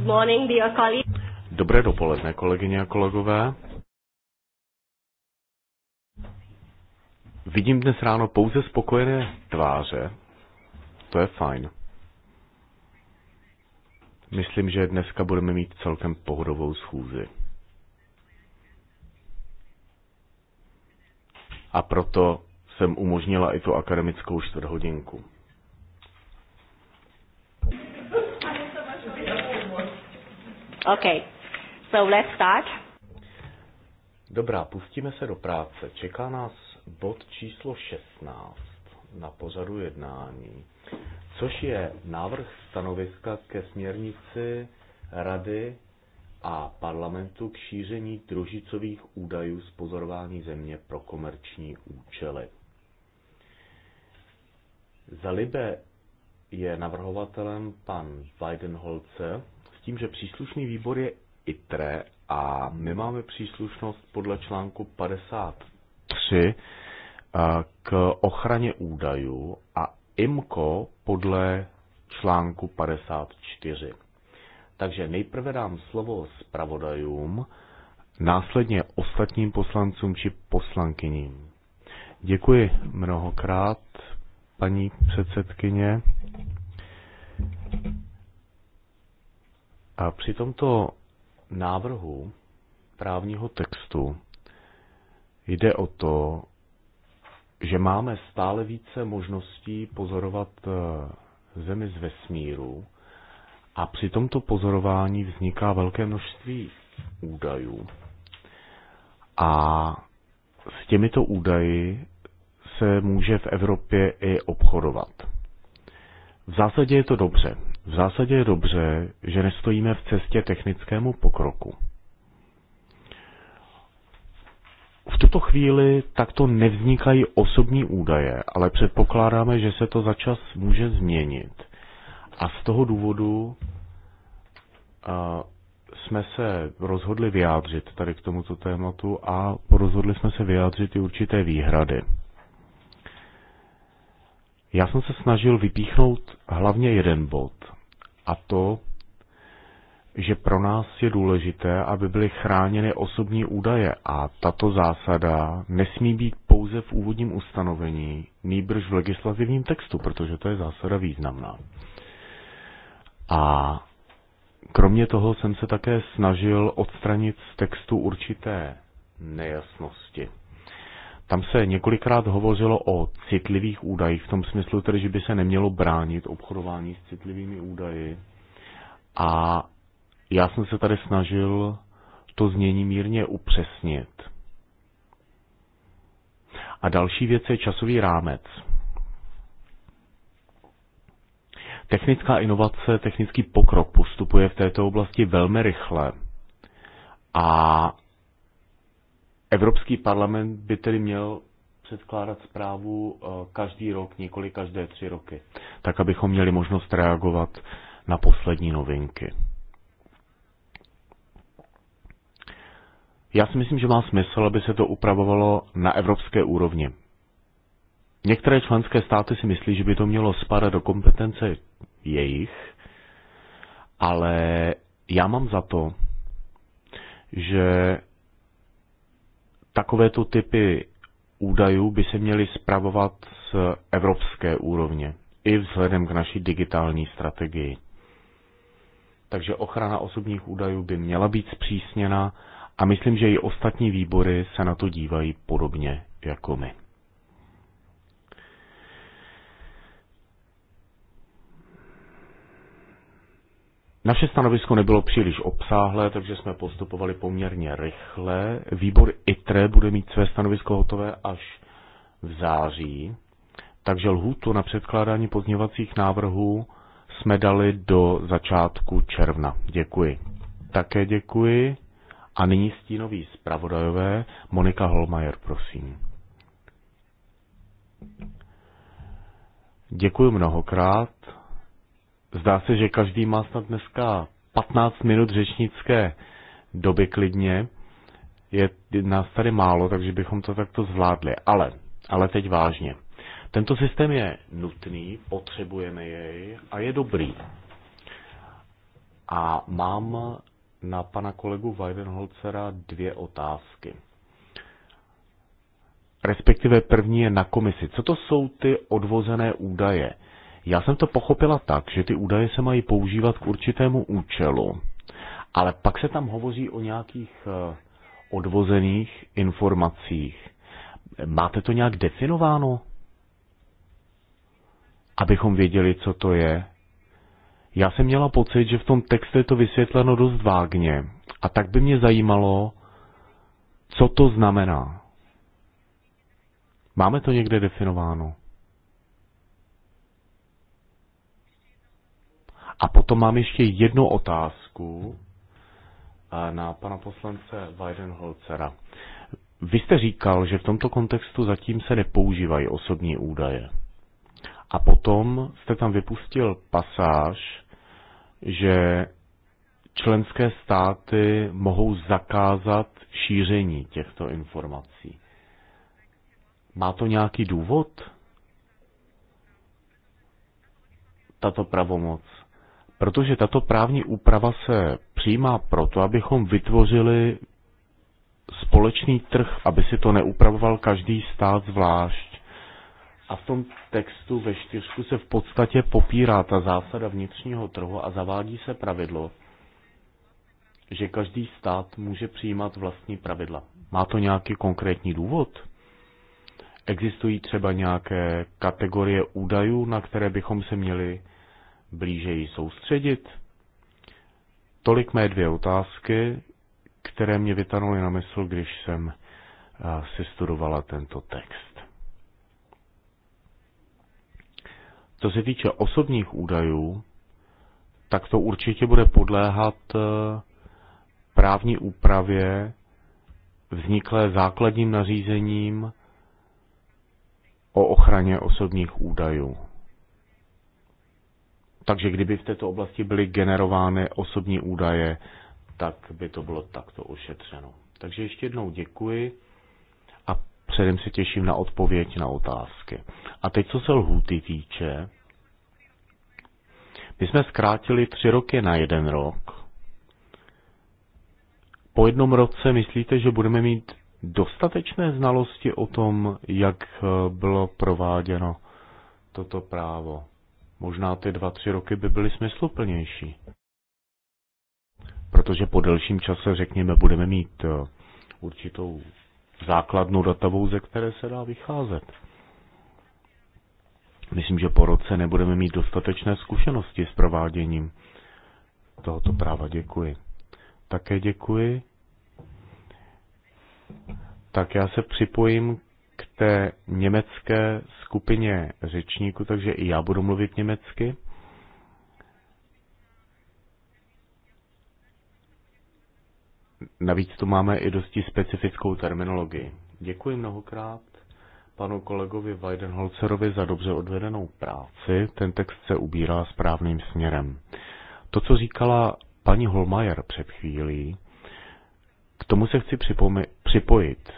Good morning, dear colleagues. Dobré dopoledne, kolegyně a kolegové. Vidím dnes ráno pouze spokojené tváře. To je fajn. Myslím, že dneska budeme mít celkem pohodovou schůzi. A proto jsem umožnila i tu akademickou čtvrthodinku. Okay. So let's start. Dobrá, pustíme se do práce. Čeká nás bod číslo 16 na pozadu jednání, což je návrh stanoviska ke směrnici Rady a parlamentu k šíření družicových údajů z pozorování země pro komerční účely. Za Libe je navrhovatelem pan Weidenholzer, tím, že příslušný výbor je ITRE a my máme příslušnost podle článku 53 eh, k ochraně údajů a IMCO podle článku 54. Takže nejprve dám slovo zpravodajům, následně ostatním poslancům či poslankyním. Děkuji mnohokrát, paní předsedkyně. A při tomto návrhu právního textu jde o to, že máme stále více možností pozorovat eh, Zemi z vesmíru a při tomto pozorování vzniká velké množství údajů. A s těmito údaji se může v Evropě i obchodovat. V zásadě je to dobře. V zásadě je dobře, že nestojíme v cestě technickému pokroku. V tuto chvíli takto nevznikají osobní údaje, ale předpokládáme, že se to za čas může změnit. A z toho důvodu a, jsme se rozhodli vyjádřit tady k tomuto tématu a rozhodli jsme se vyjádřit i určité výhrady. Já jsem se snažil vypíchnout hlavně jeden bod – a to, že pro nás je důležité, aby byly chráněny osobní údaje a tato zásada nesmí být pouze v úvodním ustanovení, nýbrž v legislativním textu, protože to je zásada významná. A kromě toho jsem se také snažil odstranit z textu určité nejasnosti. Tam se několikrát hovořilo o citlivých údajích, v tom smyslu tedy, že by se nemělo bránit obchodování s citlivými údaji. A já jsem se tady snažil to znění mírně upřesnit. A další věc je časový rámec. Technická inovace, technický pokrok postupuje v této oblasti velmi rychle. A Evropský parlament by tedy měl předkládat zprávu eh, každý rok, nikoli každé tři roky, tak abychom měli možnost reagovat na poslední novinky. Já si myslím, že má smysl, aby se to upravovalo na evropské úrovni. Některé členské státy si myslí, že by to mělo spadat do kompetence jejich, ale já mám za to, že takovéto typy údajů by se měly zpravovat z evropské úrovně i vzhledem k naší digitální strategii. Takže ochrana osobních údajů by měla být zpřísněna a myslím, že i ostatní výbory se na to dívají podobně jako my. Naše stanovisko nebylo příliš obsáhlé, takže jsme postupovali poměrně rychle. Výbor ITRE bude mít své stanovisko hotové až v září, takže lhůtu na předkládání pozněvacích návrhů jsme dali do začátku června. Děkuji. Také děkuji. A nyní stínový zpravodajové. Monika Holmajer, prosím. Děkuji mnohokrát. Zdá se, že každý má snad dneska 15 minut řečnické doby klidně. Je nás tady málo, takže bychom to takto zvládli. Ale, ale teď vážně. Tento systém je nutný, potřebujeme jej a je dobrý. A mám na pana kolegu Weidenholzera dvě otázky. Respektive první je na komisi. Co to jsou ty odvozené údaje? Já jsem to pochopila tak, že ty údaje se mají používat k určitému účelu, ale pak se tam hovoří o nějakých eh, odvozených informacích. Máte to nějak definováno? Abychom věděli, co to je. Já jsem měla pocit, že v tom textu je to vysvětleno dost vágně. A tak by mě zajímalo, co to znamená. Máme to někde definováno? A potom mám ještě jednu otázku eh, na pana poslance Weidenholzera. Vy jste říkal, že v tomto kontextu zatím se nepoužívají osobní údaje. A potom jste tam vypustil pasáž, že členské státy mohou zakázat šíření těchto informací. Má to nějaký důvod? Tato pravomoc. Protože tato právní úprava se přijímá proto, abychom vytvořili společný trh, aby si to neupravoval každý stát zvlášť. A v tom textu ve čtyřku se v podstatě popírá ta zásada vnitřního trhu a zavádí se pravidlo, že každý stát může přijímat vlastní pravidla. Má to nějaký konkrétní důvod? Existují třeba nějaké kategorie údajů, na které bychom se měli blížeji soustředit? Tolik mé dvě otázky, které mě vytanuly na mysl, když jsem eh, si studovala tento text. Co se týče osobních údajů, tak to určitě bude podléhat eh, právní úpravě vzniklé základním nařízením o ochraně osobních údajů. Takže kdyby v této oblasti byly generovány osobní údaje, tak by to bylo takto ošetřeno. Takže ještě jednou děkuji a předem se těším na odpověď na otázky. A teď, co se lhůty týče, my jsme zkrátili tři roky na jeden rok. Po jednom roce myslíte, že budeme mít dostatečné znalosti o tom, jak bylo prováděno toto právo? Možná ty dva, tři roky by byly smysluplnější. Protože po delším čase, řekněme, budeme mít eh, určitou základnou datovou, ze které se dá vycházet. Myslím, že po roce nebudeme mít dostatečné zkušenosti s prováděním tohoto práva. Děkuji. Také děkuji. Tak já se připojím té německé skupině řečníků, takže i já budu mluvit německy. Navíc tu máme i dosti specifickou terminologii. Děkuji mnohokrát panu kolegovi Weidenholzerovi za dobře odvedenou práci. Ten text se ubírá správným směrem. To, co říkala paní Holmajer před chvílí, k tomu se chci připojit.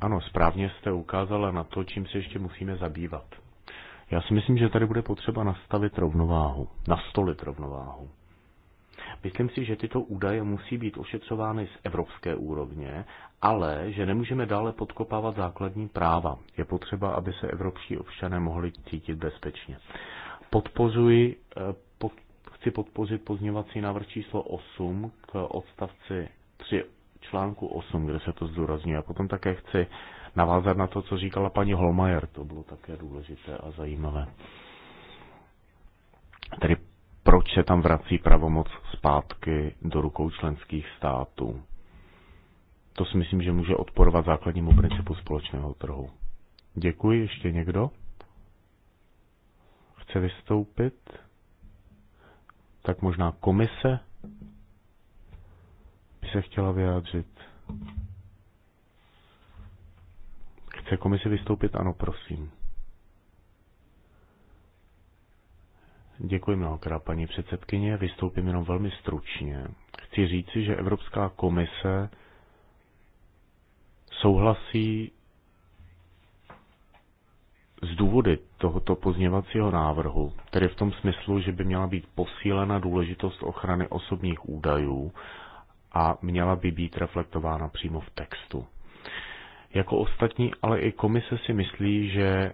Ano, správně jste ukázala na to, čím se ještě musíme zabývat. Já si myslím, že tady bude potřeba nastavit rovnováhu, nastolit rovnováhu. Myslím si, že tyto údaje musí být ošetřovány z evropské úrovně, ale že nemůžeme dále podkopávat základní práva. Je potřeba, aby se evropští občané mohli cítit bezpečně. Podpořuji, eh, pod, chci podpořit pozněvací návrh číslo 8 k odstavci 3 článku 8, kde se to zdůrazňuje. A potom také chci navázat na to, co říkala paní Holmajer, to bylo také důležité a zajímavé. Tedy proč se tam vrací pravomoc zpátky do rukou členských států. To si myslím, že může odporovat základnímu principu společného trhu. Děkuji. Ještě někdo? Chce vystoupit? Tak možná komise? se chtěla vyjádřit. Chce komise vystoupit? Ano, prosím. Děkuji mnohokrát, paní předsedkyně. Vystoupím jenom velmi stručně. Chci říci, že Evropská komise souhlasí z důvody tohoto pozněvacího návrhu, tedy v tom smyslu, že by měla být posílena důležitost ochrany osobních údajů a měla by být reflektována přímo v textu. Jako ostatní, ale i komise si myslí, že e,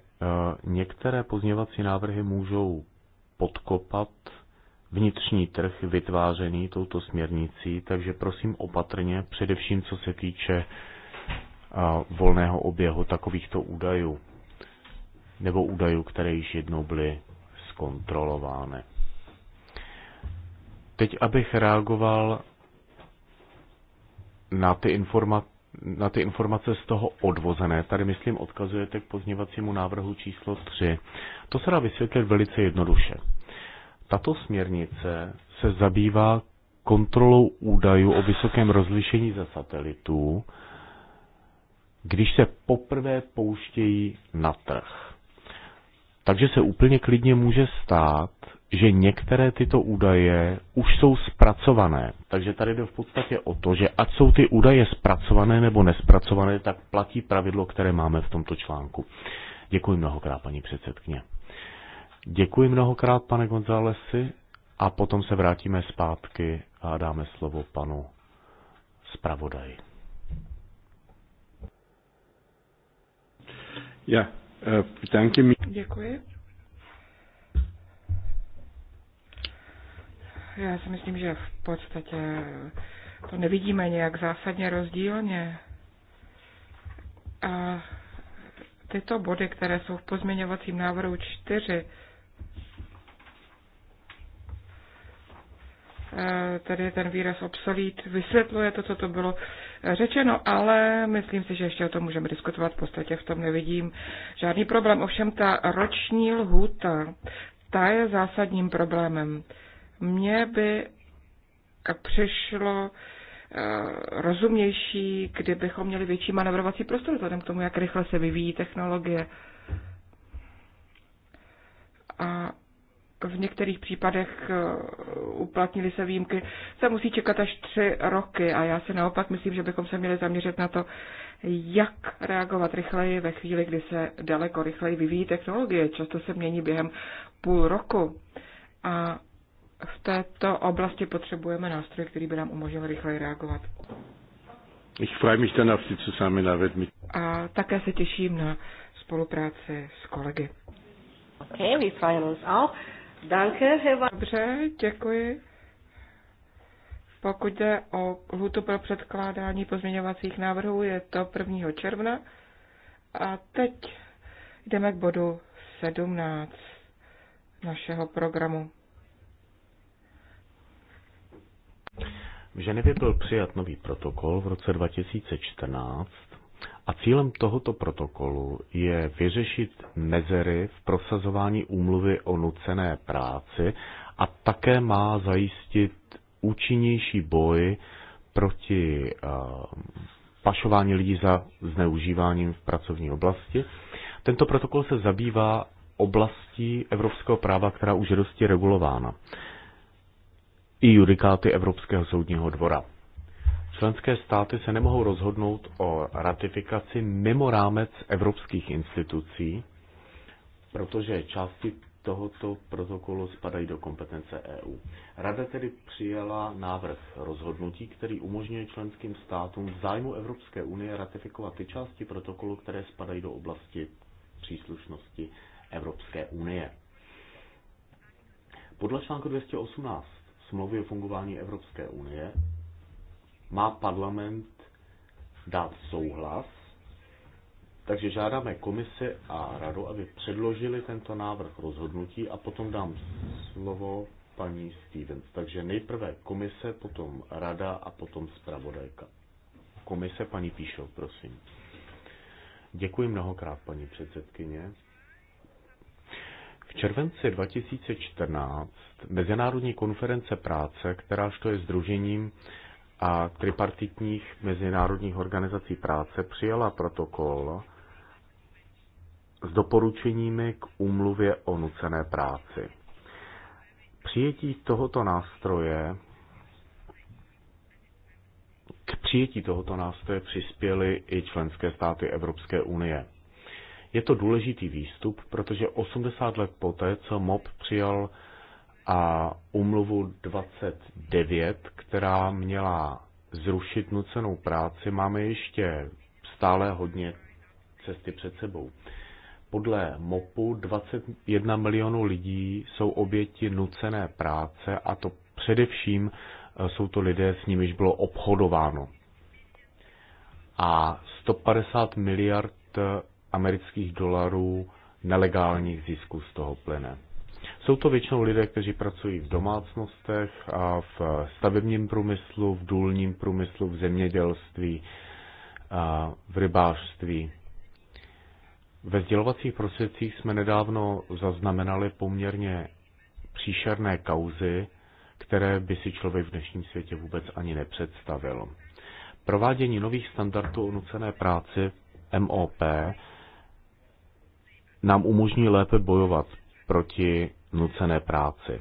některé pozměvací návrhy můžou podkopat vnitřní trh vytvářený touto směrnicí, takže prosím opatrně, především co se týče e, volného oběhu takovýchto údajů nebo údajů, které již jednou byly zkontrolovány. Teď abych reagoval na ty, informa- na ty informace z toho odvozené. Tady, myslím, odkazujete k pozněvacímu návrhu číslo 3. To se dá vysvětlit velice jednoduše. Tato směrnice se zabývá kontrolou údajů o vysokém rozlišení ze satelitů, když se poprvé pouštějí na trh. Takže se úplně klidně může stát, že některé tyto údaje už jsou zpracované. Takže tady jde v podstatě o to, že ať jsou ty údaje zpracované nebo nespracované, tak platí pravidlo, které máme v tomto článku. Děkuji mnohokrát, paní předsedkyně. Děkuji mnohokrát, pane Gonzálesi, a potom se vrátíme zpátky a dáme slovo panu zpravodaji. Ja, uh, Děkuji. já si myslím, že v podstatě to nevidíme nějak zásadně rozdílně. A tyto body, které jsou v pozměňovacím návrhu 4, e, tady ten výraz obsolít vysvětluje to, co to bylo řečeno, ale myslím si, že ještě o tom můžeme diskutovat. V podstatě v tom nevidím žádný problém. Ovšem ta roční lhůta, ta je zásadním problémem. Mně by přišlo eh, rozumnější, kdybychom měli větší manevrovací prostor, vzhledem k tomu, jak rychle se vyvíjí technologie. A v některých případech eh, uplatnili se výjimky, se musí čekat až tři roky a já si naopak myslím, že bychom se měli zaměřit na to, jak reagovat rychleji ve chvíli, kdy se daleko rychleji vyvíjí technologie. Často se mění během půl roku. A v této oblasti potřebujeme nástroj, který by nám umožnil rychleji reagovat. Ich freue mich dann auf die Zusammenarbeit mit. A také se těším na spolupráci s kolegy. Okay, we freuen uns auch. Danke, Herr Dobře, děkuji. Pokud jde o lhutu pro předkládání pozměňovacích návrhů, je to 1. června. A teď jdeme k bodu 17 našeho programu. V Ženevě byl přijat nový protokol v roce 2014 a cílem tohoto protokolu je vyřešit mezery v prosazování úmluvy o nucené práci a také má zajistit účinnější boj proti eh, pašování lidí za zneužíváním v pracovní oblasti. Tento protokol se zabývá oblastí evropského práva, která už je dosti regulována i judikáty Evropského soudního dvora. Členské státy se nemohou rozhodnout o ratifikaci mimo rámec evropských institucí, protože části tohoto protokolu spadají do kompetence EU. Rada tedy přijela návrh rozhodnutí, který umožňuje členským státům v zájmu Evropské unie ratifikovat ty části protokolu, které spadají do oblasti příslušnosti Evropské unie. Podle článku 218 smlouvy o fungování Evropské unie má parlament dát souhlas, takže žádáme komisi a radu, aby předložili tento návrh rozhodnutí a potom dám slovo paní Stevens. Takže nejprve komise, potom rada a potom zpravodajka. Komise paní Píšov, prosím. Děkuji mnohokrát, paní předsedkyně červenci 2014 Mezinárodní konference práce, to je združením a tripartitních mezinárodních organizací práce, přijala protokol s doporučeními k úmluvě o nucené práci. Přijetí tohoto nástroje k přijetí tohoto nástroje přispěly i členské státy Evropské unie. Je to důležitý výstup, protože 80 let poté, co MOB přijal a umluvu 29, která měla zrušit nucenou práci, máme ještě stále hodně cesty před sebou. Podle MOPu 21 milionů lidí jsou oběti nucené práce a to především eh, jsou to lidé, s nimiž bylo obchodováno. A 150 miliard eh, amerických dolarů nelegálních zisků z toho plyne. Jsou to většinou lidé, kteří pracují v domácnostech a v stavebním průmyslu, v důlním průmyslu, v zemědělství, a v rybářství. Ve sdělovacích prostředcích jsme nedávno zaznamenali poměrně příšerné kauzy, které by si člověk v dnešním světě vůbec ani nepředstavil. Provádění nových standardů o nucené práci MOP nám umožní lépe bojovat proti nucené práci.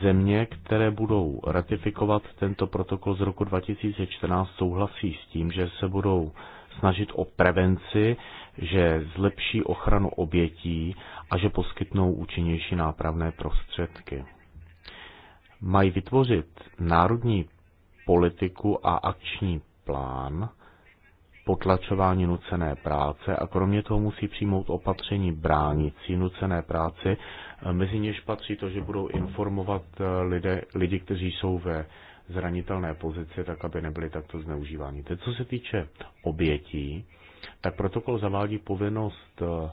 Země, které budou ratifikovat tento protokol z roku 2014, souhlasí s tím, že se budou snažit o prevenci, že zlepší ochranu obětí a že poskytnou účinnější nápravné prostředky. Mají vytvořit národní politiku a akční plán, potlačování nucené práce a kromě toho musí přijmout opatření bránící nucené práci. Mezi něž patří to, že budou informovat eh, lidé, lidi, kteří jsou ve zranitelné pozici, tak aby nebyli takto zneužíváni. Teď co se týče obětí, tak protokol zavádí povinnost eh,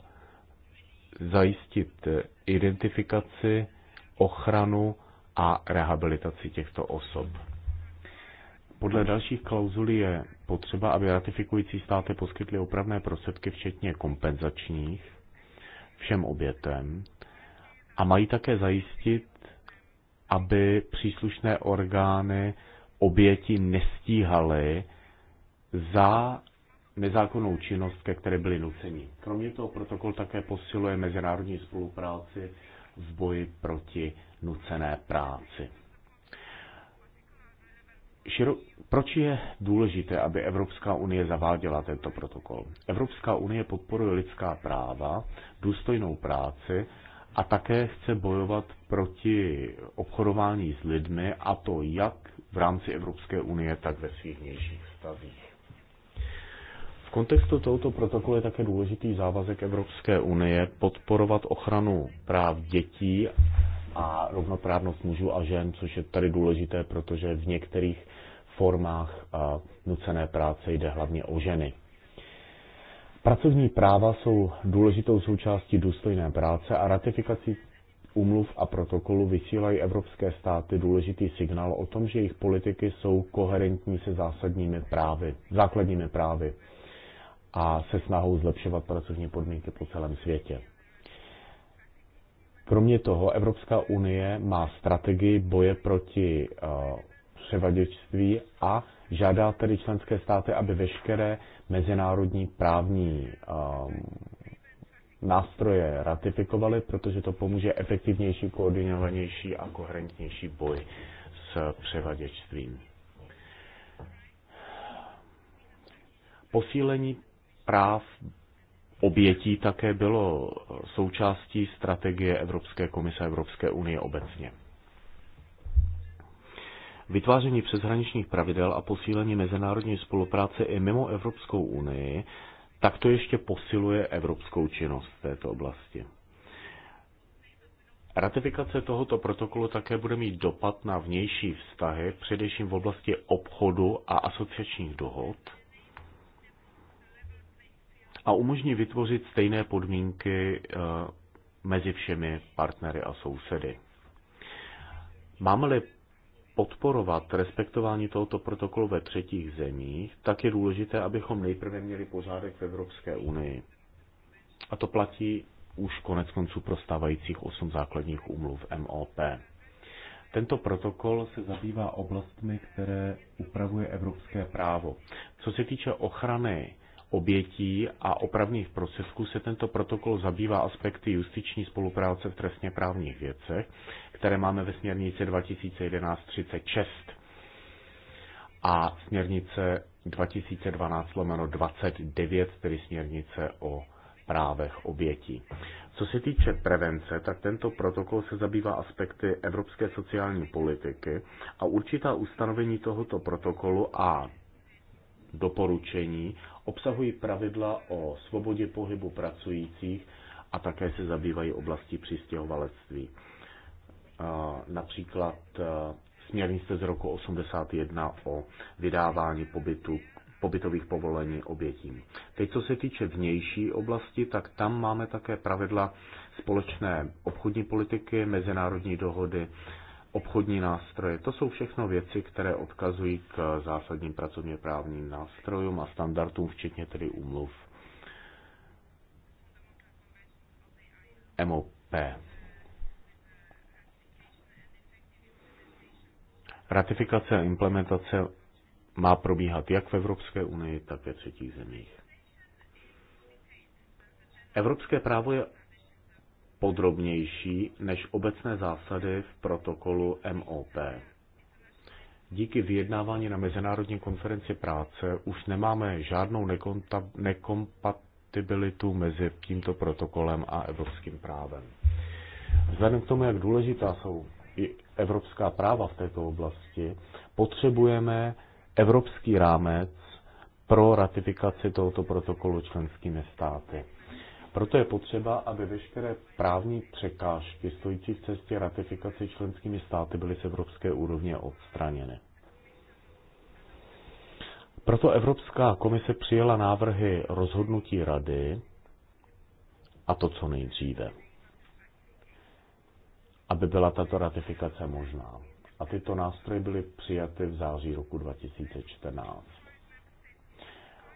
zajistit eh, identifikaci, ochranu a rehabilitaci těchto osob. Podle dalších klauzulí je potřeba, aby ratifikující státy poskytly opravné prostředky, včetně kompenzačních, všem obětem a mají také zajistit, aby příslušné orgány oběti nestíhaly za nezákonnou činnost, ke které byly nuceni. Kromě toho protokol také posiluje mezinárodní spolupráci v boji proti nucené práci širo... proč je důležité, aby Evropská unie zaváděla tento protokol? Evropská unie podporuje lidská práva, důstojnou práci a také chce bojovat proti obchodování s lidmi, a to jak v rámci Evropské unie, tak ve svých vnějších stavích. V kontextu tohoto protokolu je také důležitý závazek Evropské unie podporovat ochranu práv dětí a rovnoprávnost mužů a žen, což je tady důležité, protože v některých formách nucené práce jde hlavně o ženy. Pracovní práva jsou důležitou součástí důstojné práce a ratifikací úmluv a protokolu vysílají evropské státy důležitý signál o tom, že jejich politiky jsou koherentní se zásadními právy, základními právy a se snahou zlepšovat pracovní podmínky po celém světě. Kromě toho Evropská unie má strategii boje proti eh, převaděčství a žádá tedy členské státy, aby veškeré mezinárodní právní um, nástroje ratifikovaly, protože to pomůže efektivnější, koordinovanější a koherentnější boj s převaděčstvím. Posílení práv obětí také bylo součástí strategie Evropské komise Evropské unie obecně. Vytváření přeshraničních pravidel a posílení mezinárodní spolupráce i mimo Evropskou unii tak to ještě posiluje evropskou činnost v této oblasti. Ratifikace tohoto protokolu také bude mít dopad na vnější vztahy, především v oblasti obchodu a asociačních dohod, a umožní vytvořit stejné podmínky eh, mezi všemi partnery a sousedy. Máme-li podporovat respektování tohoto protokolu ve třetích zemích, tak je důležité, abychom nejprve měli pořádek v Evropské unii. A to platí už konec konců pro stávajících osm základních úmluv MOP. Tento protokol se zabývá oblastmi, které upravuje evropské právo. Co se týče ochrany obětí a opravných prostředků se tento protokol zabývá aspekty justiční spolupráce v trestně právních věcech, které máme ve směrnici 2011-36 a směrnice 2012-29, tedy směrnice o právech obětí. Co se týče prevence, tak tento protokol se zabývá aspekty evropské sociální politiky a určitá ustanovení tohoto protokolu a doporučení Obsahují pravidla o svobodě pohybu pracujících a také se zabývají oblastí přistěhovalectví. Například e, směrnice z roku 81 o vydávání pobytu pobytových povolení obětím. Teď, co se týče vnější oblasti, tak tam máme také pravidla společné obchodní politiky, mezinárodní dohody, obchodní nástroje. To jsou všechno věci, které odkazují k zásadním pracovně právním nástrojům a standardům, včetně tedy umluv MOP. Ratifikace a implementace má probíhat jak v Evropské unii, tak ve třetích zemích. Evropské právo je podrobnější než obecné zásady v protokolu MOP. Díky vyjednávání na Mezinárodní konferenci práce už nemáme žádnou nekompatibilitu mezi tímto protokolem a evropským právem. Vzhledem k tomu, jak důležitá jsou i evropská práva v této oblasti, potřebujeme evropský rámec pro ratifikaci tohoto protokolu členskými státy. Proto je potřeba, aby veškeré právní překážky stojící v cestě ratifikace členskými státy byly z evropské úrovně odstraněny. Proto Evropská komise přijela návrhy rozhodnutí rady a to co nejdříve, aby byla tato ratifikace možná. A tyto nástroje byly přijaty v září roku 2014.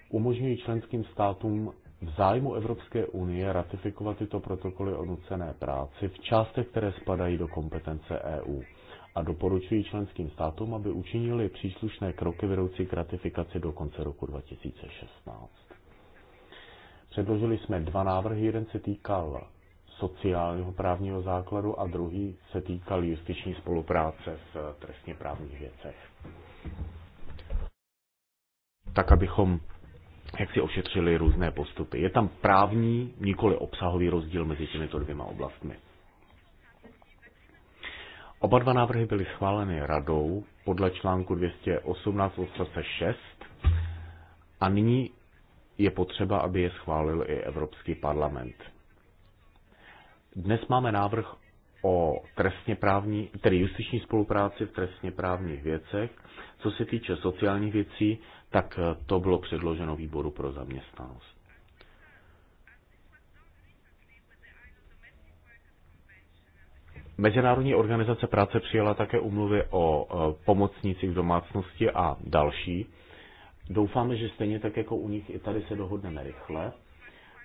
Umožňují členským státům v zájmu Evropské unie ratifikovat tyto protokoly o nucené práci v částech, které spadají do kompetence EU a doporučují členským státům, aby učinili příslušné kroky vedoucí k ratifikaci do konce roku 2016. Předložili jsme dva návrhy, jeden se týkal sociálního právního základu a druhý se týkal justiční spolupráce v trestně právních věcech. Tak, abychom jak si ošetřili různé postupy. Je tam právní, nikoli obsahový rozdíl mezi těmito dvěma oblastmi. Oba dva návrhy byly schváleny radou podle článku 218 odstavce 6 a nyní je potřeba, aby je schválil i Evropský parlament. Dnes máme návrh o trestně právní, tedy justiční spolupráci v trestně právních věcech. Co se týče sociálních věcí, tak eh, to bylo předloženo výboru pro zaměstnanost. Mezinárodní organizace práce přijala také umluvy o eh, pomocnících v domácnosti a další. Doufáme, že stejně tak jako u nich i tady se dohodneme rychle,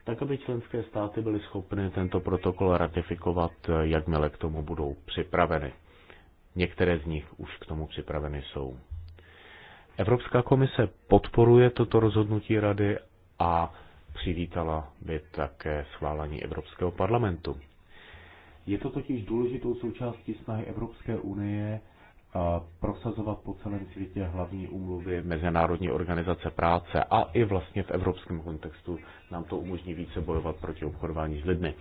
tak aby členské státy byly schopny tento protokol ratifikovat, eh, jakmile k tomu budou připraveny. Některé z nich už k tomu připraveny jsou. Evropská komise podporuje toto rozhodnutí rady a přivítala by také schválení Evropského parlamentu. Je to totiž důležitou součástí snahy Evropské unie prosazovat po celém světě hlavní úmluvy Mezinárodní organizace práce a i vlastně v evropském kontextu nám to umožní více bojovat proti obchodování s lidmi.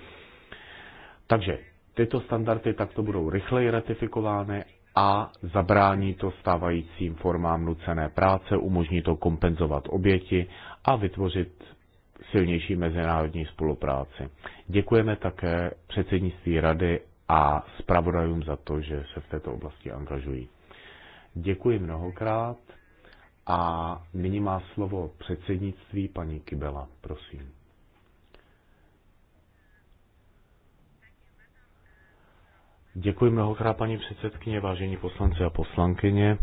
Takže tyto standardy takto budou rychleji ratifikovány a zabrání to stávajícím formám nucené práce, umožní to kompenzovat oběti a vytvořit silnější mezinárodní spolupráci. Děkujeme také předsednictví rady a zpravodajům za to, že se v této oblasti angažují. Děkuji mnohokrát a nyní má slovo předsednictví paní Kybela, prosím. Děkuji mnohokrát, paní předsedkyně, vážení poslanci a poslankyně,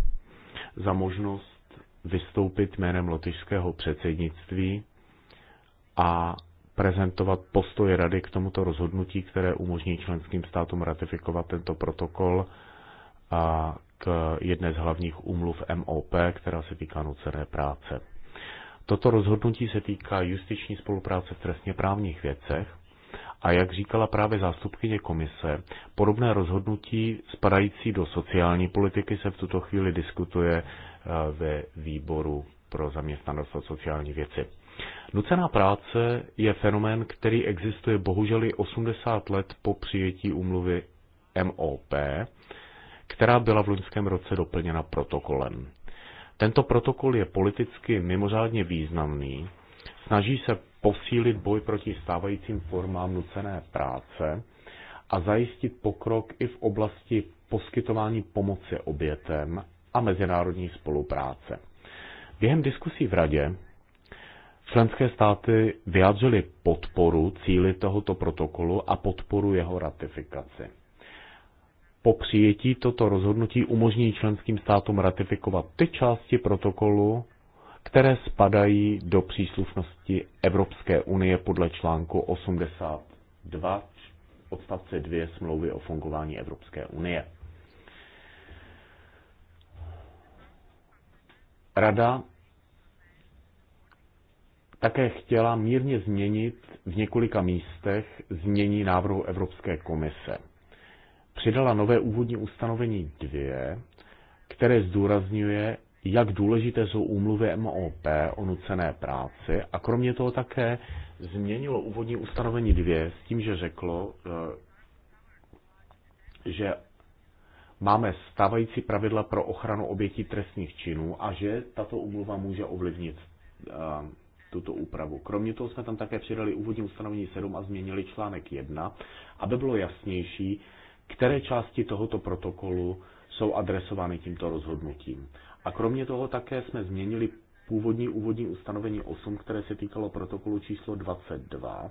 za možnost vystoupit jménem lotyšského předsednictví a prezentovat postoj Rady k tomuto rozhodnutí, které umožní členským státům ratifikovat tento protokol a k jedné z hlavních úmluv MOP, která se týká nucené práce. Toto rozhodnutí se týká justiční spolupráce v trestně právních věcech a jak říkala právě zástupkyně komise, podobné rozhodnutí spadající do sociální politiky se v tuto chvíli diskutuje eh, ve výboru pro zaměstnanost a sociální věci. Nucená práce je fenomén, který existuje bohužel i 80 let po přijetí úmluvy MOP, která byla v loňském roce doplněna protokolem. Tento protokol je politicky mimořádně významný, Snaží se posílit boj proti stávajícím formám nucené práce a zajistit pokrok i v oblasti poskytování pomoci obětem a mezinárodní spolupráce. Během diskusí v Radě členské státy vyjádřily podporu cíli tohoto protokolu a podporu jeho ratifikaci. Po přijetí toto rozhodnutí umožní členským státům ratifikovat ty části protokolu, které spadají do příslušnosti Evropské unie podle článku 82 odstavce 2 smlouvy o fungování Evropské unie. Rada také chtěla mírně změnit v několika místech změní návrhu Evropské komise. Přidala nové úvodní ustanovení 2, které zdůrazňuje, jak důležité jsou úmluvy MOP o nucené práci a kromě toho také změnilo úvodní ustanovení dvě s tím, že řeklo, eh, že máme stávající pravidla pro ochranu obětí trestných činů a že tato úmluva může ovlivnit eh, tuto úpravu. Kromě toho jsme tam také přidali úvodní ustanovení 7 a změnili článek 1, aby bylo jasnější, které části tohoto protokolu jsou adresovány tímto rozhodnutím. A kromě toho také jsme změnili původní úvodní ustanovení 8, které se týkalo protokolu číslo 22,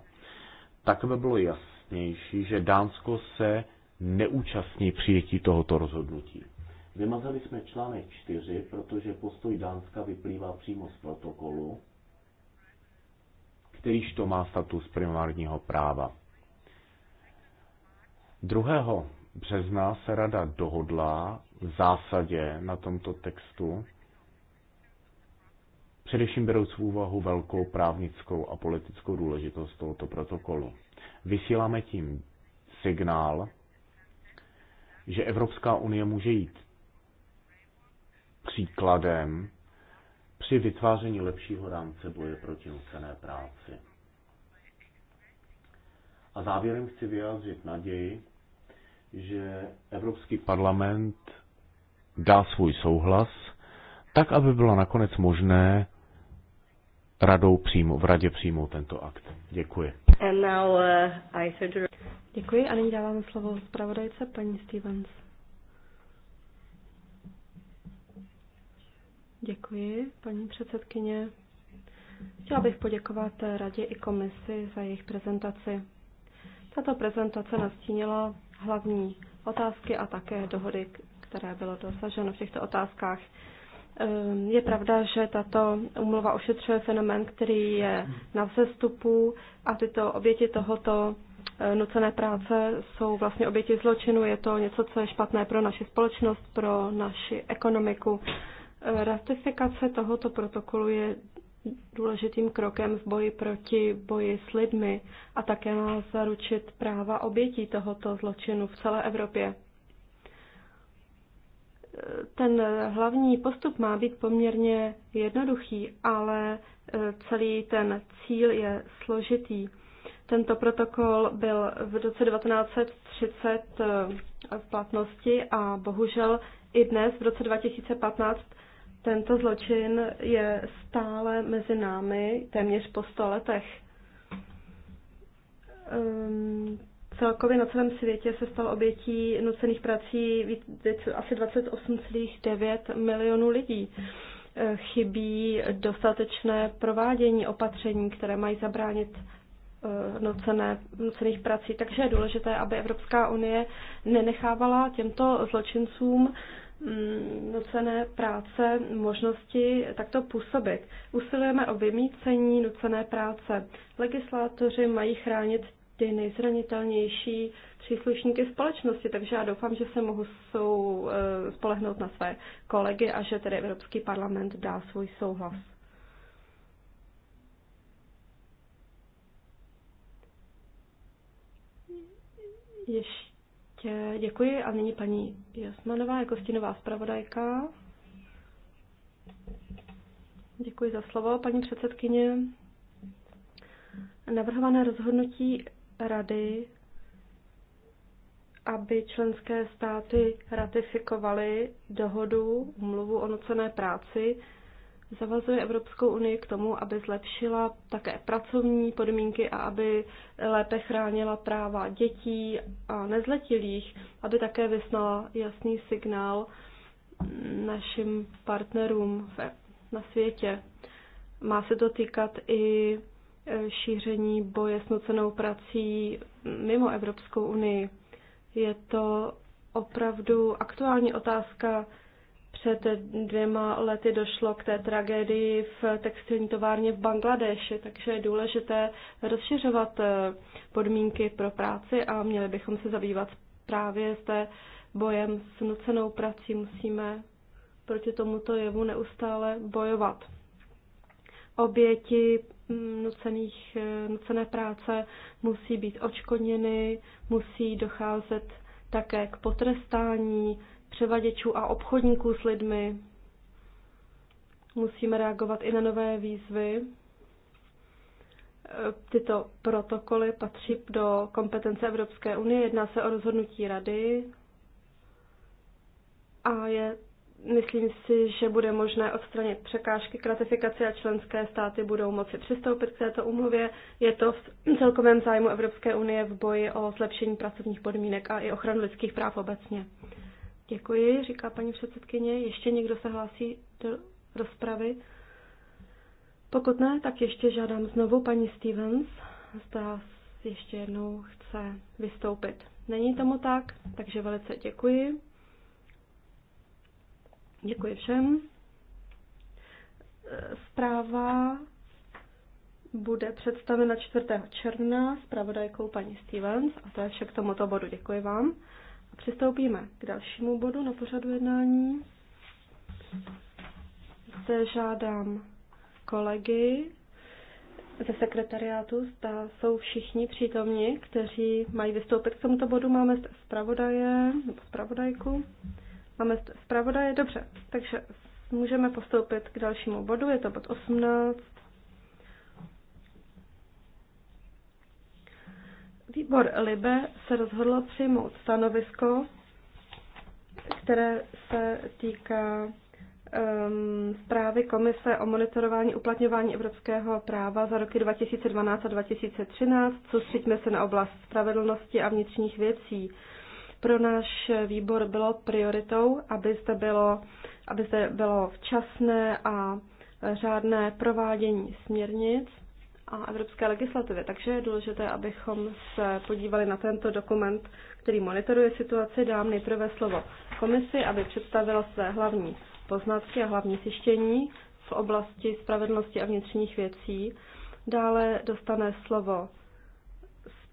tak by bylo jasnější, že Dánsko se neúčastní přijetí tohoto rozhodnutí. Vymazali jsme článek 4, protože postoj Dánska vyplývá přímo z protokolu, kterýž to má status primárního práva. 2. března se rada dohodla v zásadě na tomto textu, především berou v úvahu velkou právnickou a politickou důležitost tohoto protokolu. Vysíláme tím signál, že Evropská unie může jít příkladem při vytváření lepšího rámce boje proti nucené práci. A závěrem chci vyjádřit naději, že Evropský parlament dá svůj souhlas, tak aby bylo nakonec možné radou přímo, v radě přijmout tento akt. Děkuji. And now, uh, I said... Děkuji a nyní dávám slovo zpravodajce paní Stevens. Děkuji, paní předsedkyně. Chtěla bych poděkovat radě i komisi za jejich prezentaci. Tato prezentace nastínila hlavní otázky a také dohody, které bylo dosaženo v těchto otázkách. Ehm, je pravda, že tato umluva ošetřuje fenomén, který je na vzestupu a tyto oběti tohoto eh, nucené práce jsou vlastně oběti zločinu. Je to něco, co je špatné pro naši společnost, pro naši ekonomiku. Eh, ratifikace tohoto protokolu je důležitým krokem v boji proti boji s lidmi a také má zaručit práva obětí tohoto zločinu v celé Evropě ten hlavní postup má být poměrně jednoduchý, ale e, celý ten cíl je složitý. Tento protokol byl v roce 1930 e, v platnosti a bohužel i dnes, v roce 2015, tento zločin je stále mezi námi téměř po sto letech. Ehm, Celkově na celém světě se stalo obětí nucených prací asi 28,9 milionů lidí. Eh, chybí dostatečné provádění opatření, které mají zabránit eh, nucené, nucených prací. Takže je důležité, aby Evropská unie nenechávala těmto zločincům mm, nucené práce možnosti takto působit. Usilujeme o vymícení nucené práce. Legislátoři mají chránit ty nejzranitelnější příslušníky společnosti, takže já doufám, že se mohu sou, eh, spolehnout na své kolegy a že tedy Evropský parlament dá svůj souhlas. Ještě děkuji a nyní paní Jasmanová jako stínová zpravodajka. Děkuji za slovo, paní předsedkyně. Navrhované rozhodnutí Rady, aby členské státy ratifikovaly dohodu, umluvu o nucené práci, zavazuje Evropskou unii k tomu, aby zlepšila také pracovní podmínky a aby lépe chránila práva dětí a nezletilých, aby také vyslala jasný signál našim partnerům na světě. Má se to týkat i šíření boje s nucenou prací mimo Evropskou unii. Je to opravdu aktuální otázka. Před dvěma lety došlo k té tragédii v textilní továrně v Bangladeši, takže je důležité rozšiřovat eh, podmínky pro práci a měli bychom se zabývat právě s té bojem s nucenou prací. Musíme proti tomuto jevu neustále bojovat. Oběti nucených, nucené práce musí být očkodněny, musí docházet také k potrestání převaděčů a obchodníků s lidmi. Musíme reagovat i na nové výzvy. Tyto protokoly patří do kompetence Evropské unie. Jedná se o rozhodnutí rady a je Myslím si, že bude možné odstranit překážky k ratifikaci a členské státy budou moci přistoupit k této umluvě. Je to v celkovém zájmu Evropské unie v boji o zlepšení pracovních podmínek a i ochranu lidských práv obecně. Děkuji, říká paní předsedkyně. Ještě někdo se hlásí do rozpravy? Pokud ne, tak ještě žádám znovu paní Stevens, zda ještě jednou chce vystoupit. Není tomu tak, takže velice děkuji. Děkuji všem. E, zpráva bude představena 4. června s pravodajkou paní Stevens a to je vše k tomuto bodu. Děkuji vám. A přistoupíme k dalšímu bodu na pořadu jednání. Zde žádám kolegy ze sekretariátu, zda jsou všichni přítomní, kteří mají vystoupit k tomuto bodu. Máme zde zpravodaje nebo zpravodajku. Máme zpravodaje, dobře, takže můžeme postoupit k dalšímu bodu, je to bod 18. Výbor Libe se rozhodl přijmout stanovisko, které se týká um, zprávy Komise o monitorování uplatňování evropského práva za roky 2012 a 2013. Soustřeďme se na oblast spravedlnosti a vnitřních věcí. Pro náš výbor bylo prioritou, aby zde bylo, aby zde bylo včasné a řádné provádění směrnic a evropské legislativy. Takže je důležité, abychom se podívali na tento dokument, který monitoruje situaci. Dám nejprve slovo komisi, aby představila své hlavní poznatky a hlavní zjištění v oblasti spravedlnosti a vnitřních věcí. Dále dostane slovo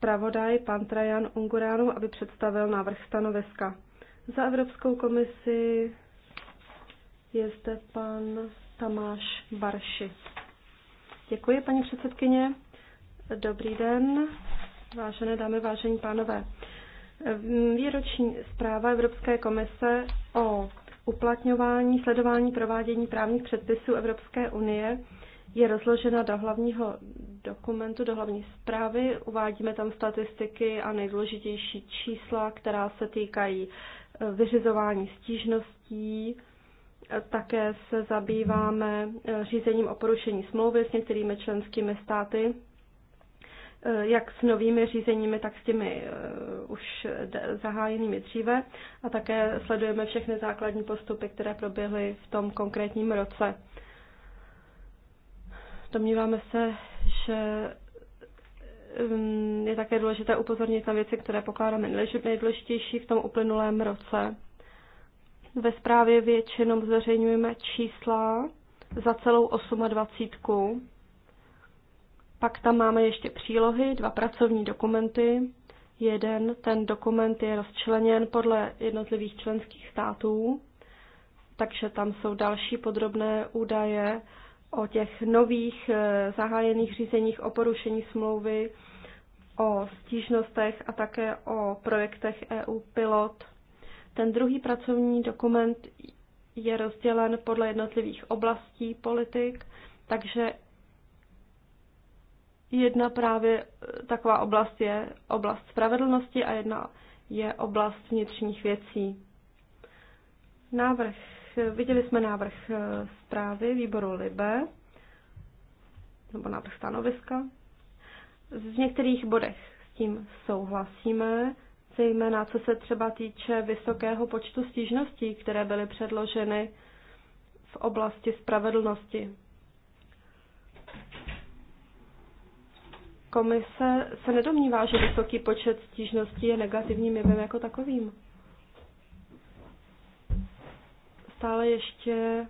zpravodaj pan Trajan Unguránu, aby představil návrh stanoviska. Za Evropskou komisi je zde pan Tamáš Barši. Děkuji, paní předsedkyně. Dobrý den, vážené dámy, vážení pánové. Výroční zpráva Evropské komise o uplatňování, sledování, provádění právních předpisů Evropské unie je rozložena do hlavního dokumentu, do hlavní zprávy. Uvádíme tam statistiky a nejdůležitější čísla, která se týkají eh, vyřizování stížností. Také se zabýváme eh, řízením o porušení smlouvy s některými členskými státy, eh, jak s novými řízeními, tak s těmi už zahájenými dříve. A také sledujeme všechny základní postupy, které proběhly v tom konkrétním roce. Domníváme se, že um, je také důležité upozornit na věci, které pokládáme nejdůležitější v tom uplynulém roce. Ve zprávě většinou zveřejňujeme čísla za celou 28. Pak tam máme ještě přílohy, dva pracovní dokumenty. Jeden, ten dokument je rozčleněn podle jednotlivých členských států, takže tam jsou další podrobné údaje o těch nových eh, zahájených řízeních o porušení smlouvy, o stížnostech a také o projektech EU Pilot. Ten druhý pracovní dokument je rozdělen podle jednotlivých oblastí politik, takže jedna právě eh, taková oblast je oblast spravedlnosti a jedna je oblast vnitřních věcí. Návrh viděli jsme návrh eh, zprávy výboru Libe, nebo návrh stanoviska. V některých bodech s tím souhlasíme, zejména co se třeba týče vysokého počtu stížností, které byly předloženy v oblasti spravedlnosti. Komise se nedomnívá, že vysoký počet stížností je negativním jevem jako takovým. stále ještě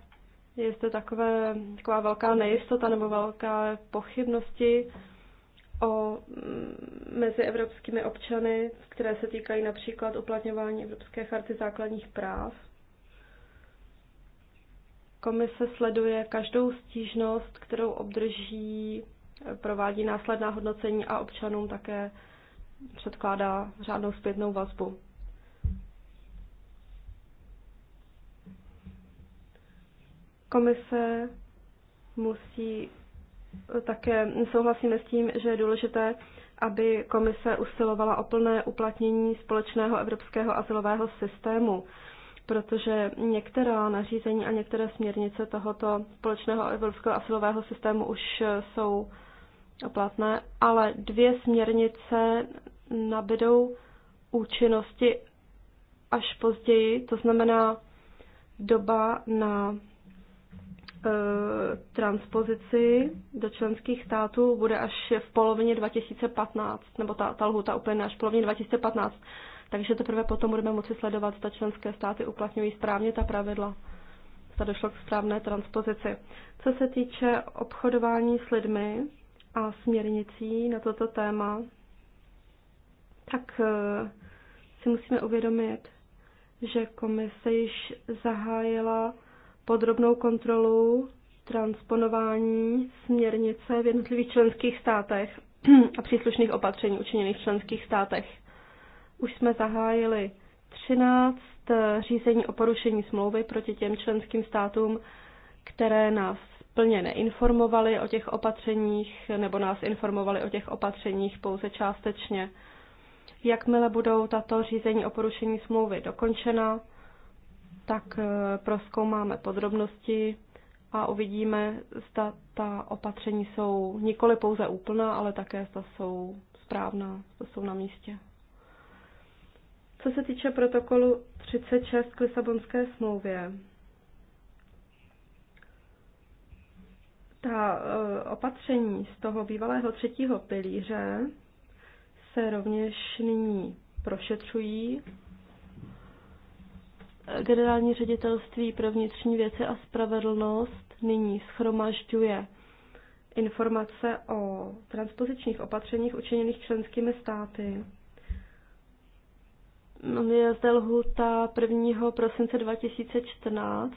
je zde takové, taková velká nejistota nebo velká pochybnosti o, mm, mezi evropskými občany, které se týkají například uplatňování Evropské charty základních práv. Komise sleduje každou stížnost, kterou obdrží, provádí následná hodnocení a občanům také předkládá řádnou zpětnou vazbu. Komise musí eh, také souhlasíme s tím, že je důležité, aby komise usilovala o plné uplatnění společného evropského asilového systému, protože některá nařízení a některé směrnice tohoto společného evropského asilového systému už eh, jsou platné, ale dvě směrnice nabydou účinnosti až později, to znamená doba na Eh, transpozici do členských států bude až v polovině 2015, nebo ta, ta lhuta úplně až v polovině 2015. Takže teprve potom budeme moci sledovat, zda členské státy uplatňují správně ta pravidla, zda došlo k správné transpozici. Co se týče obchodování s lidmi a směrnicí na toto téma, tak eh, si musíme uvědomit, že komise již zahájila podrobnou kontrolu transponování směrnice v jednotlivých členských státech a příslušných opatření učiněných v členských státech. Už jsme zahájili 13 eh, řízení o porušení smlouvy proti těm členským státům, které nás plně neinformovaly o těch opatřeních nebo nás informovaly o těch opatřeních pouze částečně. Jakmile budou tato řízení o porušení smlouvy dokončena, tak eh, proskoumáme podrobnosti a uvidíme, zda ta opatření jsou nikoli pouze úplná, ale také zda jsou správná, zda jsou na místě. Co se týče protokolu 36 k Lisabonské smlouvě, ta eh, opatření z toho bývalého třetího pilíře se rovněž nyní prošetřují Generální ředitelství pro vnitřní věci a spravedlnost nyní schromažďuje informace o transpozičních opatřeních učiněných členskými státy. No, je zde lhuta 1. prosince 2014.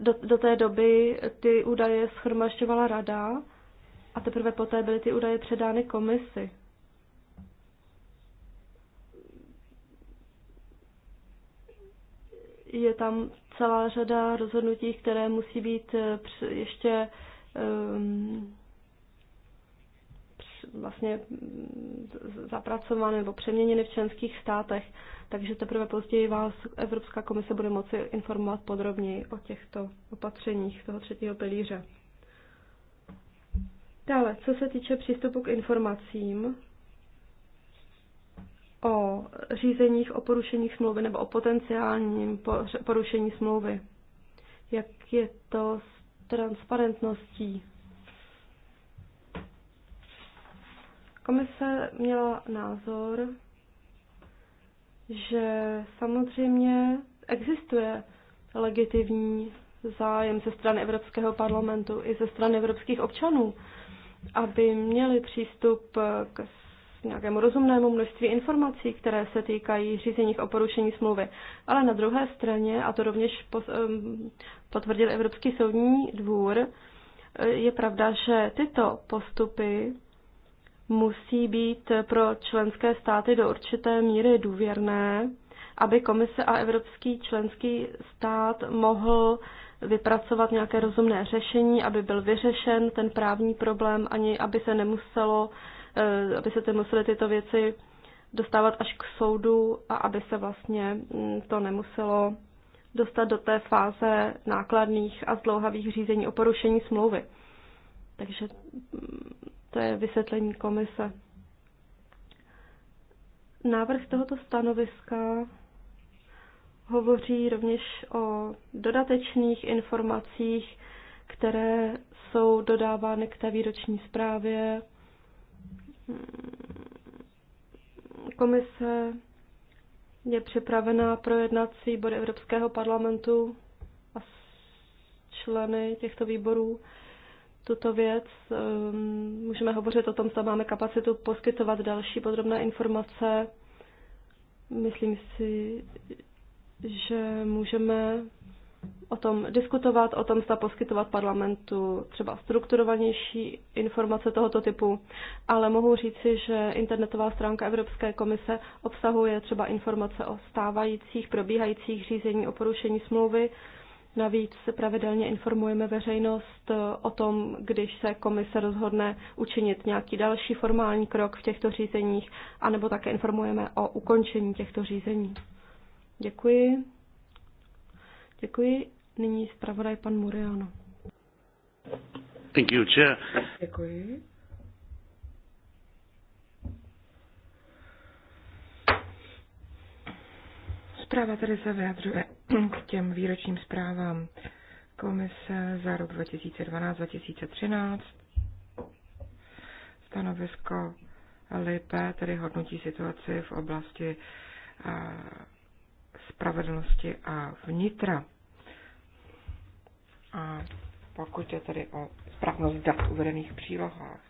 Do, do té doby ty údaje schromažďovala rada a teprve poté byly ty údaje předány komisi. je tam celá řada rozhodnutí, které musí být eh, ještě ehm, vlastně mm, zapracovány nebo přeměněny v členských státech, takže teprve později vás Evropská komise bude moci informovat podrobněji o těchto opatřeních toho třetího pilíře. Dále, co se týče přístupu k informacím, o řízeních o porušení smlouvy nebo o potenciálním porušení smlouvy. Jak je to s transparentností? Komise měla názor, že samozřejmě existuje legitimní zájem ze strany Evropského parlamentu i ze strany evropských občanů, aby měli přístup k nějakému rozumnému množství informací, které se týkají řízení o porušení smlouvy. Ale na druhé straně, a to rovněž potvrdil Evropský soudní dvůr, eh, je pravda, že tyto postupy musí být pro členské státy do určité míry důvěrné, aby komise a evropský členský stát mohl vypracovat nějaké rozumné řešení, aby byl vyřešen ten právní problém, ani aby se nemuselo Eh, aby se ty musely tyto věci dostávat až k soudu a aby se vlastně mm, to nemuselo dostat do té fáze nákladných a zdlouhavých řízení o porušení smlouvy. Takže mm, to je vysvětlení komise. Návrh tohoto stanoviska hovoří rovněž o dodatečných informacích, které jsou dodávány k té výroční zprávě, Komise je připravená projednat si body Evropského parlamentu a členy těchto výborů tuto věc. Ehm, můžeme hovořit o tom, zda máme kapacitu poskytovat další podrobné informace. Myslím si, že můžeme o tom diskutovat, o tom zda poskytovat parlamentu třeba strukturovanější informace tohoto typu, ale mohu říci, že internetová stránka Evropské komise obsahuje třeba informace o stávajících, probíhajících řízení o porušení smlouvy. Navíc pravidelně informujeme veřejnost o tom, když se komise rozhodne učinit nějaký další formální krok v těchto řízeních, anebo také informujeme o ukončení těchto řízení. Děkuji. Děkuji. Nyní zpravodaj pan Muriano. Thank you, chair. Děkuji. Zpráva tedy se vyjadřuje k těm výročním zprávám komise za rok 2012-2013. Stanovisko LIPE tedy hodnotí situaci v oblasti eh, spravedlnosti a vnitra. A pokud je tady o správnost dat uvedených přílohách.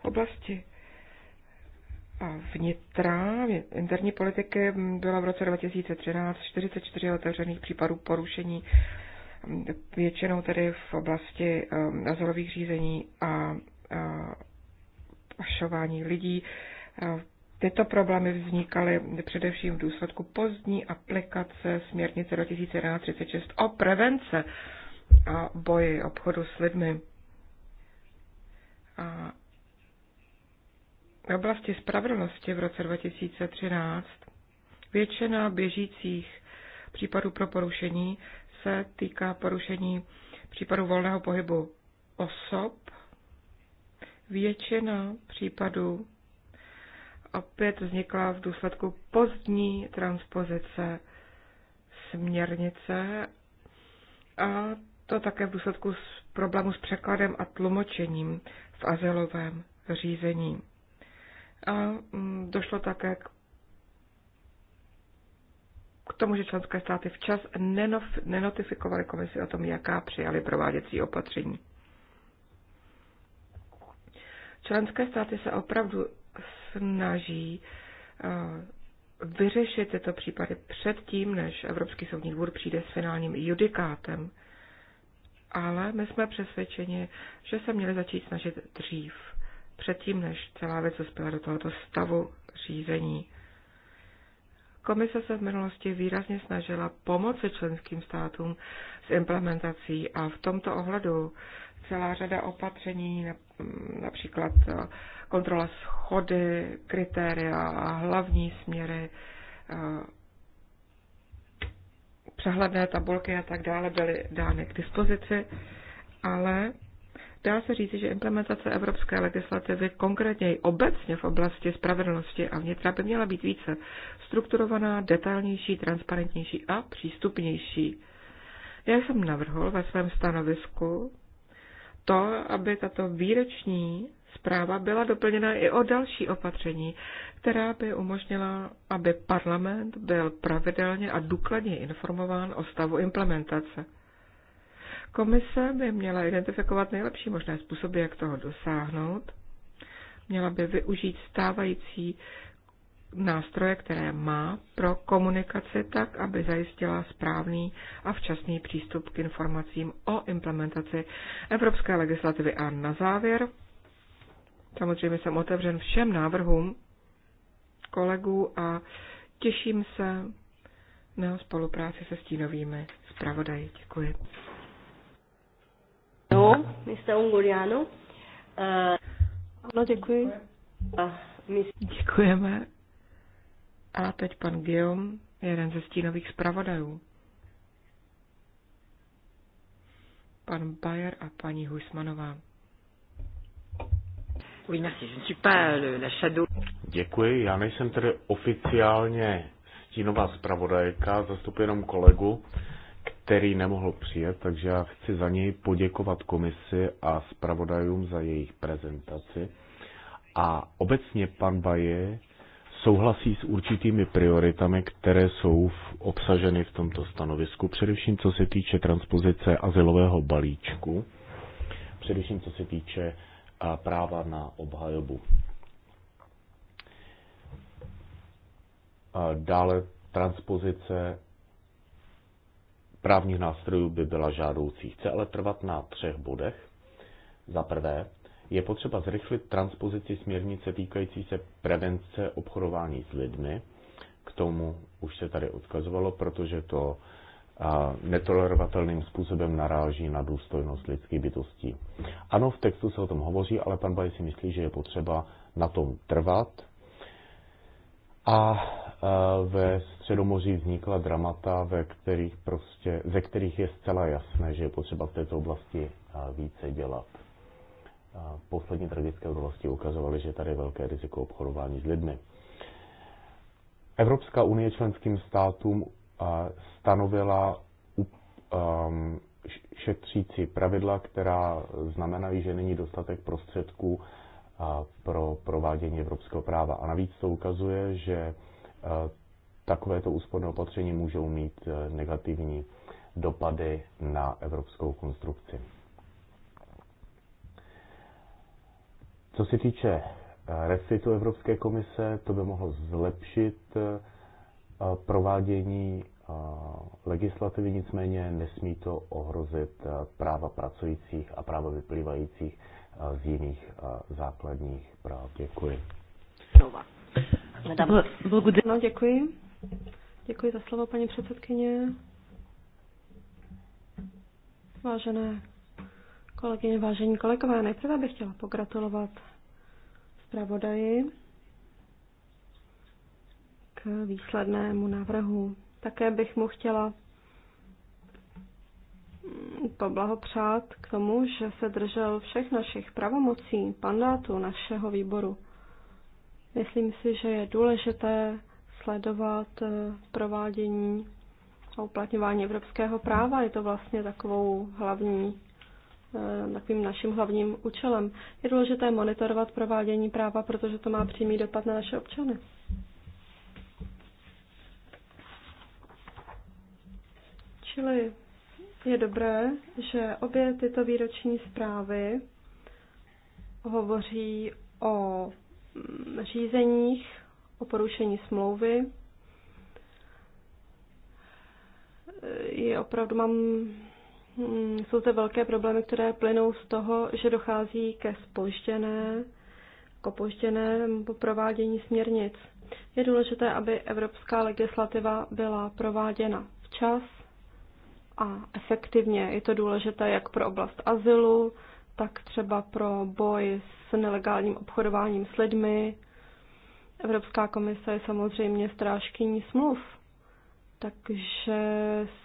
V oblasti vnitra, interní politiky byla v roce 2013 44 otevřených případů porušení, většinou tedy v oblasti um, azylových řízení a pašování lidí. Tyto problémy vznikaly především v důsledku pozdní aplikace směrnice 2011-36 o prevence a boji obchodu s lidmi. A v oblasti spravedlnosti v roce 2013 většina běžících případů pro porušení se týká porušení případů volného pohybu osob. Většina případů opět vznikla v důsledku pozdní transpozice směrnice a to také v důsledku s problému s překladem a tlumočením v azylovém řízení. A mm, došlo také k k tomu, že členské státy včas nenotifikovaly komisi o tom, jaká přijali prováděcí opatření. Členské státy se opravdu snaží vyřešit tyto případy předtím, než Evropský soudní dvůr přijde s finálním judikátem ale my jsme přesvědčeni, že se měli začít snažit dřív, předtím, než celá věc uspěla do tohoto stavu řízení. Komise se v minulosti výrazně snažila pomoci členským státům s implementací a v tomto ohledu celá řada opatření, například eh, kontrola schody, kritéria a hlavní směry eh, přehledné tabulky a tak dále byly dány k dispozici, ale dá se říci, že implementace evropské legislativy, konkrétně i obecně v oblasti spravedlnosti a vnitra, by měla být více strukturovaná, detailnější, transparentnější a přístupnější. Já jsem navrhl ve svém stanovisku to, aby tato výroční zpráva byla doplněna i o další opatření, která by umožnila, aby parlament byl pravidelně a důkladně informován o stavu implementace. Komise by měla identifikovat nejlepší možné způsoby, jak toho dosáhnout. Měla by využít stávající nástroje, které má pro komunikaci, tak, aby zajistila správný a včasný přístup k informacím o implementaci evropské legislativy. A na závěr, samozřejmě jsem otevřen všem návrhům, kolegů a těším se na spolupráci se stínovými zpravodaji. Děkuji. No, Mr. Unguriano. Uh, eh, no, děkuji. Uh, my... Děkujeme. A teď pan Guillaume, jeden ze stínových zpravodajů. Pan Bayer a paní Husmanová. Oui, merci. Je ne suis pas euh, le, la shadow. Děkuji. Já nejsem tedy oficiálně stínová zpravodajka, zastupuji jenom kolegu, který nemohl přijet, takže já chci za něj poděkovat komisi a zpravodajům za jejich prezentaci. A obecně pan Baje souhlasí s určitými prioritami, které jsou v, obsaženy v tomto stanovisku, především co se týče transpozice asilového balíčku, především co se týče práva na obhajobu. Dále transpozice právních nástrojů by byla žádoucí. Chce ale trvat na třech bodech. Za prvé, je potřeba zrychlit transpozici směrnice týkající se prevence obchodování s lidmi. K tomu už se tady odkazovalo, protože to netolerovatelným způsobem naráží na důstojnost lidských bytostí. Ano, v textu se o tom hovoří, ale pan Baj si myslí, že je potřeba na tom trvat. A ve Středomoří vznikla dramata, ve kterých prostě, ze kterých je zcela jasné, že je potřeba v této oblasti více dělat. Poslední tragické události ukazovaly, že tady je velké riziko obchodování s lidmi. Evropská unie členským státům stanovila um, šetřící pravidla, která znamenají, že není dostatek prostředků uh, pro provádění evropského práva. A navíc to ukazuje, že uh, takovéto úsporné opatření můžou mít uh, negativní dopady na evropskou konstrukci. Co se týče refitu Evropské komise, to by mohlo zlepšit provádění legislativy, nicméně nesmí to ohrozit eh, práva pracujících a práva vyplývajících eh, z jiných eh, základních práv. Děkuji. No, děkuji. Děkuji za slovo, paní předsedkyně. Vážené kolegyně, vážení kolegové, nejprve bych chtěla pogratulovat zpravodaji k výslednému návrhu také bych mu chtěla poblahopřát k tomu, že se držel všech našich pravomocí, pandátu našeho výboru. Myslím si, že je důležité sledovat eh, provádění a uplatňování evropského práva. Je to vlastně takovou hlavní, eh, takovým naším hlavním účelem. Je důležité monitorovat provádění práva, protože to má přímý dopad na naše občany. Čili je dobré, že obě tyto výroční zprávy hovoří o mm, řízeních, o porušení smlouvy. Je opravdu mám, mm, jsou to velké problémy, které plynou z toho, že dochází ke spožděné, k opožděnému provádění směrnic. Je důležité, aby evropská legislativa byla prováděna včas, a efektivně. Je to důležité jak pro oblast azylu, tak třeba pro boj s nelegálním obchodováním s lidmi. Evropská komise je samozřejmě strážkyní smluv, takže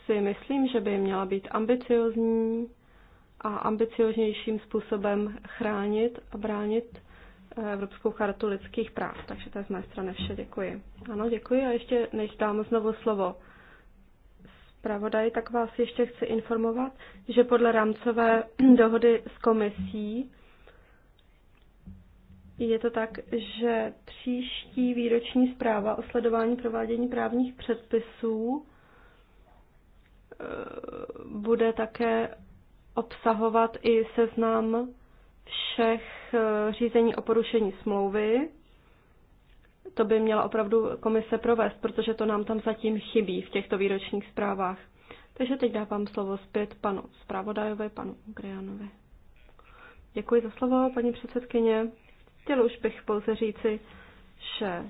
si myslím, že by měla být ambiciozní a ambicioznějším způsobem chránit a bránit eh, Evropskou chartu lidských práv. Takže to je z mé strany vše. Děkuji. Ano, děkuji a ještě než dám znovu slovo zpravodaj, tak vás ještě chci informovat, že podle rámcové dohody s komisí je to tak, že příští výroční zpráva o sledování provádění právních předpisů e, bude také obsahovat i seznam všech e, řízení o porušení smlouvy to by měla opravdu komise provést, protože to nám tam zatím chybí v těchto výročních zprávách. Takže teď dávám slovo zpět panu zpravodajovi, panu Grianovi. Děkuji za slovo, paní předsedkyně. Chtěl už bych pouze říci, že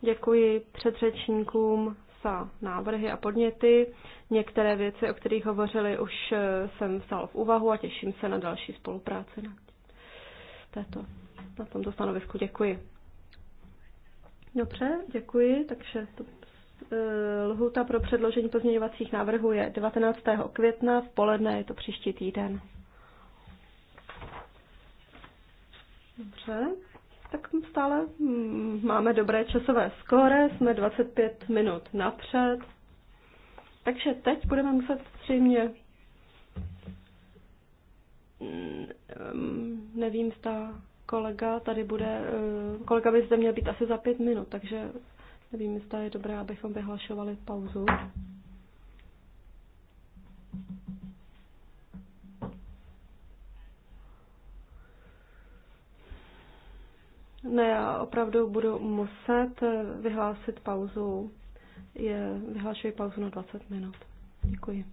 děkuji předřečníkům za návrhy a podněty. Některé věci, o kterých hovořili, už jsem vzal v úvahu a těším se na další spolupráci na, této, na tomto stanovisku. Děkuji. Dobře, děkuji. Takže to, eh, lhuta pro předložení pozměňovacích návrhů je 19. května, v poledne je to příští týden. Dobře, tak stále hm, máme dobré časové skóre, jsme 25 minut napřed. Takže teď budeme muset zřejmě hm, nevím, zda kolega tady bude, eh, kolega by zde měl být asi za pět minut, takže nevím, jestli je dobré, abychom vyhlašovali pauzu. Ne, já opravdu budu muset eh, vyhlásit pauzu. Je, vyhlašuji pauzu na 20 minut. Děkuji.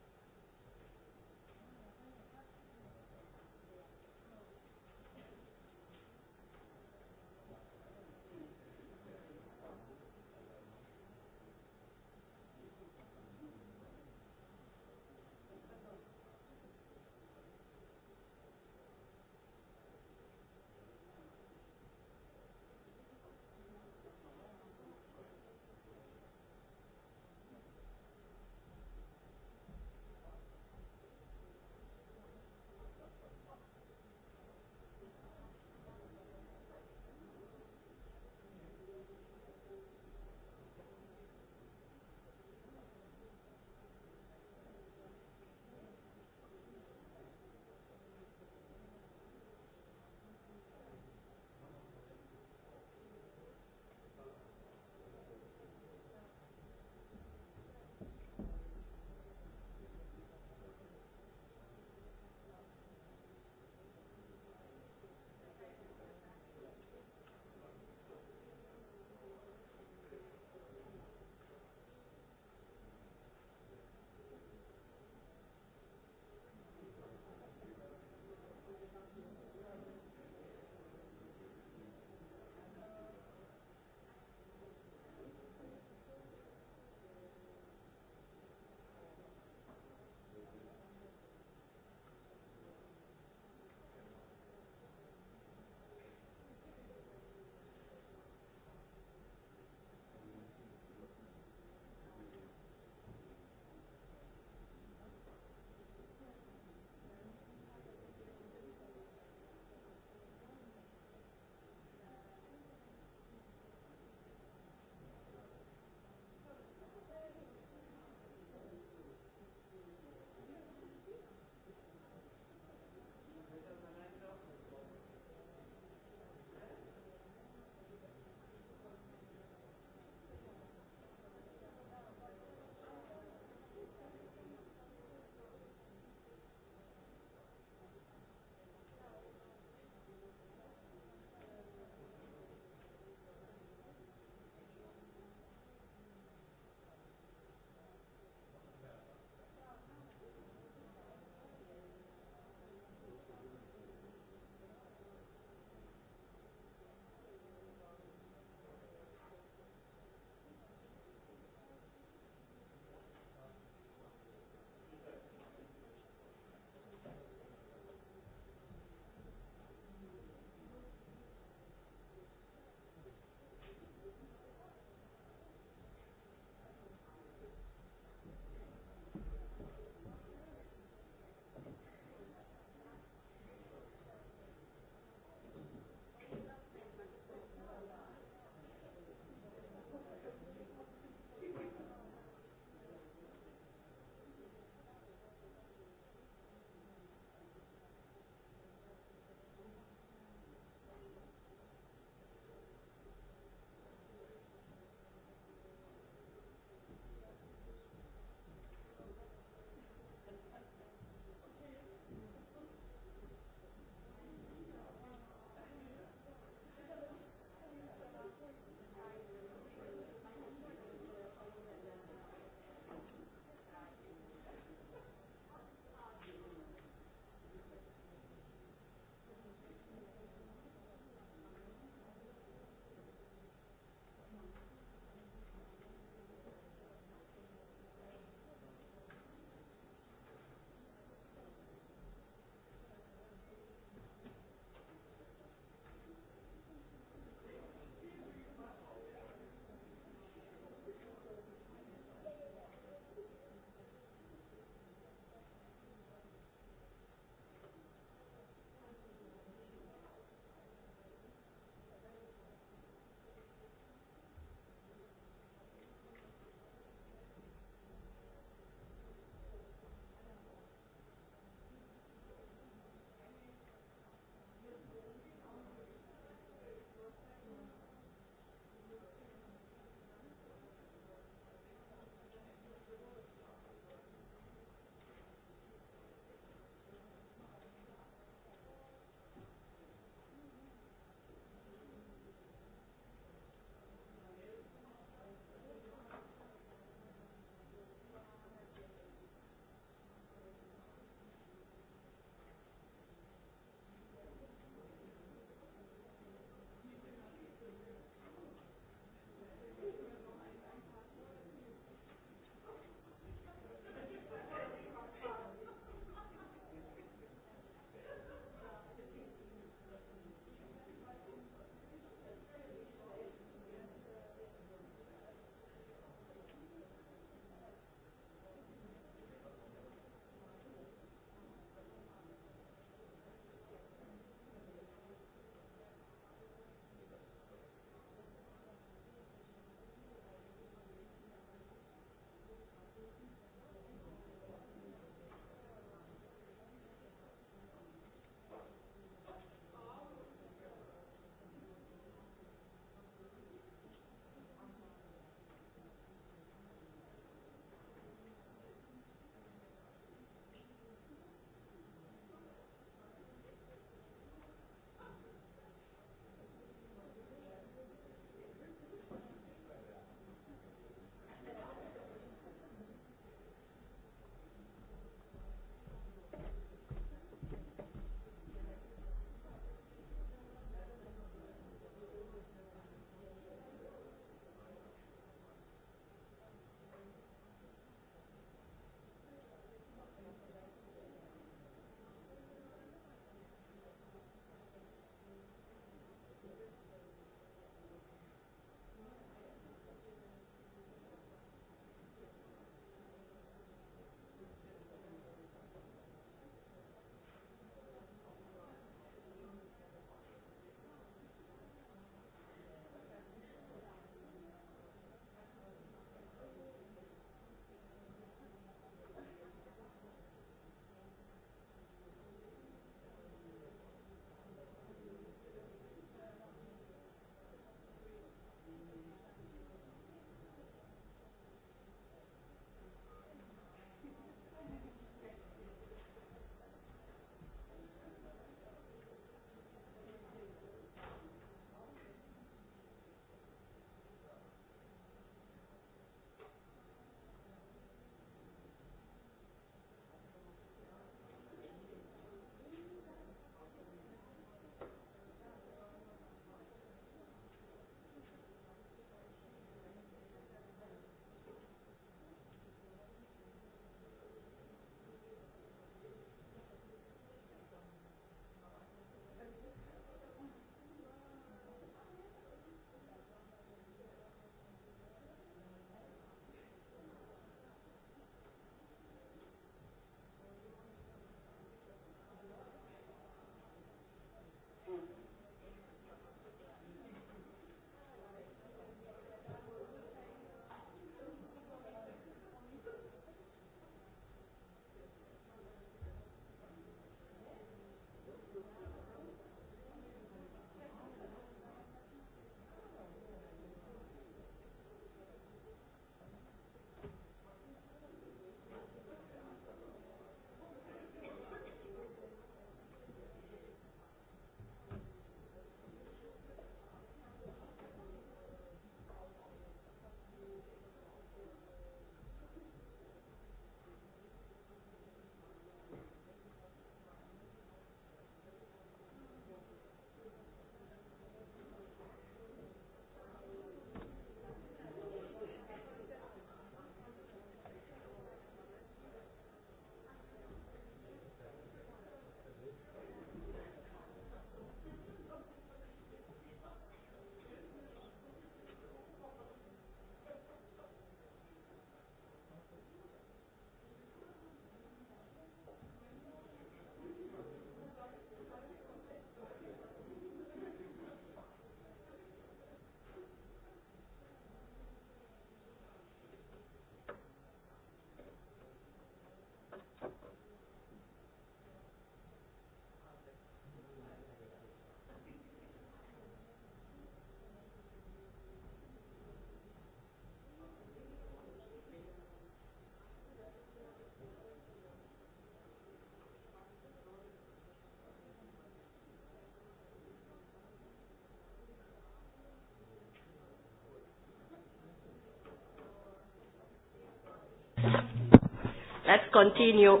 Let's continue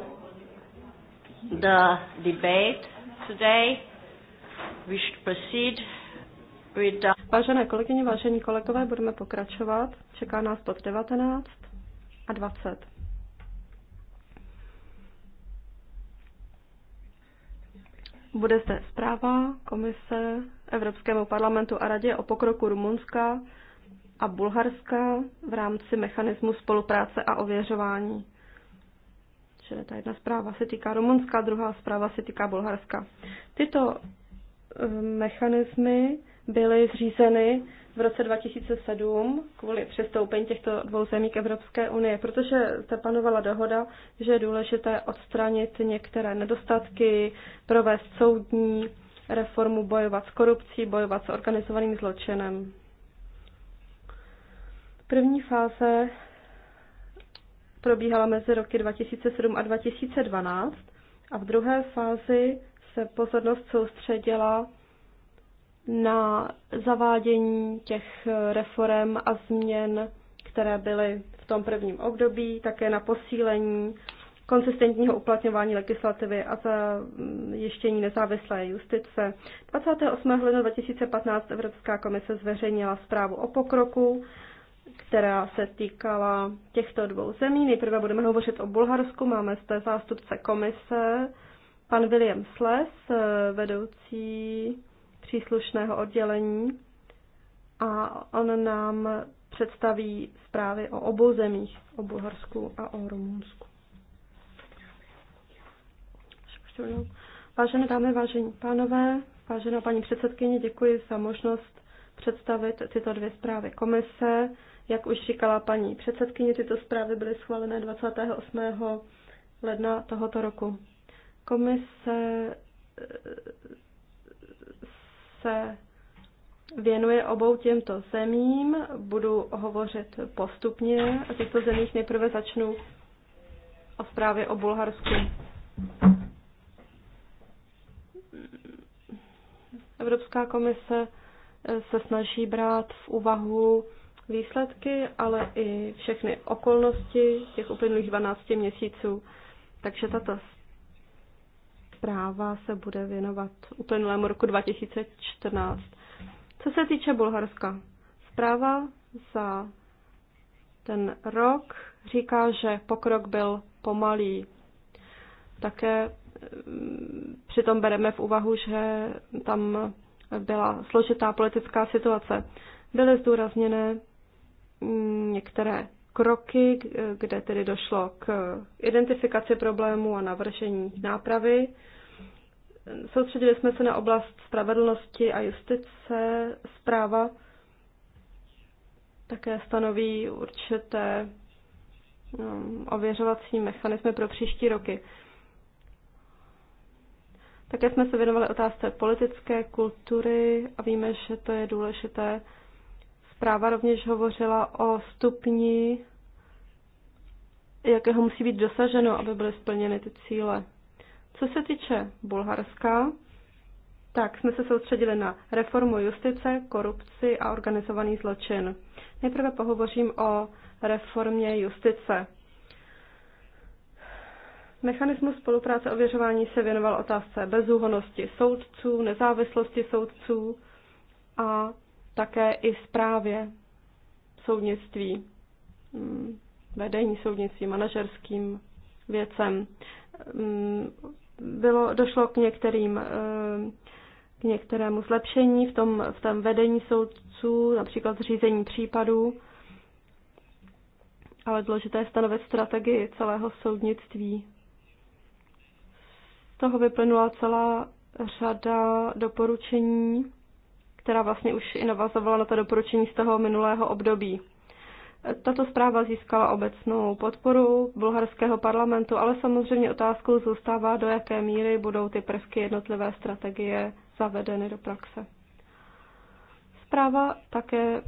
the debate today. We should proceed with the... Vážené kolegyně, vážení kolegové, budeme pokračovat. Čeká nás bod 19 a 20. Bude zde zpráva Komise Evropskému parlamentu a Radě o pokroku Rumunska a Bulharska v rámci mechanismu spolupráce a ověřování že ta jedna zpráva se týká Rumunska, druhá zpráva se týká Bulharska. Tyto eh, mechanismy byly zřízeny v roce 2007 kvůli přestoupení těchto dvou zemí k Evropské unii, protože se panovala dohoda, že je důležité odstranit některé nedostatky, provést soudní reformu, bojovat s korupcí, bojovat s organizovaným zločinem. První fáze probíhala mezi roky 2007 a 2012 a v druhé fázi se pozornost soustředila na zavádění těch reform a změn, které byly v tom prvním období, také na posílení konsistentního uplatňování legislativy a zajištění nezávislé justice. 28. ledna 2015 Evropská komise zveřejnila zprávu o pokroku která se týkala těchto dvou zemí. Nejprve budeme hovořit o Bulharsku, máme zde zástupce komise, pan William Sles, vedoucí příslušného oddělení a on nám představí zprávy o obou zemích, o Bulharsku a o Rumunsku. Vážené dámy, vážení pánové, vážená paní předsedkyně, děkuji za možnost představit tyto dvě zprávy komise. Jak už říkala paní předsedkyně, tyto zprávy byly schválené 28. ledna tohoto roku. Komise eh, se věnuje obou těmto zemím. Budu hovořit postupně. a těchto zemích nejprve začnu o zprávě o Bulharsku. Evropská komise eh, se snaží brát v úvahu výsledky, ale i všechny okolnosti těch uplynulých 12 měsíců. Takže tato zpráva se bude věnovat uplynulému roku 2014. Co se týče Bulharska, zpráva za ten rok říká, že pokrok byl pomalý. Také mm, přitom bereme v úvahu, že tam byla složitá politická situace. Byly zdůrazněné některé kroky, kde tedy došlo k identifikaci problému a navržení nápravy. Soustředili jsme se na oblast spravedlnosti a justice. Zpráva také stanoví určité um, ověřovací mechanismy pro příští roky. Také jsme se věnovali otázce politické kultury a víme, že to je důležité Zpráva rovněž hovořila o stupni, jakého musí být dosaženo, aby byly splněny ty cíle. Co se týče Bulharska, tak jsme se soustředili na reformu justice, korupci a organizovaný zločin. Nejprve pohovořím o reformě justice. Mechanismus spolupráce ověřování se věnoval otázce bezúhonosti soudců, nezávislosti soudců a také i zprávě soudnictví, mm, vedení soudnictví, manažerským věcem. Mm, bylo, došlo k některým eh, k některému zlepšení v tom, v tom vedení soudců, například zřízení případů, ale důležité je stanovit strategii celého soudnictví. Z toho vyplynula celá řada doporučení která vlastně už i navazovala na to doporučení z toho minulého období. Tato zpráva získala obecnou podporu bulharského parlamentu, ale samozřejmě otázkou zůstává, do jaké míry budou ty prvky jednotlivé strategie zavedeny do praxe. Zpráva také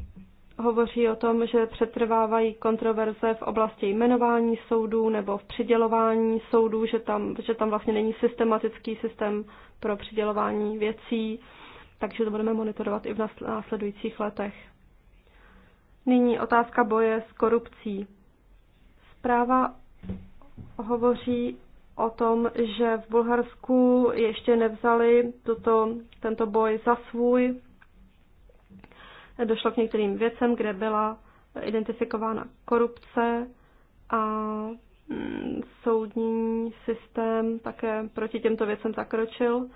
hovoří o tom, že přetrvávají kontroverze v oblasti jmenování soudů nebo v přidělování soudů, že tam, že tam vlastně není systematický systém pro přidělování věcí takže to budeme monitorovat i v následujících letech. Nyní otázka boje s korupcí. Zpráva hovoří o tom, že v Bulharsku ještě nevzali tuto, tento boj za svůj. Došlo k některým věcem, kde byla identifikována korupce a mm, soudní systém také proti těmto věcem zakročil.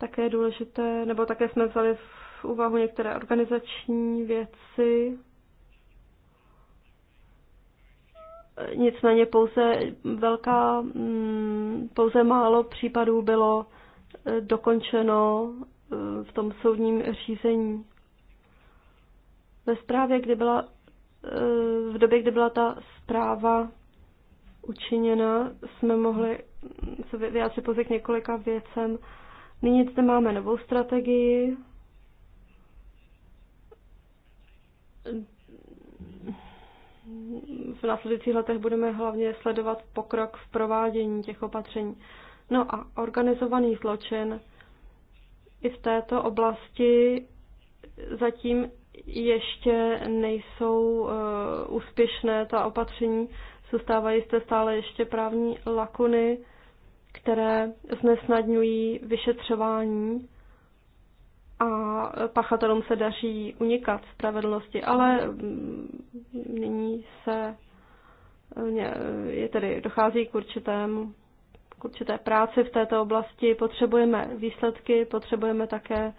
Také je důležité, nebo také jsme vzali v úvahu některé organizační věci. Nicméně pouze velká, mm, pouze málo případů bylo eh, dokončeno eh, v tom soudním řízení. Ve zprávě, kdy byla, eh, v době, kdy byla ta zpráva učiněna, jsme mohli se vyjádřit pouze k několika věcem, Nyní zde máme novou strategii. V následujících letech budeme hlavně sledovat pokrok v provádění těch opatření. No a organizovaný zločin i v této oblasti zatím ještě nejsou uh, úspěšné ta opatření, zůstávají zde stále ještě právní lakuny které znesnadňují vyšetřování a pachatelům se daří unikat spravedlnosti, ale mm, nyní se je tedy dochází k určitému k určité práci v této oblasti. Potřebujeme výsledky, potřebujeme také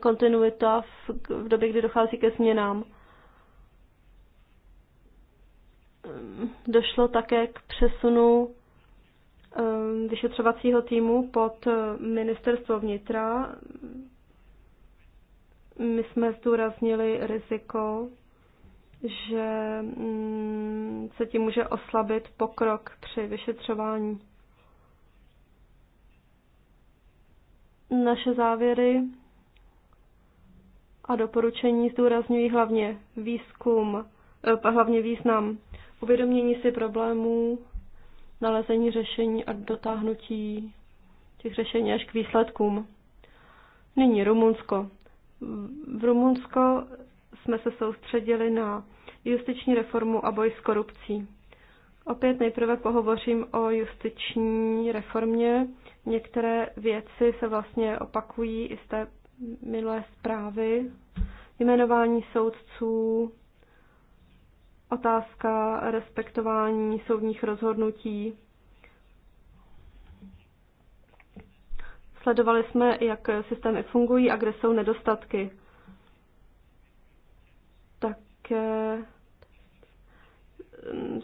kontinuita v, v době, kdy dochází ke změnám. Eh, došlo také k přesunu eh, vyšetřovacího týmu pod eh, ministerstvo vnitra. My jsme zdůraznili riziko, že mm, se tím může oslabit pokrok při vyšetřování. Naše závěry a doporučení zdůrazňují hlavně výzkum, hlavně význam uvědomění si problémů, nalezení řešení a dotáhnutí těch řešení až k výsledkům. Nyní Rumunsko. V Rumunsko jsme se soustředili na justiční reformu a boj s korupcí. Opět nejprve pohovořím o justiční reformě. Některé věci se vlastně opakují i z té minulé zprávy. Jmenování soudců, otázka respektování soudních rozhodnutí. Sledovali jsme, jak systémy fungují a kde jsou nedostatky. Také mm,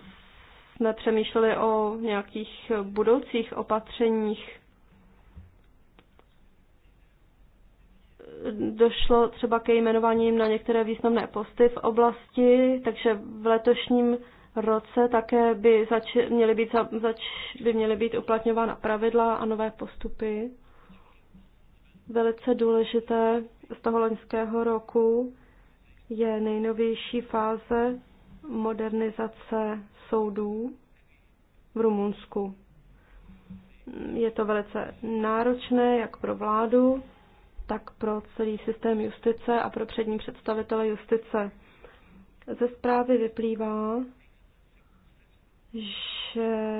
jsme přemýšleli o nějakých budoucích opatřeních došlo třeba ke jmenováním na některé významné posty v oblasti, takže v letošním roce také by, zač, měly, být, zač, by měly být uplatňována pravidla a nové postupy. Velice důležité z toho loňského roku je nejnovější fáze modernizace soudů v Rumunsku. Je to velice náročné jak pro vládu, tak pro celý systém justice a pro přední představitele justice. Ze zprávy vyplývá, že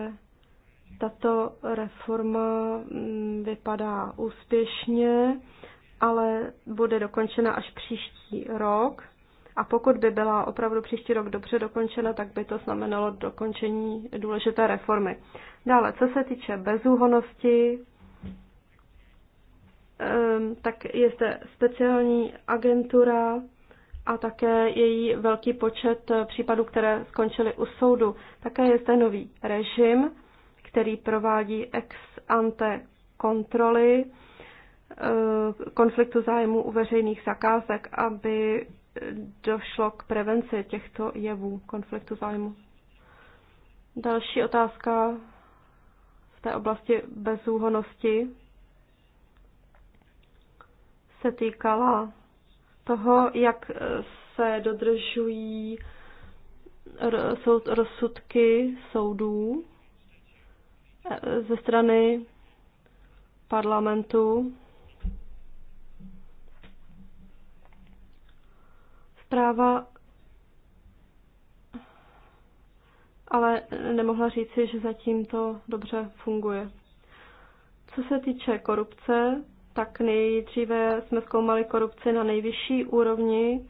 tato reforma mm, vypadá úspěšně, ale bude dokončena až příští rok. A pokud by byla opravdu příští rok dobře dokončena, tak by to znamenalo dokončení důležité reformy. Dále, co se týče bezúhonosti, Ehm, tak je zde speciální agentura a také její velký počet eh, případů, které skončily u soudu. Také je zde nový režim, který provádí ex ante kontroly eh, konfliktu zájmu u veřejných zakázek, aby došlo k prevenci těchto jevů konfliktu zájmu. Další otázka v té oblasti bezúhonosti se týkala toho, jak se dodržují rozsudky soudů eh, ze strany parlamentu. Zpráva ale nemohla říci, že zatím to dobře funguje. Co se týče korupce, tak nejdříve jsme zkoumali korupci na nejvyšší úrovni.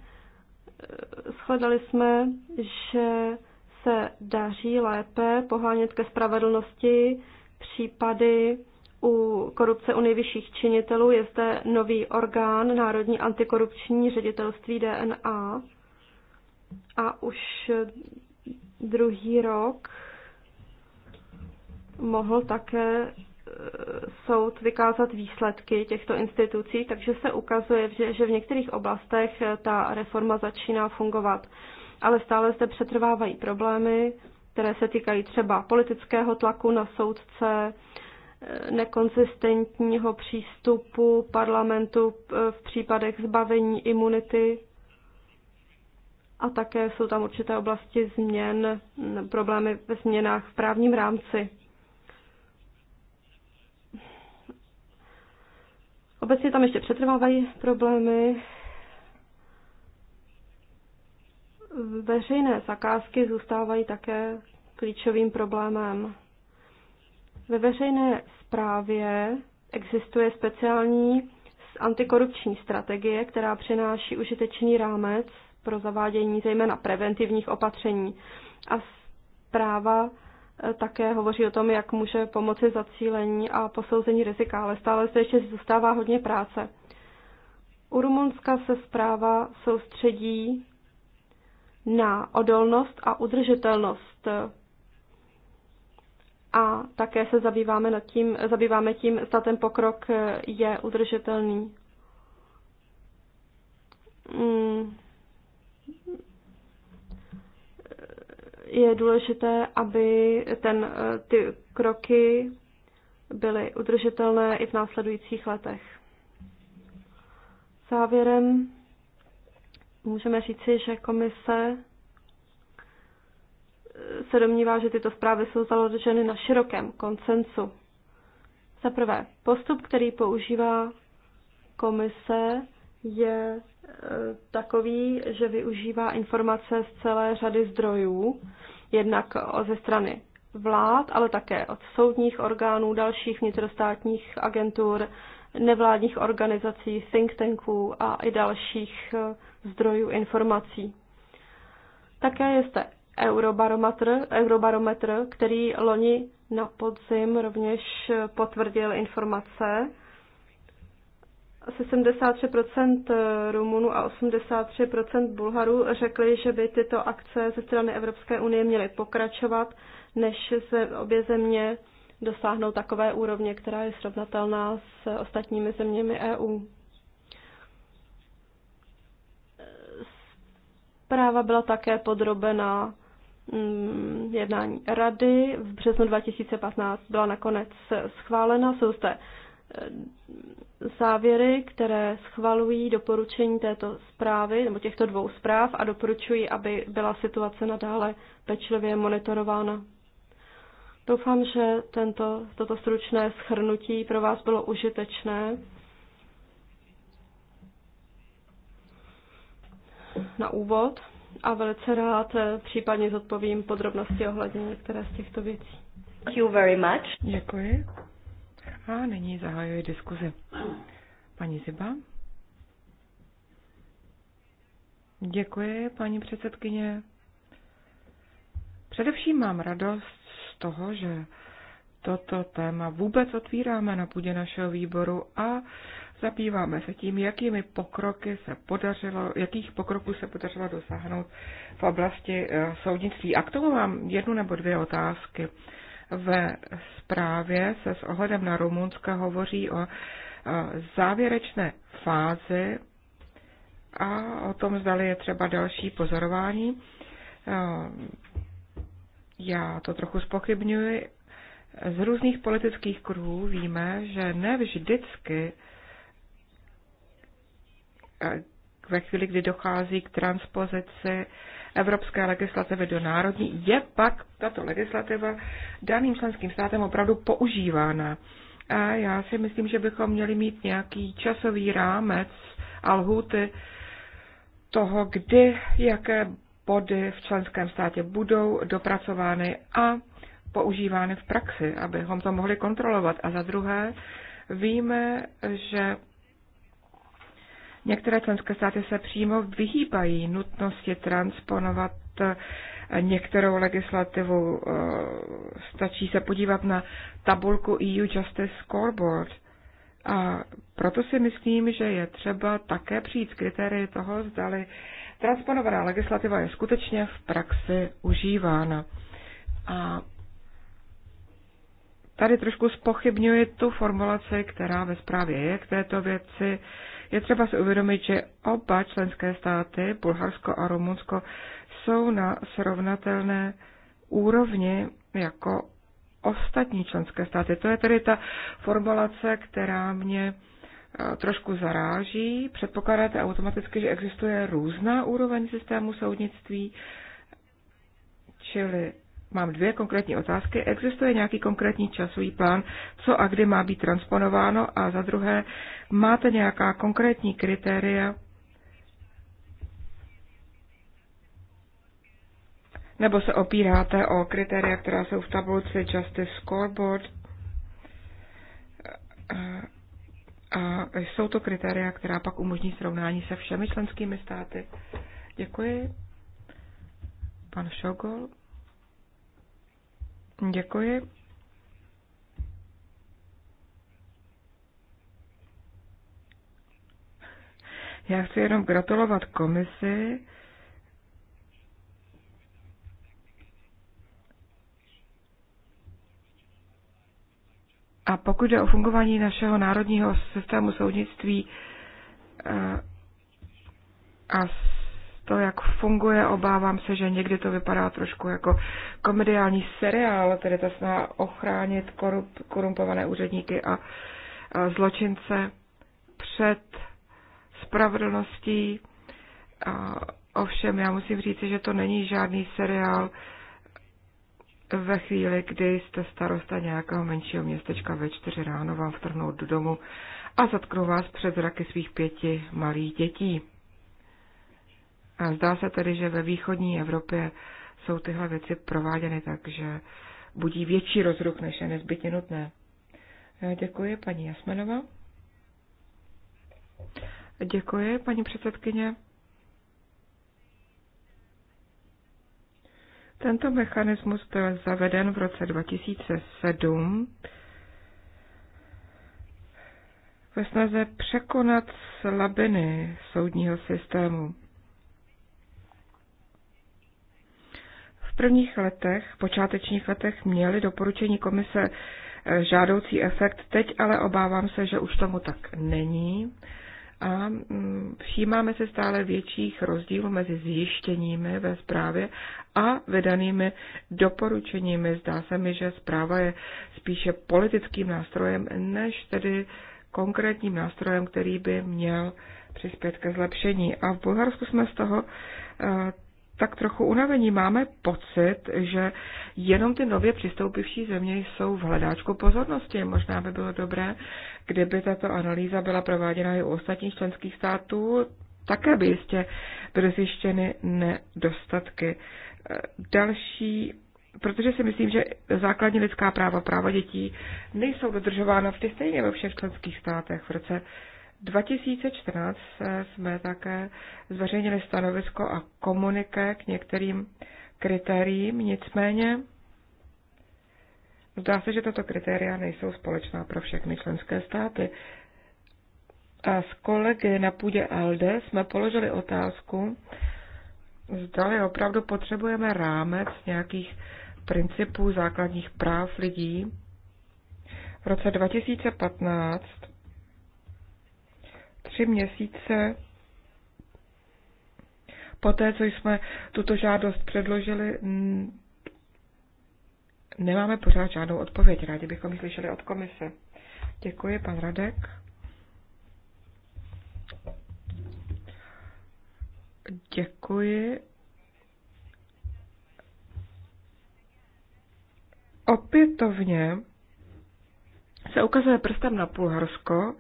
Shledali jsme, že se daří lépe pohánět ke spravedlnosti případy u korupce u nejvyšších činitelů. Je zde nový orgán Národní antikorupční ředitelství DNA a už druhý rok mohl také soud vykázat výsledky těchto institucí, takže se ukazuje, že v některých oblastech eh, ta reforma začíná fungovat. Ale stále zde přetrvávají problémy, které se týkají třeba politického tlaku na soudce, eh, nekonzistentního přístupu parlamentu eh, v případech zbavení imunity a také jsou tam určité oblasti změn, problémy ve změnách v právním rámci. Obecně tam ještě přetrvávají problémy. Veřejné zakázky zůstávají také klíčovým problémem. Ve veřejné správě existuje speciální antikorupční strategie, která přináší užitečný rámec pro zavádění zejména preventivních opatření. A zpráva Eh, také hovoří o tom, jak může pomoci zacílení a posouzení rizika, ale stále se ještě zůstává hodně práce. U Rumunska se zpráva soustředí na odolnost a udržitelnost. A také se zabýváme, nad tím, zabýváme tím, zda ten pokrok je udržitelný. Hmm. je důležité, aby ten, eh, ty kroky byly udržitelné i v následujících letech. Závěrem můžeme říci, že komise eh, se domnívá, že tyto zprávy jsou založeny na širokém koncensu. Za prvé, postup, který používá komise, je eh, takový, že využívá informace z celé řady zdrojů, jednak ze strany vlád, ale také od soudních orgánů, dalších vnitrostátních agentur, nevládních organizací, think tanků a i dalších eh, zdrojů informací. Také je zde eurobarometr, eurobarometr, který loni na podzim rovněž eh, potvrdil informace asi 73% eh, Rumunů a 83% Bulharů řekli, že by tyto akce ze strany Evropské unie měly pokračovat, než se obě země dosáhnou takové úrovně, která je srovnatelná s ostatními zeměmi EU. Zpráva byla také podrobena mm, jednání rady v březnu 2015 byla nakonec schválena. Jsou zde Eh, závěry, které schvalují doporučení této zprávy nebo těchto dvou zpráv a doporučují, aby byla situace nadále pečlivě monitorována. Doufám, že tento, toto stručné schrnutí pro vás bylo užitečné. na úvod a velice rád eh, případně zodpovím podrobnosti ohledně některé z těchto věcí. Thank you very much. Děkuji. A nyní zahajuji diskuzi. Paní Ziba? Děkuji, paní předsedkyně. Především mám radost z toho, že toto téma vůbec otvíráme na půdě našeho výboru a zabýváme se tím, jakými pokroky se podařilo, jakých pokroků se podařilo dosáhnout v oblasti eh, soudnictví. A k tomu mám jednu nebo dvě otázky. Ve zprávě se s ohledem na Rumunska hovoří o závěrečné fázi a o tom zdali je třeba další pozorování. Já to trochu spochybňuji. Z různých politických kruhů víme, že ne vždycky ve chvíli, kdy dochází k transpozici evropské legislativy do národní, je pak tato legislativa daným členským státem opravdu používána. A já si myslím, že bychom měli mít nějaký časový rámec a lhuty toho, kdy, jaké body v členském státě budou dopracovány a používány v praxi, abychom to mohli kontrolovat. A za druhé, víme, že Některé členské státy se přímo vyhýbají nutnosti transponovat eh, některou legislativu. Eh, stačí se podívat na tabulku EU Justice Scoreboard. A proto si myslím, že je třeba také přijít z kritérii toho, zdali transponovaná legislativa je skutečně v praxi užívána. A tady trošku spochybňuji tu formulaci, která ve zprávě je k této věci. Je třeba si uvědomit, že oba členské státy, Bulharsko a Rumunsko, jsou na srovnatelné úrovni jako ostatní členské státy. To je tedy ta formulace, která mě eh, trošku zaráží. Předpokládáte automaticky, že existuje různá úroveň systému soudnictví, čili Mám dvě konkrétní otázky. Existuje nějaký konkrétní časový plán, co a kdy má být transponováno? A za druhé, máte nějaká konkrétní kritéria nebo se opíráte o kritéria, která jsou v tabulce Justice Scoreboard? A jsou to kritéria, která pak umožní srovnání se všemi členskými státy? Děkuji. Pan Šogol. Děkuji. Já chci jenom gratulovat komisi A pokud jde o fungování našeho národního systému soudnictví eh, a to, jak funguje, obávám se, že někdy to vypadá trošku jako komediální seriál, tedy ta snaha ochránit korup, korumpované úředníky a, a zločince před spravedlností. A, ovšem, já musím říct, že to není žádný seriál ve chvíli, kdy jste starosta nějakého menšího městečka ve čtyři ráno vám vtrhnout do domu a zatknu vás před zraky svých pěti malých dětí. A zdá se tedy, že ve východní Evropě jsou tyhle věci prováděny tak, že budí větší rozruch, než je nezbytně nutné. Děkuji, paní Jasmenova. Děkuji, paní předsedkyně. Tento mechanismus byl zaveden v roce 2007 ve snaze překonat slabiny soudního systému. V prvních letech, počátečních letech měly doporučení komise eh, žádoucí efekt, teď ale obávám se, že už tomu tak není. A mm, všímáme se stále větších rozdílů mezi zjištěními ve zprávě a vydanými doporučeními. Zdá se mi, že zpráva je spíše politickým nástrojem, než tedy konkrétním nástrojem, který by měl přispět ke zlepšení. A v Bulharsku jsme z toho eh, tak trochu unavení. Máme pocit, že jenom ty nově přistoupivší země jsou v hledáčku pozornosti. Možná by bylo dobré, kdyby tato analýza byla prováděna i u ostatních členských států, také by jistě byly zjištěny nedostatky. E, další, protože si myslím, že základní lidská práva, práva dětí nejsou dodržována v ty stejně ve všech členských státech. V roce 2014 jsme také zveřejnili stanovisko a komuniké k některým kritériím, nicméně zdá se, že tato kritéria nejsou společná pro všechny členské státy. A s kolegy na půdě ALDE jsme položili otázku, zdali opravdu potřebujeme rámec nějakých principů základních práv lidí. V roce 2015 tři měsíce poté, co jsme tuto žádost předložili, nemáme pořád žádnou odpověď. Rádi bychom ji slyšeli od komise. Děkuji, pan Radek. Děkuji. Opětovně se ukazuje prstem na Bulharsko,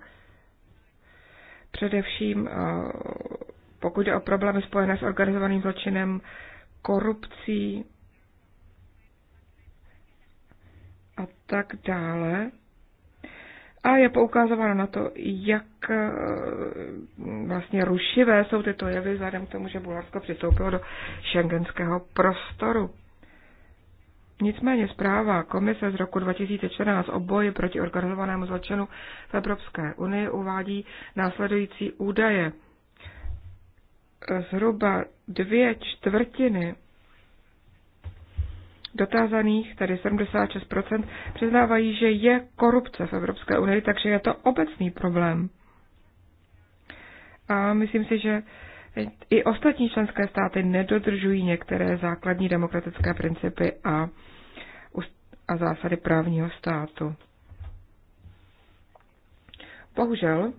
Především eh, pokud jde o problémy spojené s organizovaným zločinem, korupcí a tak dále. A je poukázováno na to, jak eh, vlastně rušivé jsou tyto jevy vzhledem k tomu, že Bulharsko přistoupilo do šengenského prostoru. Nicméně zpráva Komise z roku 2014 o boji proti organizovanému zločinu v Evropské unii uvádí následující údaje. Zhruba dvě čtvrtiny dotázaných, tedy 76%, přiznávají, že je korupce v Evropské unii, takže je to obecný problém. A myslím si, že i ostatní členské státy nedodržují některé základní demokratické principy a, a zásady právního státu. Bohužel,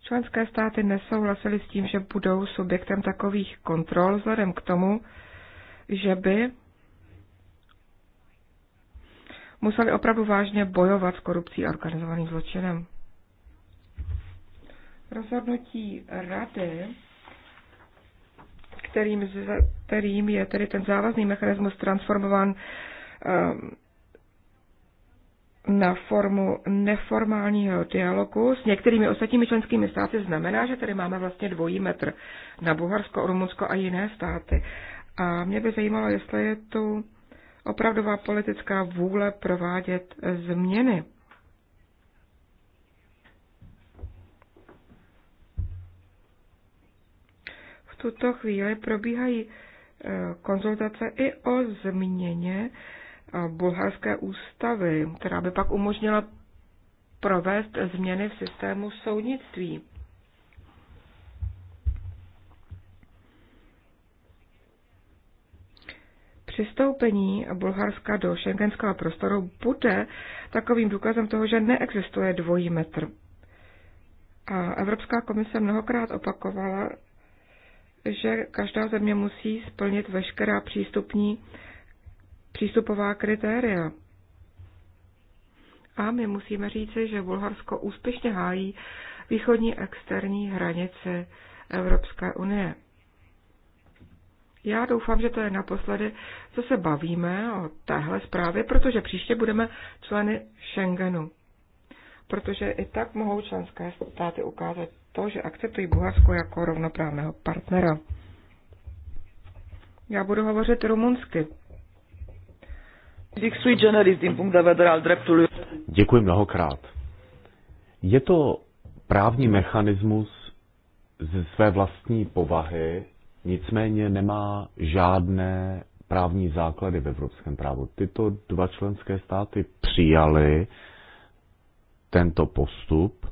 členské státy nesouhlasily s tím, že budou subjektem takových kontrol, vzhledem k tomu, že by museli opravdu vážně bojovat s korupcí a organizovaným zločinem. Rozhodnutí rady, kterým, kterým je tedy ten závazný mechanismus transformován ehm, na formu neformálního dialogu s některými ostatními členskými státy znamená, že tady máme vlastně dvojí metr na Bulharsko, Rumunsko a jiné státy. A mě by zajímalo, jestli je tu opravdová politická vůle provádět změny. tuto chvíli probíhají e, konzultace i o změně e, bulharské ústavy, která by pak umožnila provést změny v systému soudnictví. přistoupení Bulharska do šengenského prostoru bude takovým důkazem toho, že neexistuje dvojí metr. A Evropská komise mnohokrát opakovala, že každá země musí splnit veškerá přístupní, přístupová kritéria. A my musíme říci, že Bulharsko úspěšně hájí východní externí hranice Evropské unie. Já doufám, že to je naposledy, co se bavíme o téhle zprávě, protože příště budeme členy Schengenu. Protože i tak mohou členské státy ukázat to, že akceptují Bulharsko jako rovnoprávného partnera. Já budu hovořit rumunsky. Děkuji mnohokrát. Je to právní mechanismus ze své vlastní povahy, nicméně nemá žádné právní základy v evropském právu. Tyto dva členské státy přijali tento postup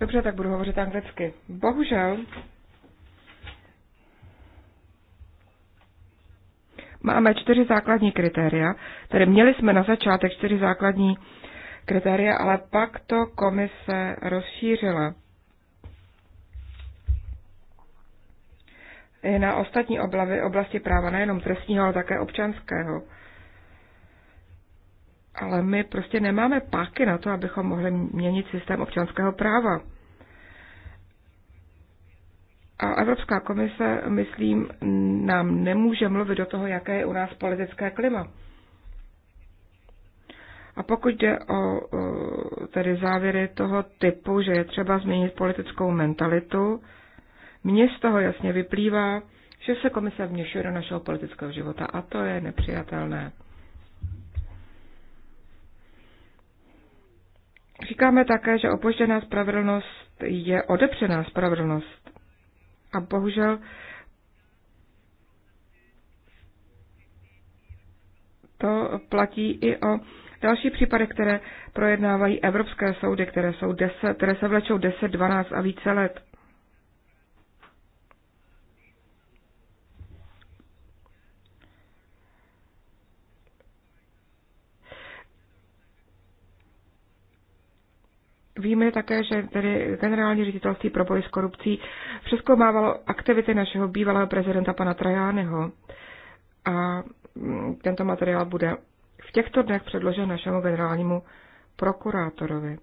Dobře, tak budu hovořit anglicky. Bohužel máme čtyři základní kritéria, tedy měli jsme na začátek čtyři základní kritéria, ale pak to komise rozšířila. I na ostatní oblavy, oblasti práva nejenom trestního, ale také občanského ale my prostě nemáme páky na to, abychom mohli měnit systém občanského práva. A Evropská komise, myslím, nám nemůže mluvit do toho, jaké je u nás politické klima. A pokud jde o tedy závěry toho typu, že je třeba změnit politickou mentalitu, mně z toho jasně vyplývá, že se komise vměšuje do našeho politického života a to je nepřijatelné. Říkáme také, že opožděná spravedlnost je odepřená spravedlnost. A bohužel to platí i o další případy, které projednávají evropské soudy, které, jsou deset, které se vlečou 10, 12 a více let. Víme také, že tedy generální ředitelství pro boj s korupcí přeskoumávalo aktivity našeho bývalého prezidenta pana Trajányho. A mm, tento materiál bude v těchto dnech předložen našemu generálnímu prokurátorovi.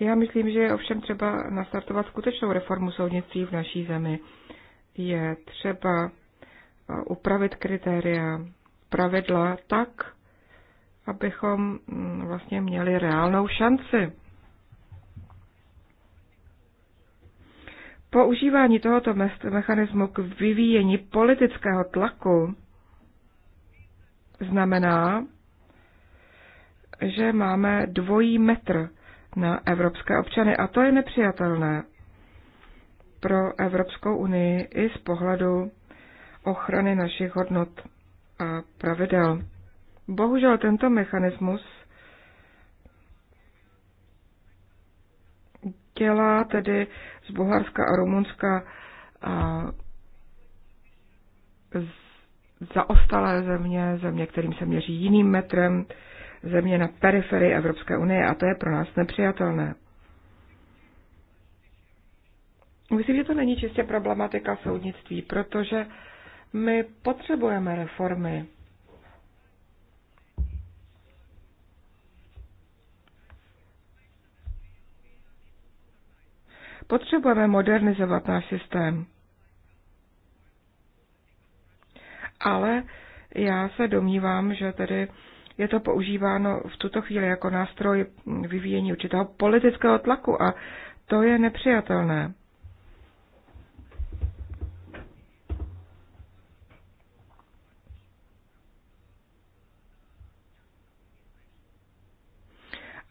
Já myslím, že je ovšem třeba nastartovat skutečnou reformu soudnictví v naší zemi. Je třeba uh, upravit kritéria, pravidla tak, abychom mm, vlastně měli reálnou šanci. Používání tohoto mechanismu k vyvíjení politického tlaku znamená, že máme dvojí metr na evropské občany a to je nepřijatelné pro Evropskou unii i z pohledu ochrany našich hodnot a pravidel. Bohužel tento mechanismus dělá tedy z Bulharska a Rumunska zaostalé země, země, kterým se měří jiným metrem, země na periferii Evropské unie a to je pro nás nepřijatelné. Myslím, že to není čistě problematika soudnictví, protože my potřebujeme reformy Potřebujeme modernizovat náš systém. Ale já se domnívám, že tedy je to používáno v tuto chvíli jako nástroj vyvíjení určitého politického tlaku a to je nepřijatelné.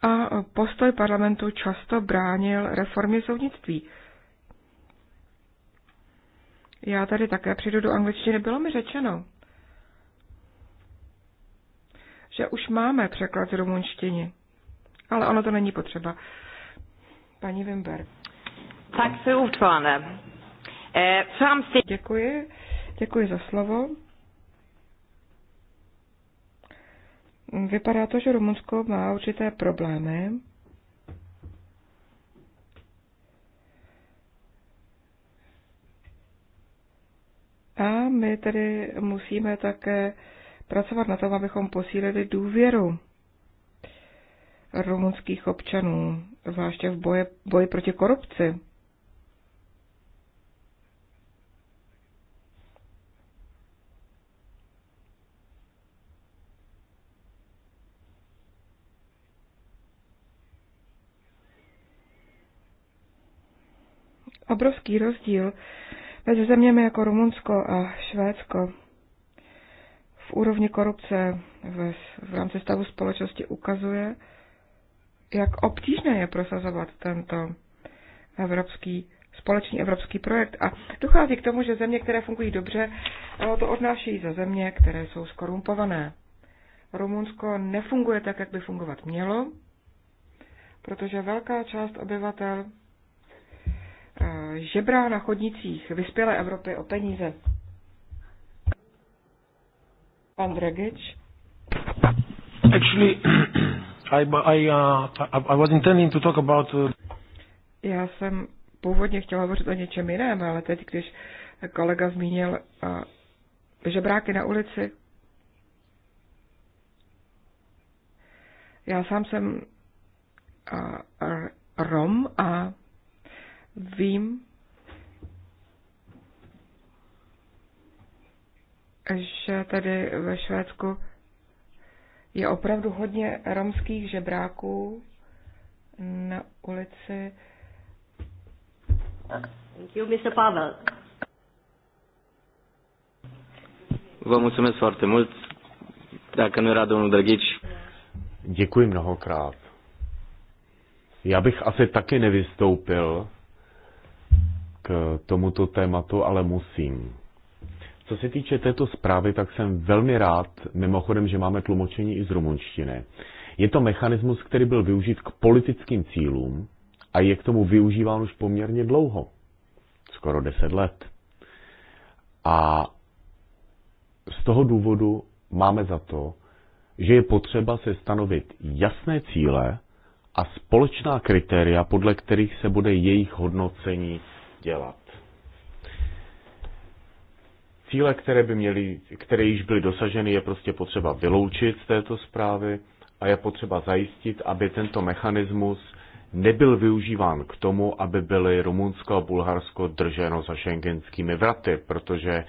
a postoj parlamentu často bránil reformě soudnictví. Já tady také přijdu do angličtiny, bylo mi řečeno, že už máme překlad z rumunštiny, ale ono to není potřeba. Paní Wimber. Tak se eh, Děkuji, děkuji za slovo. vypadá to, že Rumunsko má určité problémy. A my tedy musíme také pracovat na tom, abychom posílili důvěru rumunských občanů, zvláště v boje, boji proti korupci. obrovský rozdíl mezi zeměmi jako Rumunsko a Švédsko v úrovni korupce v, v rámci stavu společnosti ukazuje, jak obtížné je prosazovat tento evropský společný evropský projekt. A dochází k tomu, že země, které fungují dobře, to odnáší za země, které jsou skorumpované. Rumunsko nefunguje tak, jak by fungovat mělo, protože velká část obyvatel žebrá na chodnicích vyspělé Evropy o peníze. Pan Dragič. Actually, I, I, uh, I was intending to talk about... Uh... Já jsem původně chtěla hovořit o něčem jiném, ale teď, když kolega zmínil uh, žebráky na ulici, já sám jsem uh, Rom a Vím, že tady ve Švédsku je opravdu hodně romských žebráků na ulici. Thank you, Mr. Pavel. Vám musíme foarte moc. Tak, mi rád, domnul Drăghici. Děkuji mnohokrát. Já bych asi taky nevystoupil, k tomuto tématu, ale musím. Co se týče této zprávy, tak jsem velmi rád, mimochodem, že máme tlumočení i z rumunštiny. Je to mechanismus, který byl využit k politickým cílům a je k tomu využíván už poměrně dlouho, skoro deset let. A z toho důvodu máme za to, že je potřeba se stanovit jasné cíle a společná kritéria, podle kterých se bude jejich hodnocení dělat. Cíle, které, by měly, které již byly dosaženy, je prostě potřeba vyloučit z této zprávy a je potřeba zajistit, aby tento mechanismus nebyl využíván k tomu, aby byly Rumunsko a Bulharsko drženo za šengenskými vraty, protože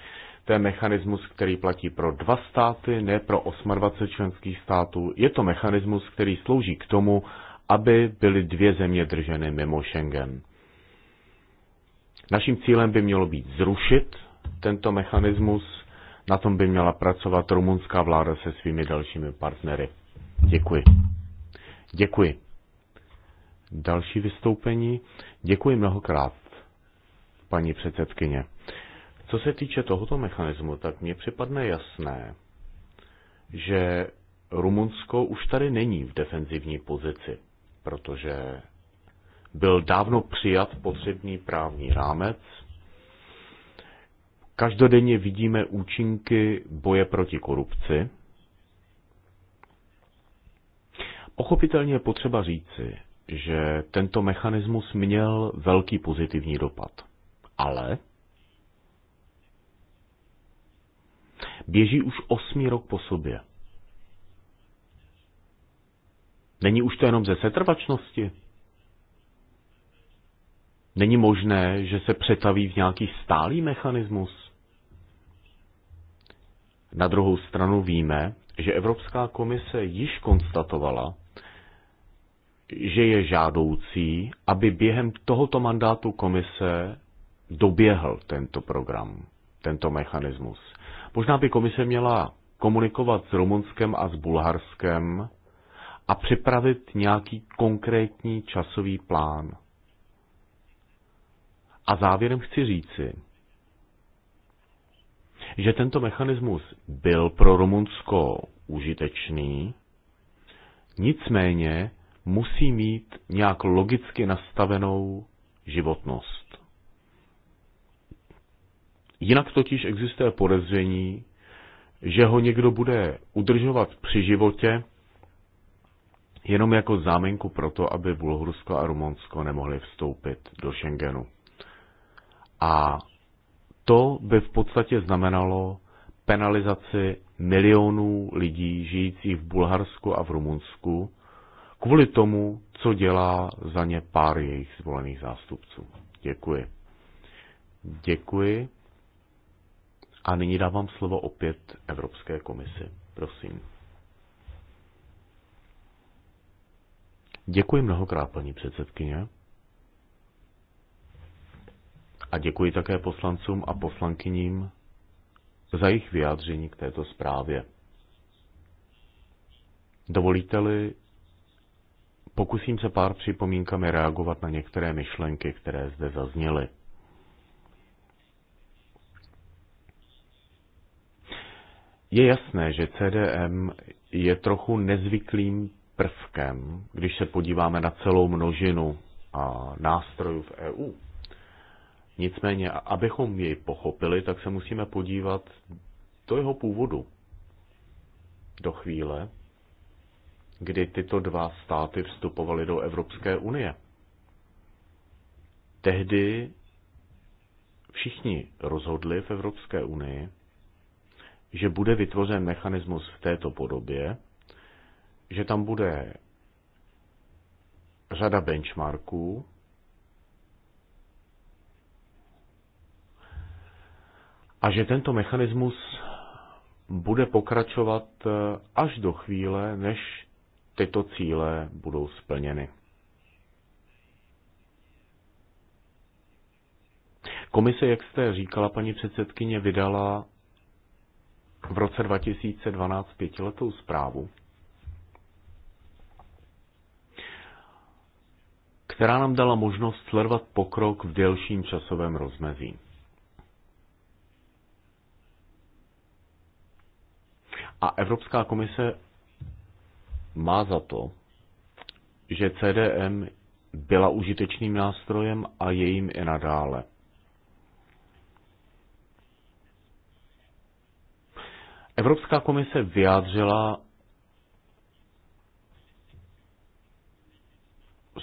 to je mechanismus, který platí pro dva státy, ne pro 28 členských států. Je to mechanismus, který slouží k tomu, aby byly dvě země drženy mimo Schengen. Naším cílem by mělo být zrušit tento mechanismus, na tom by měla pracovat rumunská vláda se svými dalšími partnery. Děkuji. Děkuji. Další vystoupení. Děkuji mnohokrát, paní předsedkyně. Co se týče tohoto mechanismu, tak mně připadne jasné, že Rumunsko už tady není v defenzivní pozici, protože byl dávno přijat potřebný právní rámec. Každodenně vidíme účinky boje proti korupci. Pochopitelně je potřeba říci, že tento mechanismus měl velký pozitivní dopad. Ale běží už osmý rok po sobě. Není už to jenom ze setrvačnosti? Není možné, že se přetaví v nějaký stálý mechanismus? Na druhou stranu víme, že Evropská komise již konstatovala, že je žádoucí, aby během tohoto mandátu komise doběhl tento program, tento mechanismus. Možná by komise měla komunikovat s Rumunskem a s Bulharskem a připravit nějaký konkrétní časový plán. A závěrem chci říci, že tento mechanismus byl pro Rumunsko užitečný, nicméně musí mít nějak logicky nastavenou životnost. Jinak totiž existuje podezření, že ho někdo bude udržovat při životě jenom jako záminku pro to, aby Bulharsko a Rumunsko nemohli vstoupit do Schengenu. A to by v podstatě znamenalo penalizaci milionů lidí žijících v Bulharsku a v Rumunsku kvůli tomu, co dělá za ně pár jejich zvolených zástupců. Děkuji. Děkuji. A nyní dávám slovo opět Evropské komisi. Prosím. Děkuji mnohokrát, paní předsedkyně. A děkuji také poslancům a poslankyním za jejich vyjádření k této zprávě. Dovolíte-li, pokusím se pár připomínkami reagovat na některé myšlenky, které zde zazněly. Je jasné, že CDM je trochu nezvyklým prvkem, když se podíváme na celou množinu nástrojů v EU. Nicméně, abychom jej pochopili, tak se musíme podívat do jeho původu. Do chvíle, kdy tyto dva státy vstupovaly do Evropské unie. Tehdy všichni rozhodli v Evropské unii, že bude vytvořen mechanismus v této podobě, že tam bude řada benchmarků, a že tento mechanismus bude pokračovat eh, až do chvíle, než tyto cíle budou splněny. Komise, jak jste říkala, paní předsedkyně, vydala v roce 2012 pětiletou zprávu, která nám dala možnost sledovat pokrok v delším časovém rozmezí. A Evropská komise má za to, že CDM byla užitečným nástrojem a je jim i nadále. Evropská komise vyjádřila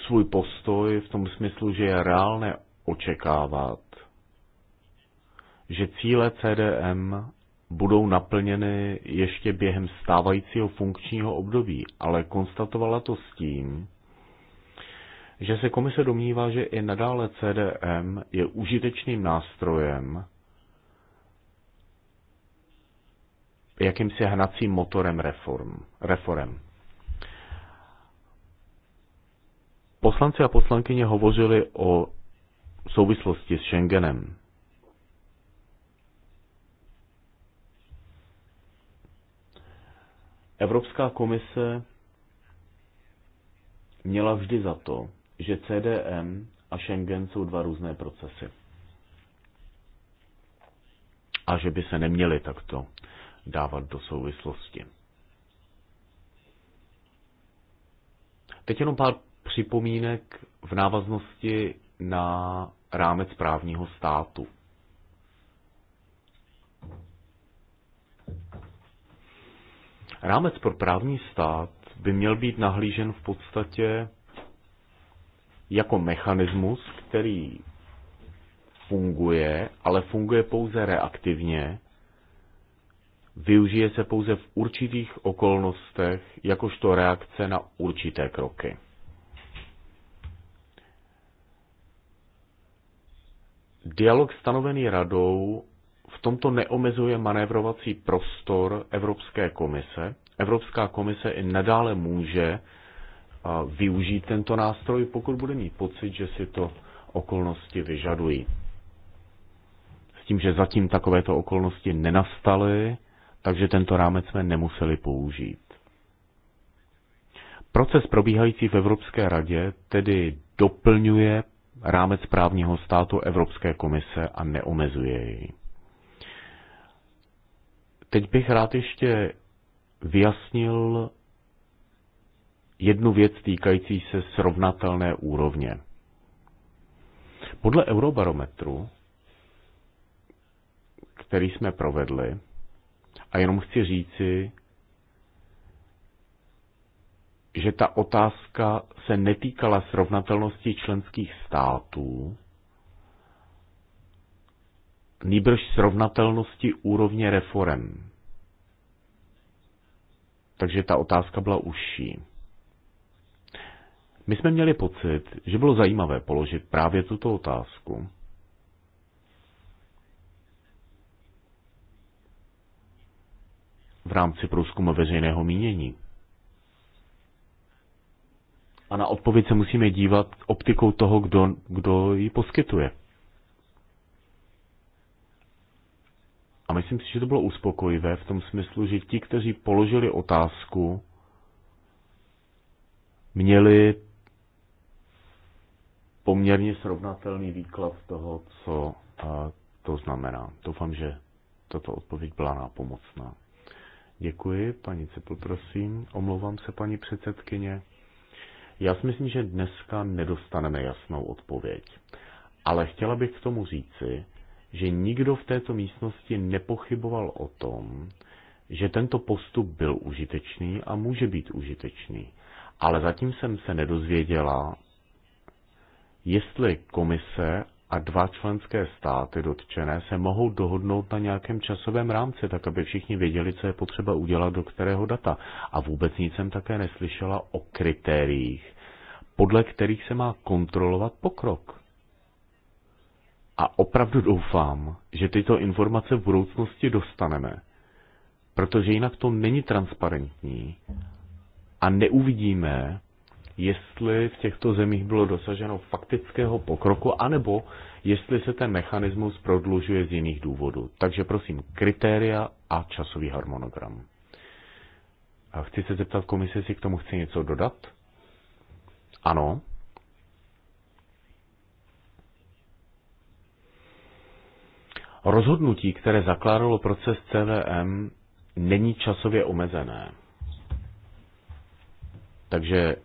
svůj postoj v tom smyslu, že je reálné očekávat, že cíle CDM budou naplněny ještě během stávajícího funkčního období, ale konstatovala to s tím, že se komise domnívá, že i nadále CDM je užitečným nástrojem, jakýmsi hnacím motorem reform, reform. Poslanci a poslankyně hovořili o souvislosti s Schengenem. Evropská komise měla vždy za to, že CDM a Schengen jsou dva různé procesy. A že by se neměly takto dávat do souvislosti. Teď jenom pár připomínek v návaznosti na rámec právního státu. Rámec pro právní stát by měl být nahlížen v podstatě jako mechanismus, který funguje, ale funguje pouze reaktivně, využije se pouze v určitých okolnostech jakožto reakce na určité kroky. Dialog stanovený radou tomto neomezuje manévrovací prostor Evropské komise. Evropská komise i nadále může využít tento nástroj, pokud bude mít pocit, že si to okolnosti vyžadují. S tím, že zatím takovéto okolnosti nenastaly, takže tento rámec jsme nemuseli použít. Proces probíhající v Evropské radě tedy doplňuje rámec právního státu Evropské komise a neomezuje jej. Teď bych rád ještě vyjasnil jednu věc týkající se srovnatelné úrovně. Podle eurobarometru, který jsme provedli, a jenom chci říci, že ta otázka se netýkala srovnatelnosti členských států, nýbrž srovnatelnosti úrovně reform. Takže ta otázka byla užší. My jsme měli pocit, že bylo zajímavé položit právě tuto otázku. v rámci průzkumu veřejného mínění. A na odpověď se musíme dívat optikou toho, kdo, kdo ji poskytuje. myslím si, že to bylo uspokojivé v tom smyslu, že ti, kteří položili otázku, měli poměrně srovnatelný výklad toho, co to znamená. Doufám, že tato odpověď byla nápomocná. Děkuji, paní Cepl, prosím. Omlouvám se, paní předsedkyně. Já si myslím, že dneska nedostaneme jasnou odpověď. Ale chtěla bych k tomu říci, že nikdo v této místnosti nepochyboval o tom, že tento postup byl užitečný a může být užitečný. Ale zatím jsem se nedozvěděla, jestli komise a dva členské státy dotčené se mohou dohodnout na nějakém časovém rámci, tak aby všichni věděli, co je potřeba udělat do kterého data. A vůbec nic jsem také neslyšela o kritériích, podle kterých se má kontrolovat pokrok. A opravdu doufám, že tyto informace v budoucnosti dostaneme, protože jinak to není transparentní a neuvidíme, jestli v těchto zemích bylo dosaženo faktického pokroku, anebo jestli se ten mechanismus prodlužuje z jiných důvodů. Takže prosím, kritéria a časový harmonogram. A chci se zeptat komise, jestli k tomu chci něco dodat? Ano. Rozhodnutí, které zakládalo proces CVM, není časově omezené. Takže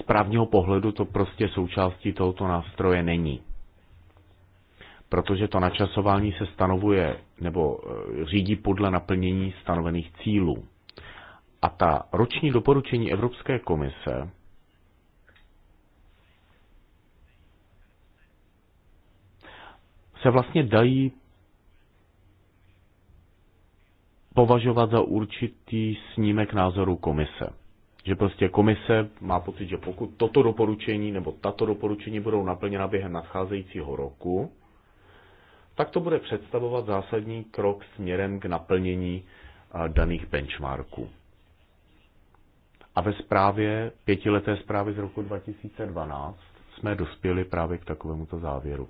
z právního pohledu to prostě součástí tohoto nástroje není. Protože to načasování se stanovuje nebo eh, řídí podle naplnění stanovených cílů. A ta roční doporučení Evropské komise se vlastně dají považovat za určitý snímek názoru komise. Že prostě komise má pocit, že pokud toto doporučení nebo tato doporučení budou naplněna během nadcházejícího roku, tak to bude představovat zásadní krok směrem k naplnění daných benchmarků. A ve zprávě, pětileté zprávy z roku 2012, jsme dospěli právě k takovémuto závěru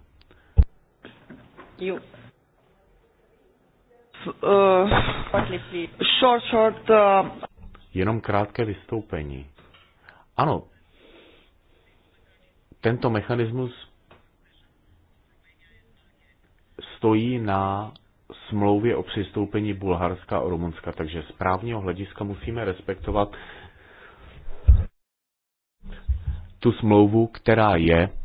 you. Uh, short, short, uh... Jenom krátké vystoupení. Ano, tento mechanismus stojí na smlouvě o přistoupení Bulharska a Rumunska, takže z právního hlediska musíme respektovat tu smlouvu, která je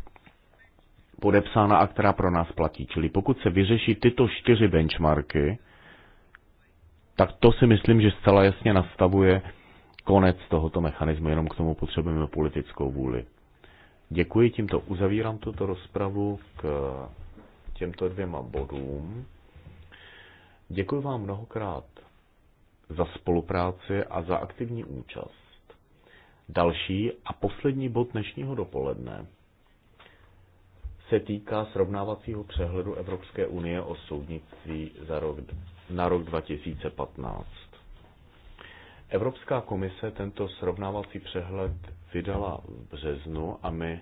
podepsána a která pro nás platí. Čili pokud se vyřeší tyto čtyři benchmarky, tak to si myslím, že zcela jasně nastavuje konec tohoto mechanismu, jenom k tomu potřebujeme politickou vůli. Děkuji, tímto uzavírám tuto rozpravu k těmto dvěma bodům. Děkuji vám mnohokrát za spolupráci a za aktivní účast. Další a poslední bod dnešního dopoledne se týká srovnávacího přehledu Evropské unie o soudnictví za rok, na rok 2015. Evropská komise tento srovnávací přehled vydala v březnu a my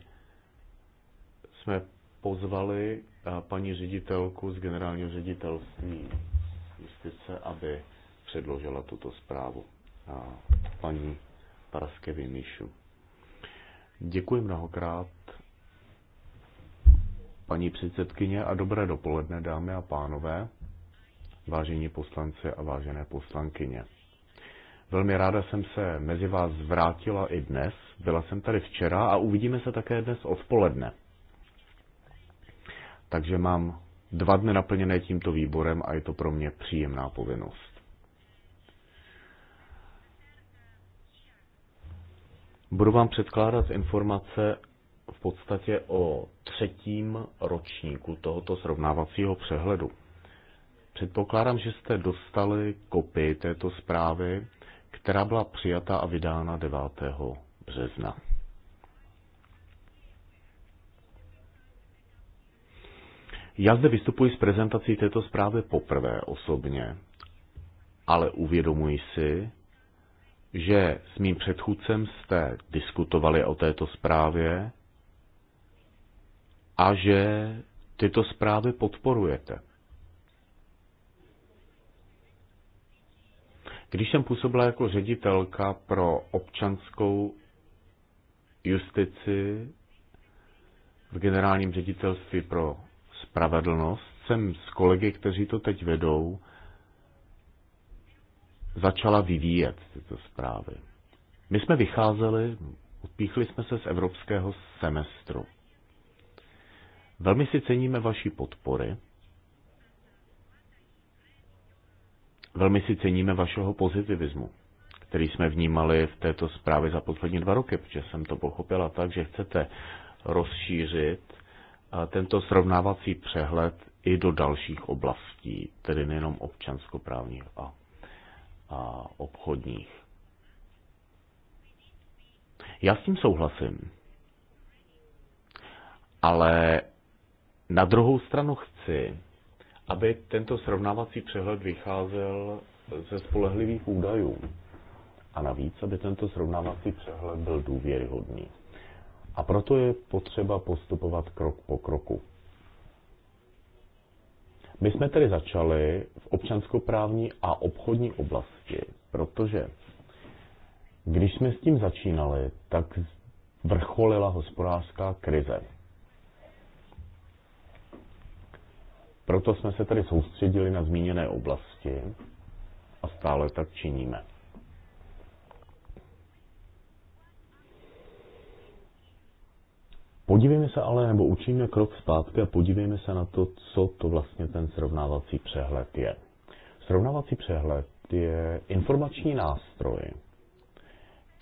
jsme pozvali eh, paní ředitelku z generálního ředitelství justice, aby předložila tuto zprávu a paní Paraskevi Míšu. Děkuji mnohokrát paní předsedkyně a dobré dopoledne, dámy a pánové, vážení poslanci a vážené poslankyně. Velmi ráda jsem se mezi vás vrátila i dnes. Byla jsem tady včera a uvidíme se také dnes odpoledne. Takže mám dva dny naplněné tímto výborem a je to pro mě příjemná povinnost. Budu vám předkládat informace v podstatě o třetím ročníku tohoto srovnávacího přehledu. Předpokládám, že jste dostali kopii této zprávy, která byla přijata a vydána 9. března. Já zde vystupuji s prezentací této zprávy poprvé osobně, ale uvědomuji si, že s mým předchůdcem jste diskutovali o této zprávě a že tyto zprávy podporujete. Když jsem působila jako ředitelka pro občanskou justici v generálním ředitelství pro spravedlnost, jsem s kolegy, kteří to teď vedou, začala vyvíjet tyto zprávy. My jsme vycházeli, odpíchli jsme se z evropského semestru. Velmi si ceníme vaší podpory. Velmi si ceníme vašeho pozitivismu, který jsme vnímali v této zprávě za poslední dva roky, protože jsem to pochopila tak, že chcete rozšířit eh, tento srovnávací přehled i do dalších oblastí, tedy nejenom občanskoprávních a, a obchodních. Já s tím souhlasím, ale na druhou stranu chci, aby tento srovnávací přehled vycházel ze spolehlivých údajů. A navíc, aby tento srovnávací přehled byl důvěryhodný. A proto je potřeba postupovat krok po kroku. My jsme tedy začali v občanskoprávní a obchodní oblasti, protože když jsme s tím začínali, tak vrcholila hospodářská krize. Proto jsme se tady soustředili na zmíněné oblasti a stále tak činíme. Podívejme se ale, nebo učíme krok zpátky a podívejme se na to, co to vlastně ten srovnávací přehled je. Srovnávací přehled je informační nástroj,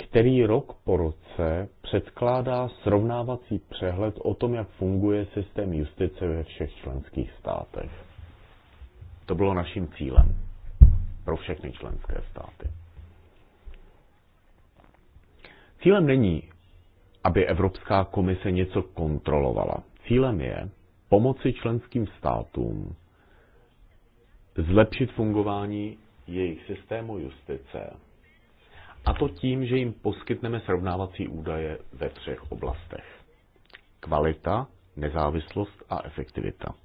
který rok po roce předkládá srovnávací přehled o tom, jak funguje systém justice ve všech členských státech. To bylo naším cílem pro všechny členské státy. Cílem není, aby Evropská komise něco kontrolovala. Cílem je pomoci členským státům zlepšit fungování jejich systému justice a to tím, že jim poskytneme srovnávací údaje ve třech oblastech. Kvalita, nezávislost a efektivita.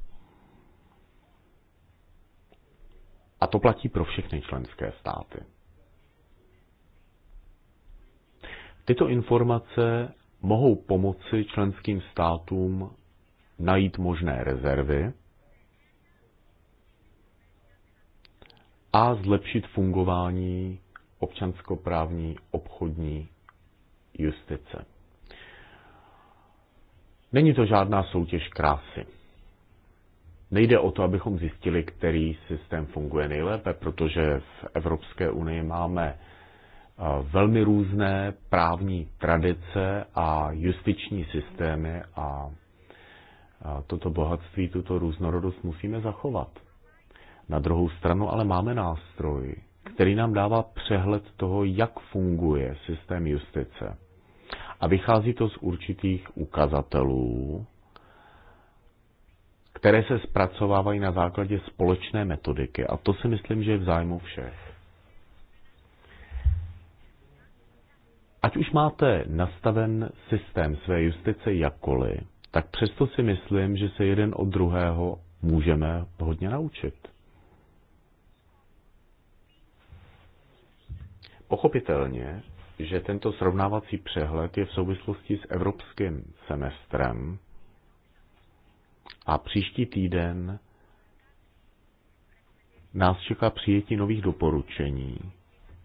A to platí pro všechny členské státy. Tyto informace mohou pomoci členským státům najít možné rezervy a zlepšit fungování občanskoprávní obchodní justice. Není to žádná soutěž krásy. Nejde o to, abychom zjistili, který systém funguje nejlépe, protože v Evropské unii máme eh, velmi různé právní tradice a justiční systémy a eh, toto bohatství, tuto různorodost musíme zachovat. Na druhou stranu ale máme nástroj, který nám dává přehled toho, jak funguje systém justice. A vychází to z určitých ukazatelů, které se zpracovávají na základě společné metodiky. A to si myslím, že je v zájmu všech. Ať už máte nastaven systém své justice jakkoliv, tak přesto si myslím, že se jeden od druhého můžeme hodně naučit. Pochopitelně, že tento srovnávací přehled je v souvislosti s evropským semestrem a příští týden nás čeká přijetí nových doporučení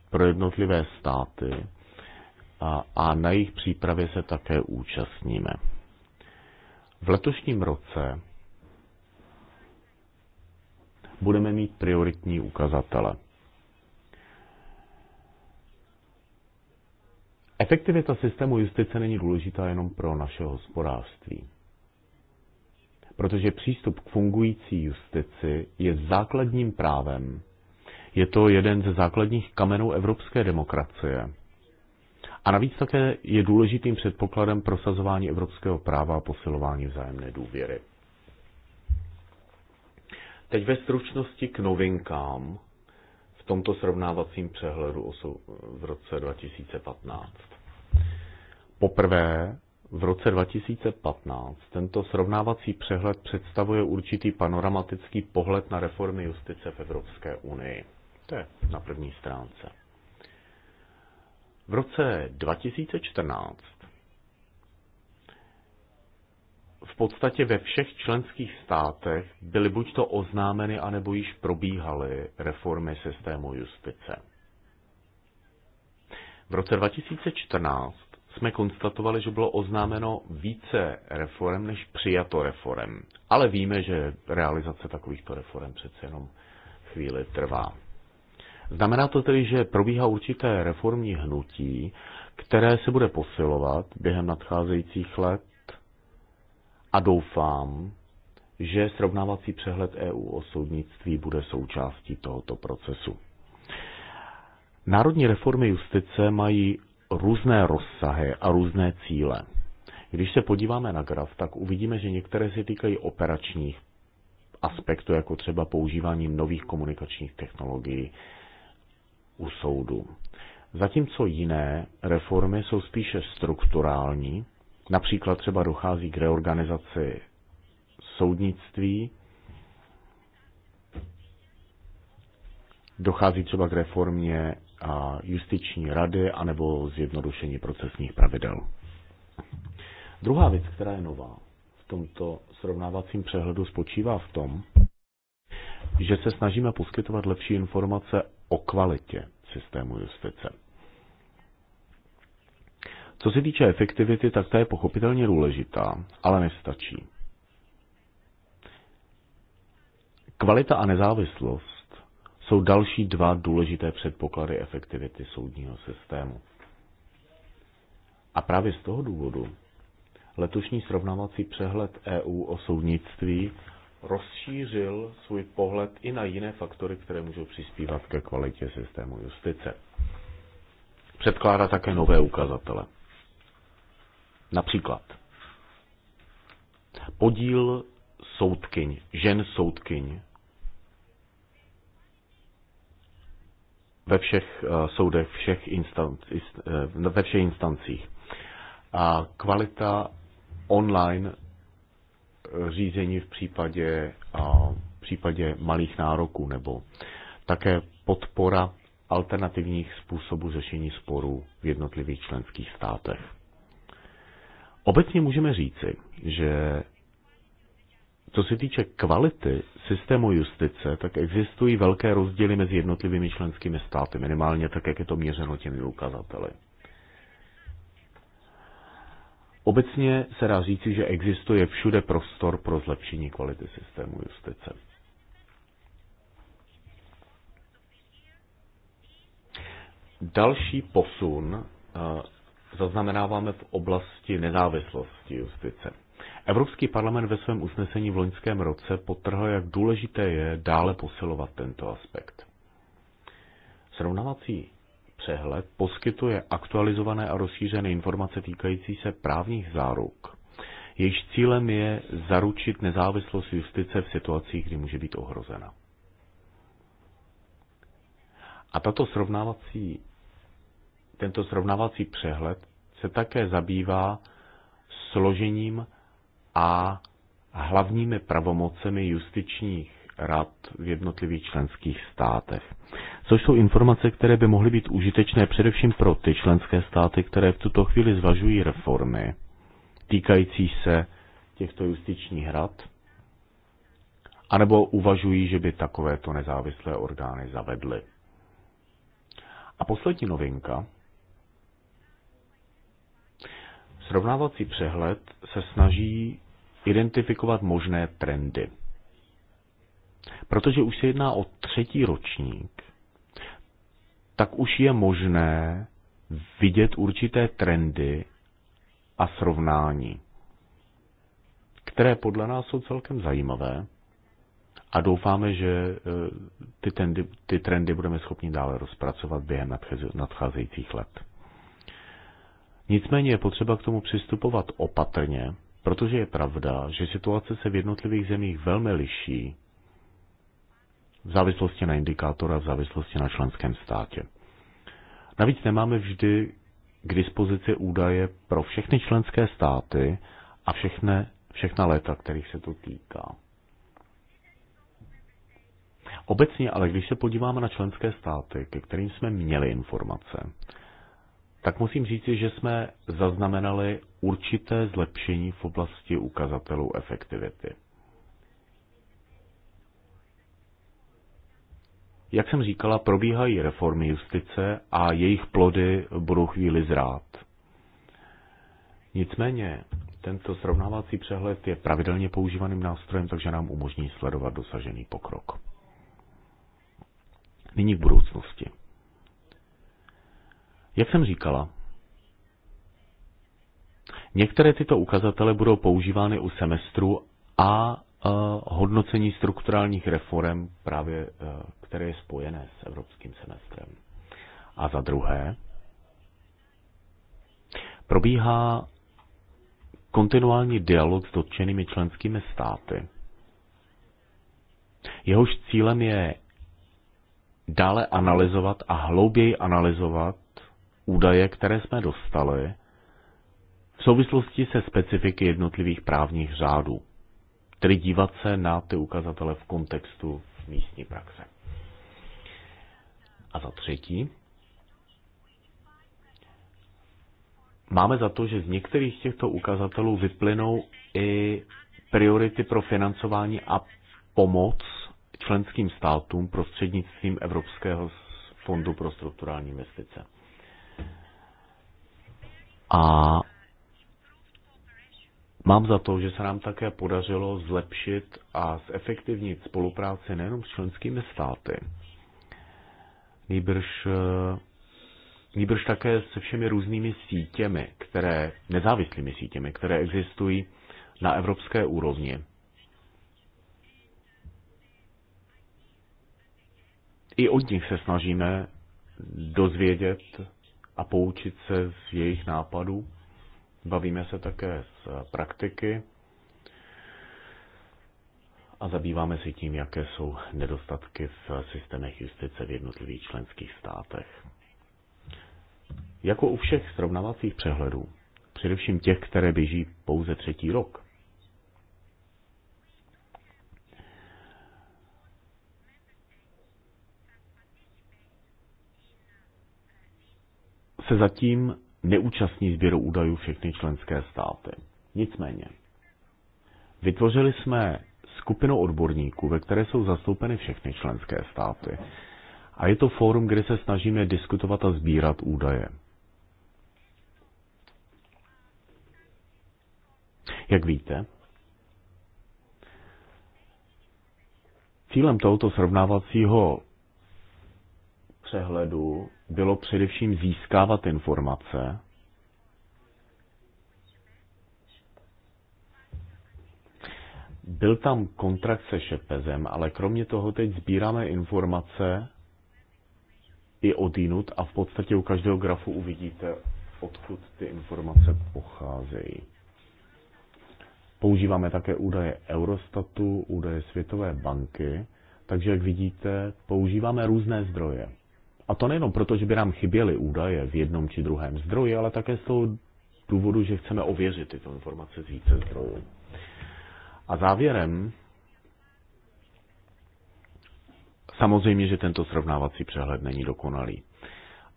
pro jednotlivé státy a, a na jejich přípravě se také účastníme. V letošním roce budeme mít prioritní ukazatele. Efektivita systému justice není důležitá jenom pro naše hospodářství, protože přístup k fungující justici je základním právem. Je to jeden ze základních kamenů evropské demokracie. A navíc také je důležitým předpokladem prosazování evropského práva a posilování vzájemné důvěry. Teď ve stručnosti k novinkám v tomto srovnávacím přehledu v roce 2015. Poprvé v roce 2015 tento srovnávací přehled představuje určitý panoramatický pohled na reformy justice v Evropské unii. To je na první stránce. V roce 2014 v podstatě ve všech členských státech byly buď to oznámeny, anebo již probíhaly reformy systému justice. V roce 2014 jsme konstatovali, že bylo oznámeno více reform než přijato reform. Ale víme, že realizace takovýchto reform přece jenom chvíli trvá. Znamená to tedy, že probíhá určité reformní hnutí, které se bude posilovat během nadcházejících let a doufám, že srovnávací přehled EU o soudnictví bude součástí tohoto procesu. Národní reformy justice mají různé rozsahy a různé cíle. Když se podíváme na graf, tak uvidíme, že některé se týkají operačních aspektů, jako třeba používání nových komunikačních technologií u soudu. Zatímco jiné reformy jsou spíše strukturální, například třeba dochází k reorganizaci soudnictví, dochází třeba k reformě justiční rady anebo zjednodušení procesních pravidel. Druhá věc, která je nová v tomto srovnávacím přehledu, spočívá v tom, že se snažíme poskytovat lepší informace o kvalitě systému justice. Co se týče efektivity, tak ta je pochopitelně důležitá, ale nestačí. Kvalita a nezávislost jsou další dva důležité předpoklady efektivity soudního systému. A právě z toho důvodu letošní srovnávací přehled EU o soudnictví rozšířil svůj pohled i na jiné faktory, které můžou přispívat ke kvalitě systému justice. Předkládá také nové ukazatele. Například podíl soudkyň, žen soudkyň ve všech eh, soudech, všech instanc, eh, ve všech instancích. A kvalita online řízení v případě, v případě malých nároků nebo také podpora alternativních způsobů řešení sporů v jednotlivých členských státech. Obecně můžeme říci, že co se týče kvality systému justice, tak existují velké rozdíly mezi jednotlivými členskými státy, minimálně tak, jak je to měřeno těmi ukazateli. Obecně se dá říci, že existuje všude prostor pro zlepšení kvality systému justice. Další posun eh, zaznamenáváme v oblasti nezávislosti justice. Evropský parlament ve svém usnesení v loňském roce potrhl, jak důležité je dále posilovat tento aspekt. Srovnávací přehled poskytuje aktualizované a rozšířené informace týkající se právních záruk. Jejíž cílem je zaručit nezávislost justice v situacích, kdy může být ohrozena. A tato srovnávací, tento srovnávací přehled se také zabývá složením a hlavními pravomocemi justičních rad v jednotlivých členských státech. Což jsou informace, které by mohly být užitečné především pro ty členské státy, které v tuto chvíli zvažují reformy týkající se těchto justičních rad, anebo uvažují, že by takovéto nezávislé orgány zavedly. A poslední novinka, Srovnávací přehled se snaží identifikovat možné trendy. Protože už se jedná o třetí ročník, tak už je možné vidět určité trendy a srovnání, které podle nás jsou celkem zajímavé a doufáme, že e, ty trendy, ty trendy budeme schopni dále rozpracovat během nadcházejících let. Nicméně je potřeba k tomu přistupovat opatrně, protože je pravda, že situace se v jednotlivých zemích velmi liší v závislosti na indikátora, v závislosti na členském státě. Navíc nemáme vždy k dispozici údaje pro všechny členské státy a všechne, všechna léta, kterých se to týká. Obecně ale, když se podíváme na členské státy, ke kterým jsme měli informace, tak musím říci, že jsme zaznamenali určité zlepšení v oblasti ukazatelů efektivity. Jak jsem říkala, probíhají reformy justice a jejich plody budou chvíli zrát. Nicméně tento srovnávací přehled je pravidelně používaným nástrojem, takže nám umožní sledovat dosažený pokrok. Nyní v budoucnosti. Jak jsem říkala, některé tyto ukazatele budou používány u semestru a e, hodnocení strukturálních reform, právě e, které je spojené s evropským semestrem. A za druhé, probíhá kontinuální dialog s dotčenými členskými státy. Jehož cílem je dále analyzovat a hlouběji analyzovat údaje, které jsme dostali v souvislosti se specifiky jednotlivých právních řádů, tedy dívat se na ty ukazatele v kontextu místní praxe. A za třetí, máme za to, že z některých těchto ukazatelů vyplynou i priority pro financování a pomoc členským státům prostřednictvím Evropského fondu pro strukturální investice. A mám za to, že se nám také podařilo zlepšit a zefektivnit spolupráci nejenom s členskými státy, nýbrž, eh, nýbrž také se všemi různými sítěmi, které, nezávislými sítěmi, které existují na evropské úrovni. I od nich se snažíme dozvědět a poučit se z jejich nápadů. Bavíme se také z praktiky a zabýváme se tím, jaké jsou nedostatky v systémech justice v jednotlivých členských státech. Jako u všech srovnavacích přehledů, především těch, které běží pouze třetí rok, se zatím neúčastní sběru údajů všechny členské státy. Nicméně, vytvořili jsme skupinu odborníků, ve které jsou zastoupeny všechny členské státy. A je to fórum, kde se snažíme diskutovat a sbírat údaje. Jak víte, cílem tohoto srovnávacího přehledu bylo především získávat informace, Byl tam kontrakt se Šepezem, ale kromě toho teď sbíráme informace i od jinut a v podstatě u každého grafu uvidíte, odkud ty informace pocházejí. Používáme také údaje Eurostatu, údaje Světové banky, takže jak vidíte, používáme různé zdroje. A to nejenom proto, že by nám chyběly údaje v jednom či druhém zdroji, ale také z toho důvodu, že chceme ověřit tyto informace z více zdrojů. A závěrem, samozřejmě, že tento srovnávací přehled není dokonalý,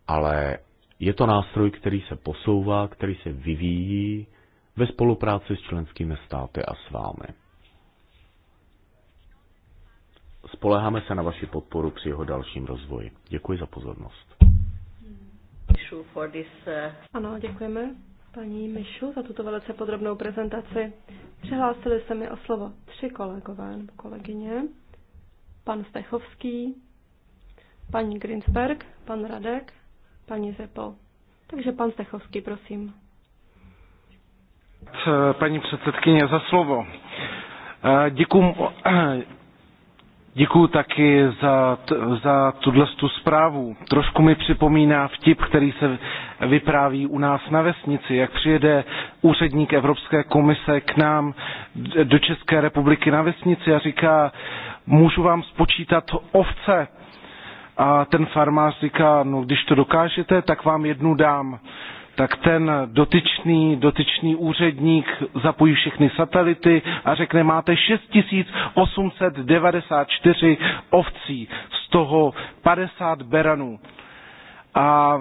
ale je to nástroj, který se posouvá, který se vyvíjí ve spolupráci s členskými státy a s vámi. Spoleháme se na vaši podporu při jeho dalším rozvoji. Děkuji za pozornost. Eh, ano, děkujeme paní Mišu za tuto velice podrobnou prezentaci. Přihlásili se mi o slovo tři kolegové nebo kolegyně. Pan Stechovský, paní Grinsberg, pan Radek, paní Zepo. Takže pan Stechovský, prosím. Eh, paní předsedkyně, za slovo. Eh, Děkuji, Děkuji taky za, za tuhle tu zprávu. Trošku mi připomíná vtip, který se vypráví u nás na vesnici, jak přijede úředník Evropské komise k nám do České republiky na vesnici a říká, můžu vám spočítat ovce. A ten farmář říká, no když to dokážete, tak vám jednu dám tak ten dotyčný, dotyčný úředník zapojí všechny satelity a řekne, máte 6894 ovcí, z toho 50 beranů. A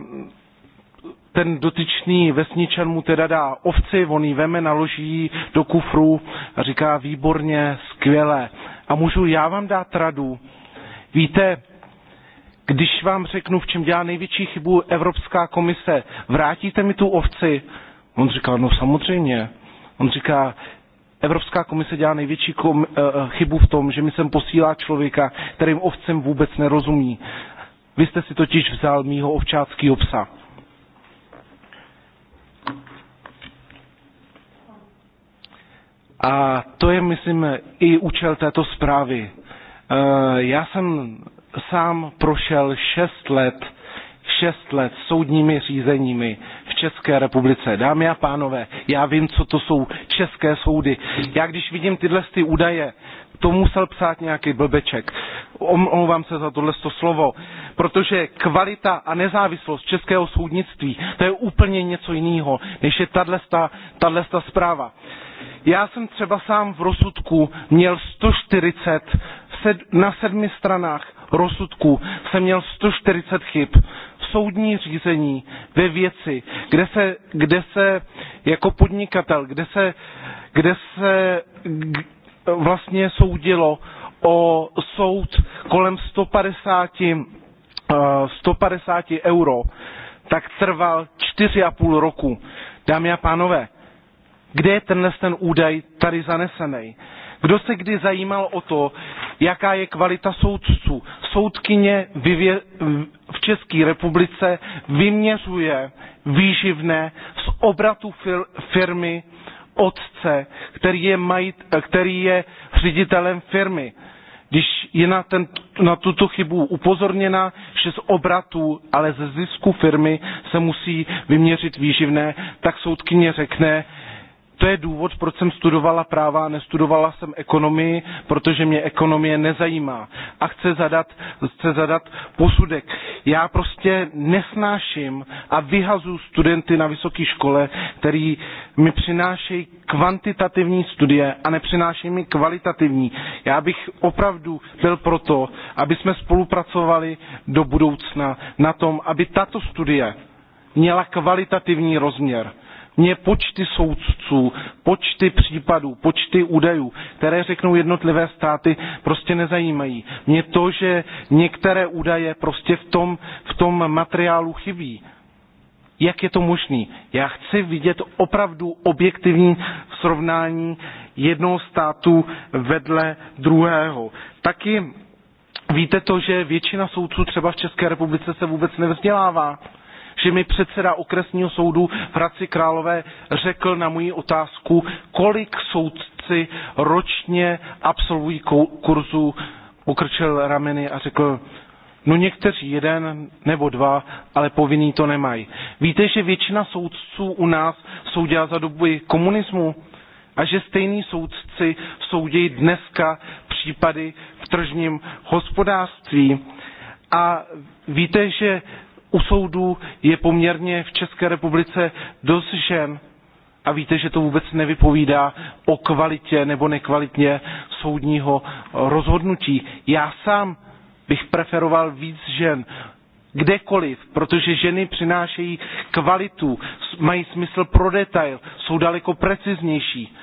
ten dotyčný vesničan mu teda dá ovci, on ji veme, naloží do kufru a říká výborně, skvěle. A můžu já vám dát radu. Víte, když vám řeknu, v čem dělá největší chybu Evropská komise, vrátíte mi tu ovci? On říká, no samozřejmě. On říká, Evropská komise dělá největší kom, uh, chybu v tom, že mi sem posílá člověka, kterým ovcem vůbec nerozumí. Vy jste si totiž vzal mýho ovčáckého psa. A to je, myslím, i účel této zprávy. Eh, já jsem sám prošel šest let, šest let soudními řízeními v České republice. Dámy a pánové, já vím, co to jsou české soudy. Já když vidím tyhle ty údaje, to musel psát nějaký blbeček. Omlouvám se za tohle slovo, protože kvalita a nezávislost českého soudnictví, to je úplně něco jiného, než je tahle zpráva. Já jsem třeba sám v rozsudku měl 140 sed, na sedmi stranách rozsudku jsem měl 140 chyb. Soudní řízení ve věci, kde se, kde se jako podnikatel, kde se, kde se k, vlastně soudilo o soud kolem 150, 150 eh, euro, tak trval 4,5 roku. Dámy a pánové, kde je tenhle ten údaj tady zanesený? Kdo se kdy zajímal o to, jaká je kvalita soudců. Soudkyně vyvě, v České republice vyměřuje výživné z obratu firmy otce, který je, majit, který je ředitelem firmy. Když je na, ten, na tuto chybu upozorněna, že z obratů, ale ze zisku firmy se musí vyměřit výživné, tak soudkyně řekne, to je důvod, proč jsem studovala práva a nestudovala jsem ekonomii, protože mě ekonomie nezajímá a chce zadat, chce zadat posudek. Já prostě nesnáším a vyhazu studenty na vysoké škole, který mi přinášejí kvantitativní studie a nepřinášejí mi kvalitativní. Já bych opravdu byl proto, aby jsme spolupracovali do budoucna na tom, aby tato studie měla kvalitativní rozměr mě počty soudců, počty případů, počty údajů, které řeknou jednotlivé státy, prostě nezajímají. Mě to, že některé údaje prostě v tom, v tom materiálu chybí, jak je to možné? Já chci vidět opravdu objektivní srovnání jednoho státu vedle druhého. Taky víte to, že většina soudců třeba v České republice se vůbec nevzdělává že mi předseda okresního soudu v Hradci Králové řekl na moji otázku, kolik soudci ročně absolvují kurzu, pokrčil rameny a řekl, No někteří jeden nebo dva, ale povinný to nemají. Víte, že většina soudců u nás soudila za doby komunismu a že stejní soudci soudějí dneska případy v tržním hospodářství. A víte, že u soudů je poměrně v České republice dost žen. A víte, že to vůbec nevypovídá o kvalitě nebo nekvalitě soudního rozhodnutí. Já sám bych preferoval víc žen kdekoliv, protože ženy přinášejí kvalitu, mají smysl pro detail, jsou daleko preciznější.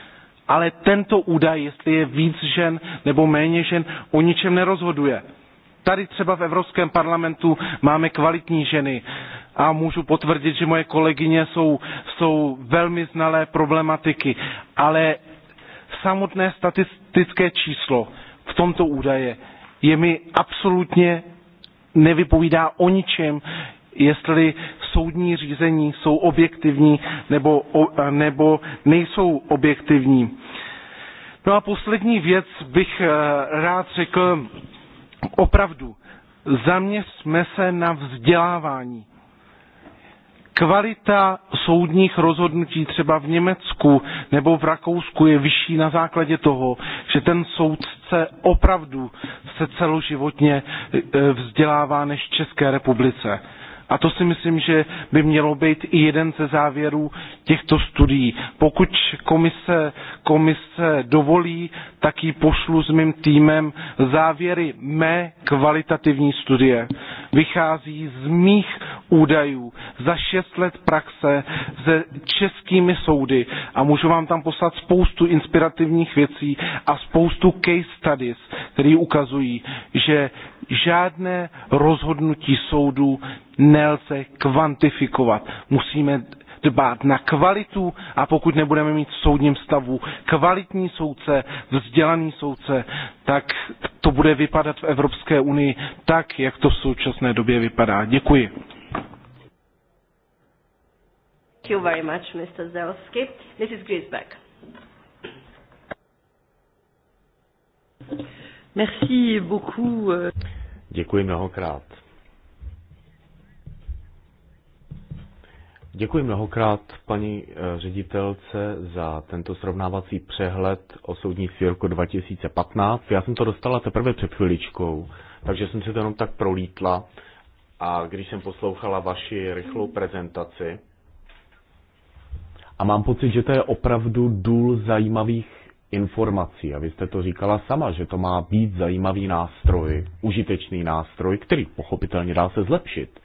Ale tento údaj, jestli je víc žen nebo méně žen, o ničem nerozhoduje tady třeba v Evropském parlamentu máme kvalitní ženy a můžu potvrdit, že moje kolegyně jsou, jsou velmi znalé problematiky, ale samotné statistické číslo v tomto údaje je mi absolutně nevypovídá o ničem, jestli soudní řízení jsou objektivní nebo, nebo nejsou objektivní. No a poslední věc bych eh, rád řekl, opravdu zaměřme se na vzdělávání. Kvalita soudních rozhodnutí třeba v Německu nebo v Rakousku je vyšší na základě toho, že ten soudce opravdu se celoživotně eh, vzdělává než v České republice a to si myslím, že by mělo být i jeden ze závěrů těchto studií. Pokud komise, komise dovolí, tak ji pošlu s mým týmem závěry mé kvalitativní studie. Vychází z mých údajů za šest let praxe se českými soudy a můžu vám tam poslat spoustu inspirativních věcí a spoustu case studies, které ukazují, že žádné rozhodnutí soudů nelze kvantifikovat. Musíme dbát na kvalitu a pokud nebudeme mít v soudním stavu kvalitní soudce, vzdělaný soudce, tak to bude vypadat v Evropské unii tak, jak to v současné době vypadá. Děkuji. Thank you very much, Mr. Zelski. Mrs. Griesbeck. Merci beaucoup. Euh. Děkuji mnohokrát. Děkuji mnohokrát paní eh, ředitelce za tento srovnávací přehled o soudnictví roku 2015. Já jsem to dostala teprve před chviličkou, takže jsem si to jenom tak prolítla. A když jsem poslouchala vaši rychlou prezentaci, a mám pocit, že to je opravdu důl zajímavých informací. A vy jste to říkala sama, že to má být zajímavý nástroj, užitečný nástroj, který pochopitelně dá se zlepšit.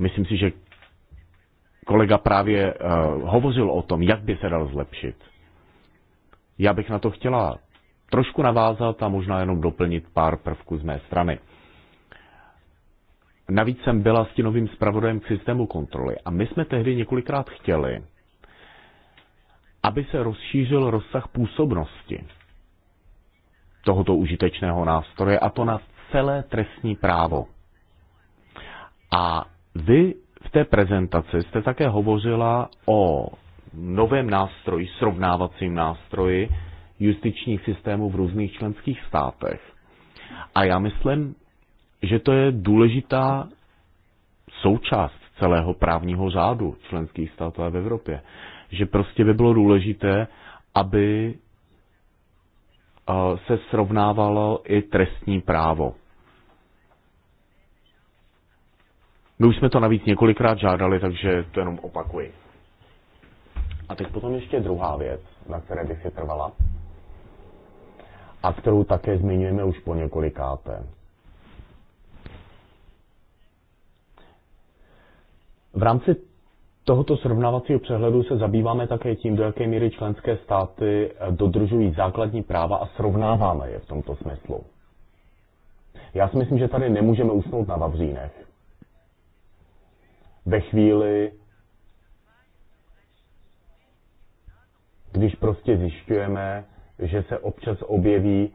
Myslím si, že kolega právě uh, hovořil o tom, jak by se dal zlepšit. Já bych na to chtěla trošku navázat a možná jenom doplnit pár prvků z mé strany. Navíc jsem byla s novým zpravodajem k systému kontroly a my jsme tehdy několikrát chtěli, aby se rozšířil rozsah působnosti tohoto užitečného nástroje a to na celé trestní právo. A vy v té prezentaci jste také hovořila o novém nástroji, srovnávacím nástroji justičních systémů v různých členských státech. A já myslím, že to je důležitá součást celého právního řádu členských států a v Evropě. Že prostě by bylo důležité, aby eh, se srovnávalo i trestní právo My už jsme to navíc několikrát žádali, takže to jenom opakuji. A teď potom ještě druhá věc, na které bych si trvala a kterou také zmiňujeme už po několikáté. V rámci tohoto srovnávacího přehledu se zabýváme také tím, do jaké míry členské státy dodržují základní práva a srovnáváme je v tomto smyslu. Já si myslím, že tady nemůžeme usnout na Vavřínech ve chvíli, když prostě zjišťujeme, že se občas objeví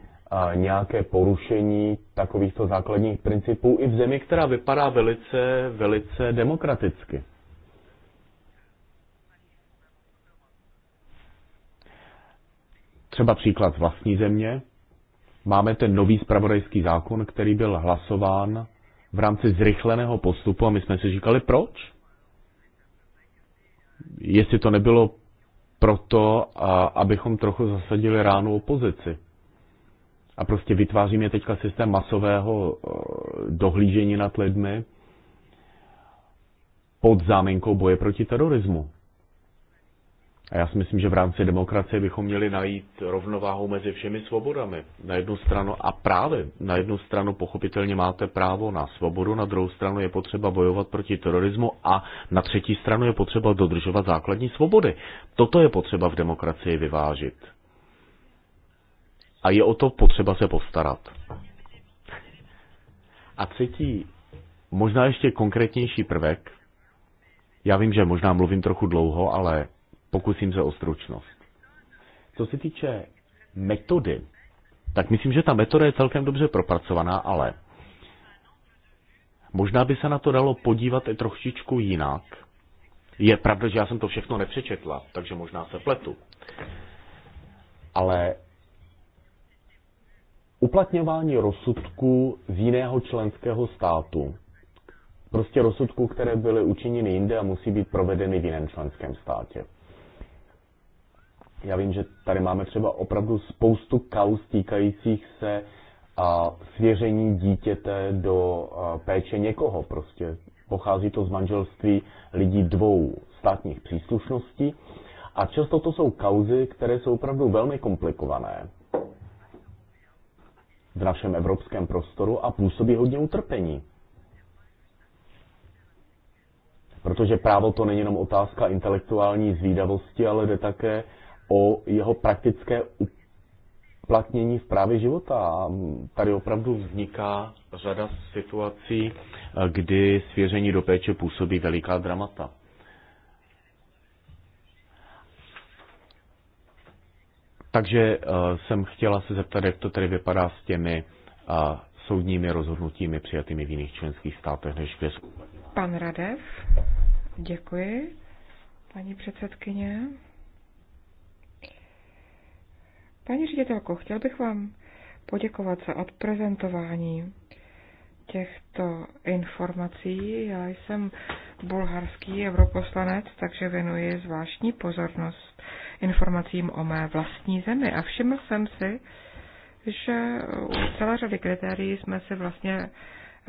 nějaké porušení takovýchto základních principů i v zemi, která vypadá velice, velice demokraticky. Třeba příklad z vlastní země. Máme ten nový spravodajský zákon, který byl hlasován v rámci zrychleného postupu a my jsme si říkali, proč? Jestli to nebylo proto, a, abychom trochu zasadili ránu opozici. A prostě vytváříme teďka systém masového e, dohlížení nad lidmi pod záminkou boje proti terorismu. A já si myslím, že v rámci demokracie bychom měli najít rovnováhu mezi všemi svobodami. Na jednu stranu a právě na jednu stranu pochopitelně máte právo na svobodu, na druhou stranu je potřeba bojovat proti terorismu a na třetí stranu je potřeba dodržovat základní svobody. Toto je potřeba v demokracii vyvážit. A je o to potřeba se postarat. A třetí, možná ještě konkrétnější prvek. Já vím, že možná mluvím trochu dlouho, ale Pokusím se o stručnost. Co se týče metody, tak myslím, že ta metoda je celkem dobře propracovaná, ale možná by se na to dalo podívat i trošičku jinak. Je pravda, že já jsem to všechno nepřečetla, takže možná se pletu. Ale uplatňování rozsudků z jiného členského státu, prostě rozsudků, které byly učiněny jinde a musí být provedeny v jiném členském státě. Já vím, že tady máme třeba opravdu spoustu kaus týkajících se a svěření dítěte do péče někoho. Prostě pochází to z manželství lidí dvou státních příslušností. A často to jsou kauzy, které jsou opravdu velmi komplikované v našem evropském prostoru a působí hodně utrpení. Protože právo to není jenom otázka intelektuální zvídavosti, ale jde také o jeho praktické uplatnění v právě života. A tady opravdu vzniká řada situací, kdy svěření do péče působí veliká dramata. Takže uh, jsem chtěla se zeptat, jak to tedy vypadá s těmi uh, soudními rozhodnutími přijatými v jiných členských státech než v Pan Radev, děkuji. Paní předsedkyně. Paní ředitelko, chtěl bych vám poděkovat za odprezentování těchto informací. Já jsem bulharský europoslanec, takže věnuji zvláštní pozornost informacím o mé vlastní zemi. A všiml jsem si, že u celé řady kritérií jsme si vlastně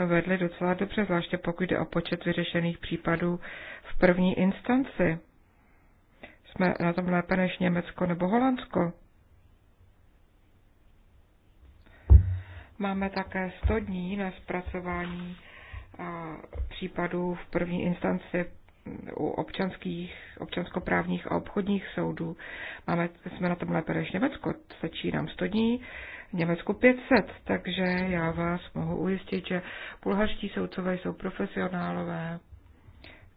vedli docela dobře, zvláště pokud jde o počet vyřešených případů v první instanci. Jsme na tom lépe než Německo nebo Holandsko. Máme také 100 dní na zpracování případů v první instanci u občanských, občanskoprávních a obchodních soudů. Máme, jsme na tom lépe než Německo, stačí nám 100 dní, Německu 500, takže já vás mohu ujistit, že bulharští soudcové jsou profesionálové,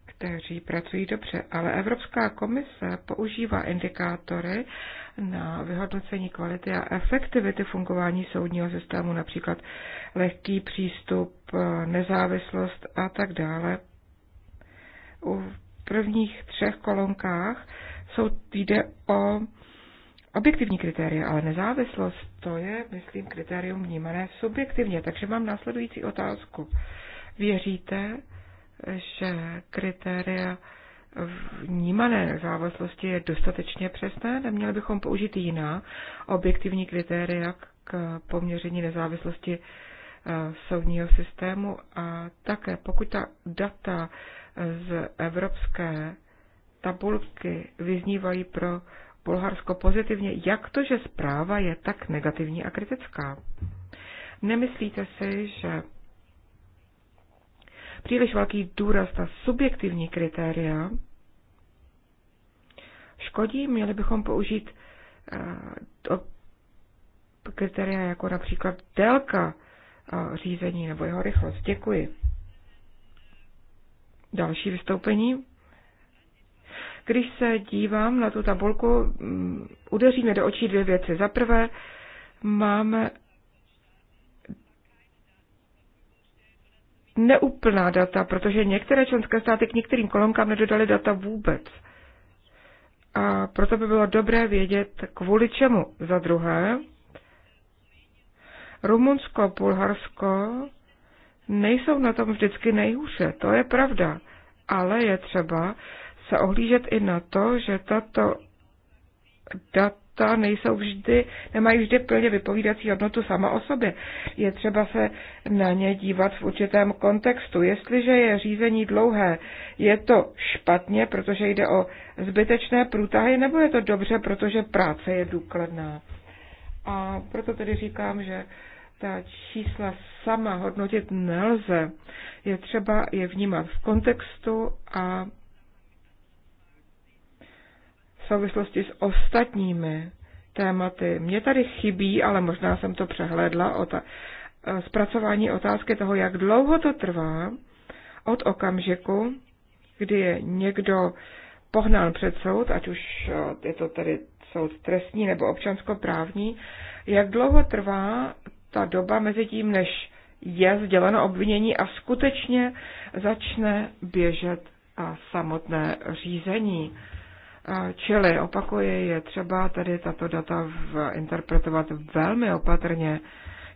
kteří pracují dobře, ale Evropská komise používá indikátory na vyhodnocení kvality a efektivity fungování soudního systému, například lehký přístup, nezávislost a tak dále. U prvních třech kolonkách jsou, jde o objektivní kritéria, ale nezávislost to je, myslím, kritérium vnímané subjektivně. Takže mám následující otázku. Věříte, že kritéria vnímané závislosti je dostatečně přesné, neměli bychom použít jiná objektivní kritéria k poměření nezávislosti eh, soudního systému a také pokud ta data z evropské tabulky vyznívají pro Bulharsko pozitivně, jak to, že zpráva je tak negativní a kritická? Nemyslíte si, že příliš velký důraz na subjektivní kritéria škodí. Měli bychom použít eh, kritéria jako například délka eh, řízení nebo jeho rychlost. Děkuji. Další vystoupení. Když se dívám na tu tabulku, mm, udeří mi do očí dvě věci. Za prvé, máme neúplná data, protože některé členské státy k některým kolonkám nedodaly data vůbec. A proto by bylo dobré vědět, kvůli čemu. Za druhé, Rumunsko, Bulharsko nejsou na tom vždycky nejhůře, to je pravda. Ale je třeba se ohlížet i na to, že tato data fakta nejsou vždy, nemají vždy plně vypovídací hodnotu sama o sobě. Je třeba se na ně dívat v určitém kontextu. Jestliže je řízení dlouhé, je to špatně, protože jde o zbytečné průtahy, nebo je to dobře, protože práce je důkladná. A proto tedy říkám, že ta čísla sama hodnotit nelze. Je třeba je vnímat v kontextu a v souvislosti s ostatními tématy. Mně tady chybí, ale možná jsem to přehlédla. o ta, zpracování otázky toho, jak dlouho to trvá od okamžiku, kdy je někdo pohnán před soud, ať už eh, je to tedy soud trestní nebo občanskoprávní, jak dlouho trvá ta doba mezi tím, než je sděleno obvinění a skutečně začne běžet samotné řízení. Čili, opakuji, je třeba tady tato data v, interpretovat velmi opatrně.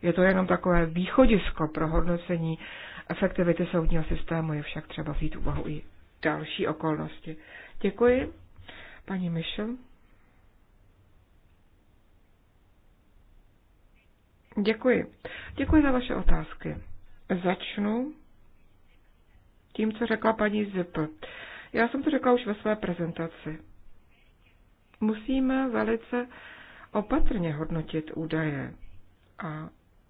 Je to jenom takové východisko pro hodnocení efektivity soudního systému, je však třeba vzít úvahu i další okolnosti. Děkuji, paní Michel. Děkuji. Děkuji za vaše otázky. Začnu tím, co řekla paní Zipl. Já jsem to řekla už ve své prezentaci musíme velice opatrně hodnotit údaje a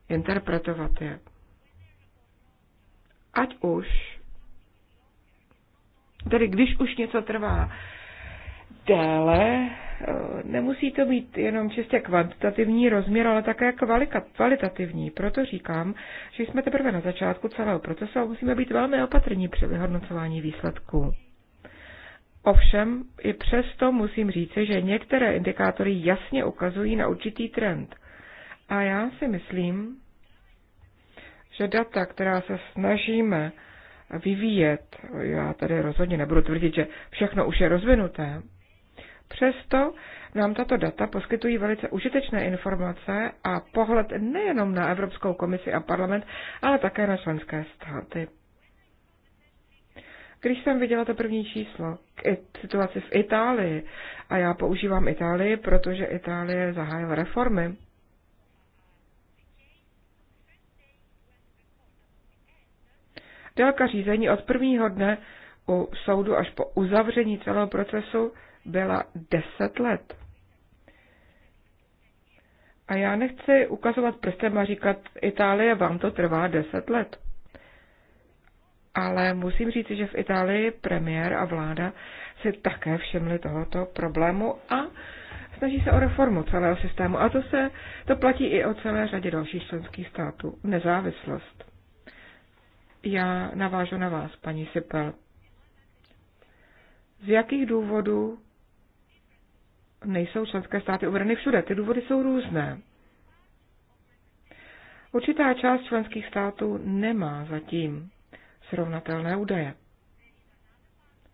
interpretovat je. Ať už, tedy když už něco trvá déle, eh, nemusí to být jenom čistě kvantitativní rozměr, ale také kvalitativní. Proto říkám, že jsme teprve na začátku celého procesu a musíme být velmi opatrní při vyhodnocování výsledků. Ovšem i přesto musím říci, že některé indikátory jasně ukazují na určitý trend. A já si myslím, že data, která se snažíme vyvíjet, já tady rozhodně nebudu tvrdit, že všechno už je rozvinuté, přesto nám tato data poskytují velice užitečné informace a pohled nejenom na Evropskou komisi a parlament, ale také na členské státy. Když jsem viděla to první číslo k situaci v Itálii, a já používám Itálii, protože Itálie zahájila reformy, Délka řízení od prvního dne u soudu až po uzavření celého procesu byla 10 let. A já nechci ukazovat prstem a říkat, Itálie vám to trvá 10 let. Ale musím říct, že v Itálii premiér a vláda si také všimli tohoto problému a snaží se o reformu celého systému. A to, se, to platí i o celé řadě dalších členských států. Nezávislost. Já navážu na vás, paní Sipel. Z jakých důvodů nejsou členské státy uvedeny všude? Ty důvody jsou různé. Určitá část členských států nemá zatím srovnatelné údaje.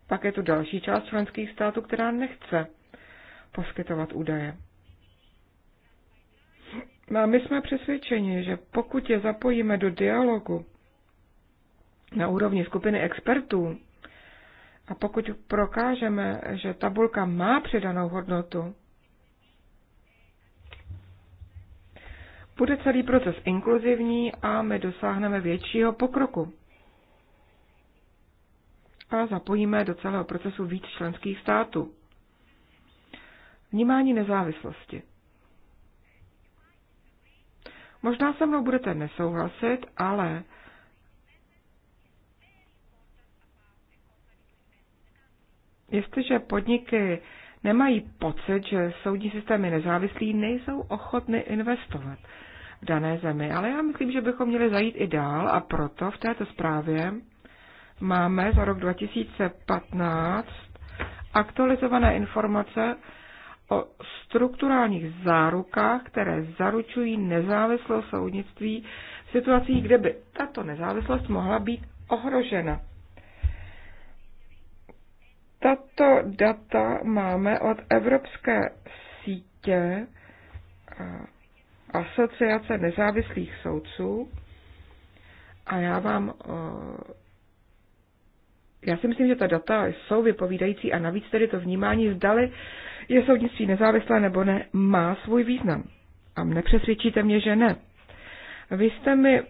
Pak je tu další část členských států, která nechce poskytovat údaje. No a my jsme přesvědčeni, že pokud je zapojíme do dialogu na úrovni skupiny expertů a pokud prokážeme, že tabulka má přidanou hodnotu, bude celý proces inkluzivní a my dosáhneme většího pokroku. Evropa zapojíme do celého procesu víc členských států. Vnímání nezávislosti. Možná se mnou budete nesouhlasit, ale jestliže podniky nemají pocit, že soudní systém je nezávislý, nejsou ochotny investovat v dané zemi. Ale já myslím, že bychom měli zajít i dál a proto v této zprávě máme za rok 2015 aktualizované informace o strukturálních zárukách, které zaručují nezávislost soudnictví v situacích, kde by tato nezávislost mohla být ohrožena. Tato data máme od Evropské sítě Asociace nezávislých soudců a já vám eh, já si myslím, že ta data jsou vypovídající a navíc tedy to vnímání zdali je soudnictví nezávislé nebo ne, má svůj význam. A nepřesvědčíte mě, že ne. Vy jste mi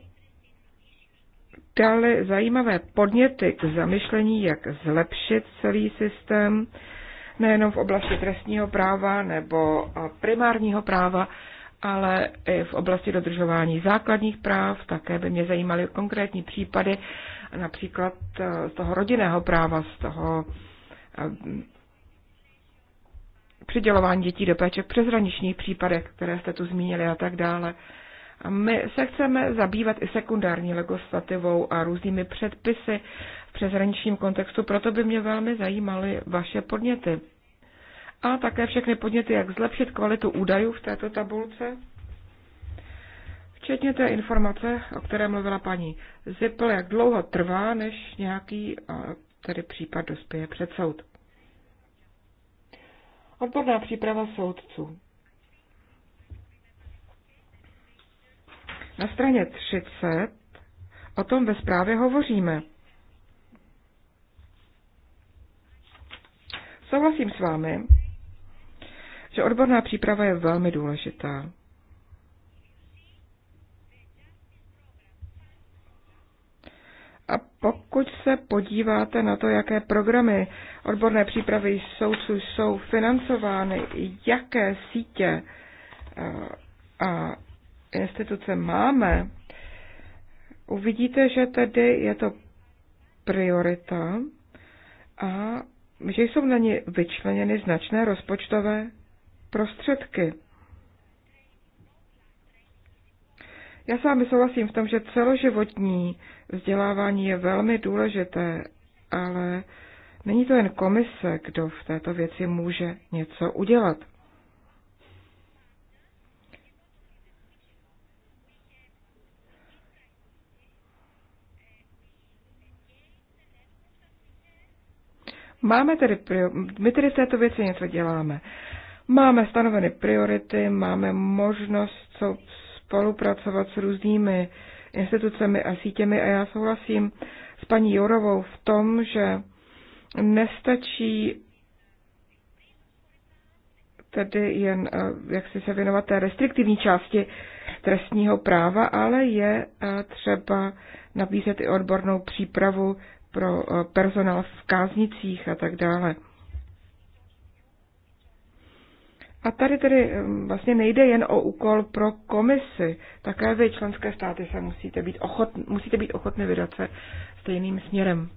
dali zajímavé podněty k zamyšlení, jak zlepšit celý systém, nejenom v oblasti trestního práva nebo primárního práva, ale i v oblasti dodržování základních práv. Také by mě zajímaly konkrétní případy například eh, z toho rodinného práva, z toho eh, přidělování dětí do péče v přezraničních případech, které jste tu zmínili a tak dále. My se chceme zabývat i sekundární legislativou a různými předpisy v přezraničním kontextu, proto by mě velmi zajímaly vaše podněty. A také všechny podněty, jak zlepšit kvalitu údajů v této tabulce Včetně té informace, o které mluvila paní Zipl, jak dlouho trvá, než nějaký tedy případ dospěje před soud. Odborná příprava soudců. Na straně 30 o tom ve zprávě hovoříme. Souhlasím s vámi, že odborná příprava je velmi důležitá. A pokud se podíváte na to, jaké programy odborné přípravy soudců jsou financovány, jaké sítě eh, a instituce máme, uvidíte, že tedy je to priorita a že jsou na ně vyčleněny značné rozpočtové prostředky. Já s vámi souhlasím v tom, že celoživotní Vzdělávání je velmi důležité, ale není to jen komise, kdo v této věci může něco udělat. Máme tedy, my tedy v této věci něco děláme. Máme stanoveny priority, máme možnost spolupracovat s různými institucemi a sítěmi a já souhlasím s paní Jourovou v tom, že nestačí tedy jen, eh, jak si se věnovat té restriktivní části trestního práva, ale je eh, třeba nabízet i odbornou přípravu pro eh, personál v káznicích a tak dále. A tady tedy mm, vlastně nejde jen o úkol pro komisy. Také vy, členské státy, se musíte být, ochotn, musíte být ochotné vydat se stejným směrem.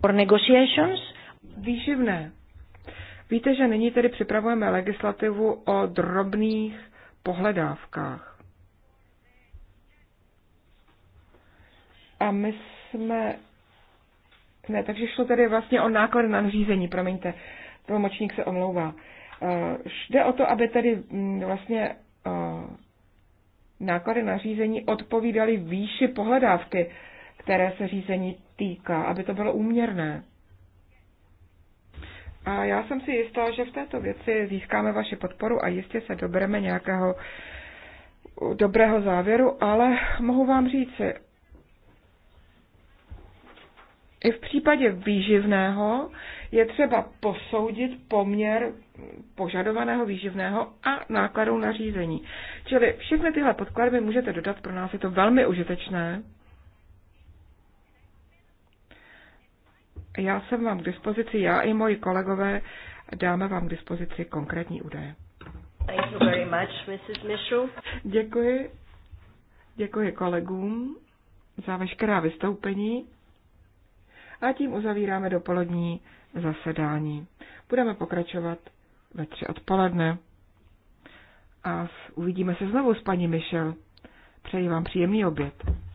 For negotiations? Výživné. Víte, že nyní tedy připravujeme legislativu o drobných pohledávkách. A my jsme ne, takže šlo tady vlastně o náklady na řízení, promiňte, tlumočník se omlouvá. Jde eh, o to, aby tady mm, vlastně eh, náklady na řízení odpovídaly výši pohledávky, které se řízení týká, aby to bylo úměrné. A já jsem si jistá, že v této věci získáme vaši podporu a jistě se dobereme nějakého dobrého závěru, ale mohu vám říct, i v případě výživného je třeba posoudit poměr požadovaného výživného a nákladů na řízení. Čili všechny tyhle podklady mi můžete dodat, pro nás je to velmi užitečné. Já jsem vám k dispozici, já i moji kolegové dáme vám k dispozici konkrétní údaje. Thank you very much, Mrs. Michel. Děkuji. Děkuji kolegům za veškerá vystoupení a tím uzavíráme dopolední zasedání. Budeme pokračovat ve tři odpoledne a uvidíme se znovu s paní Michel. Přeji vám příjemný oběd.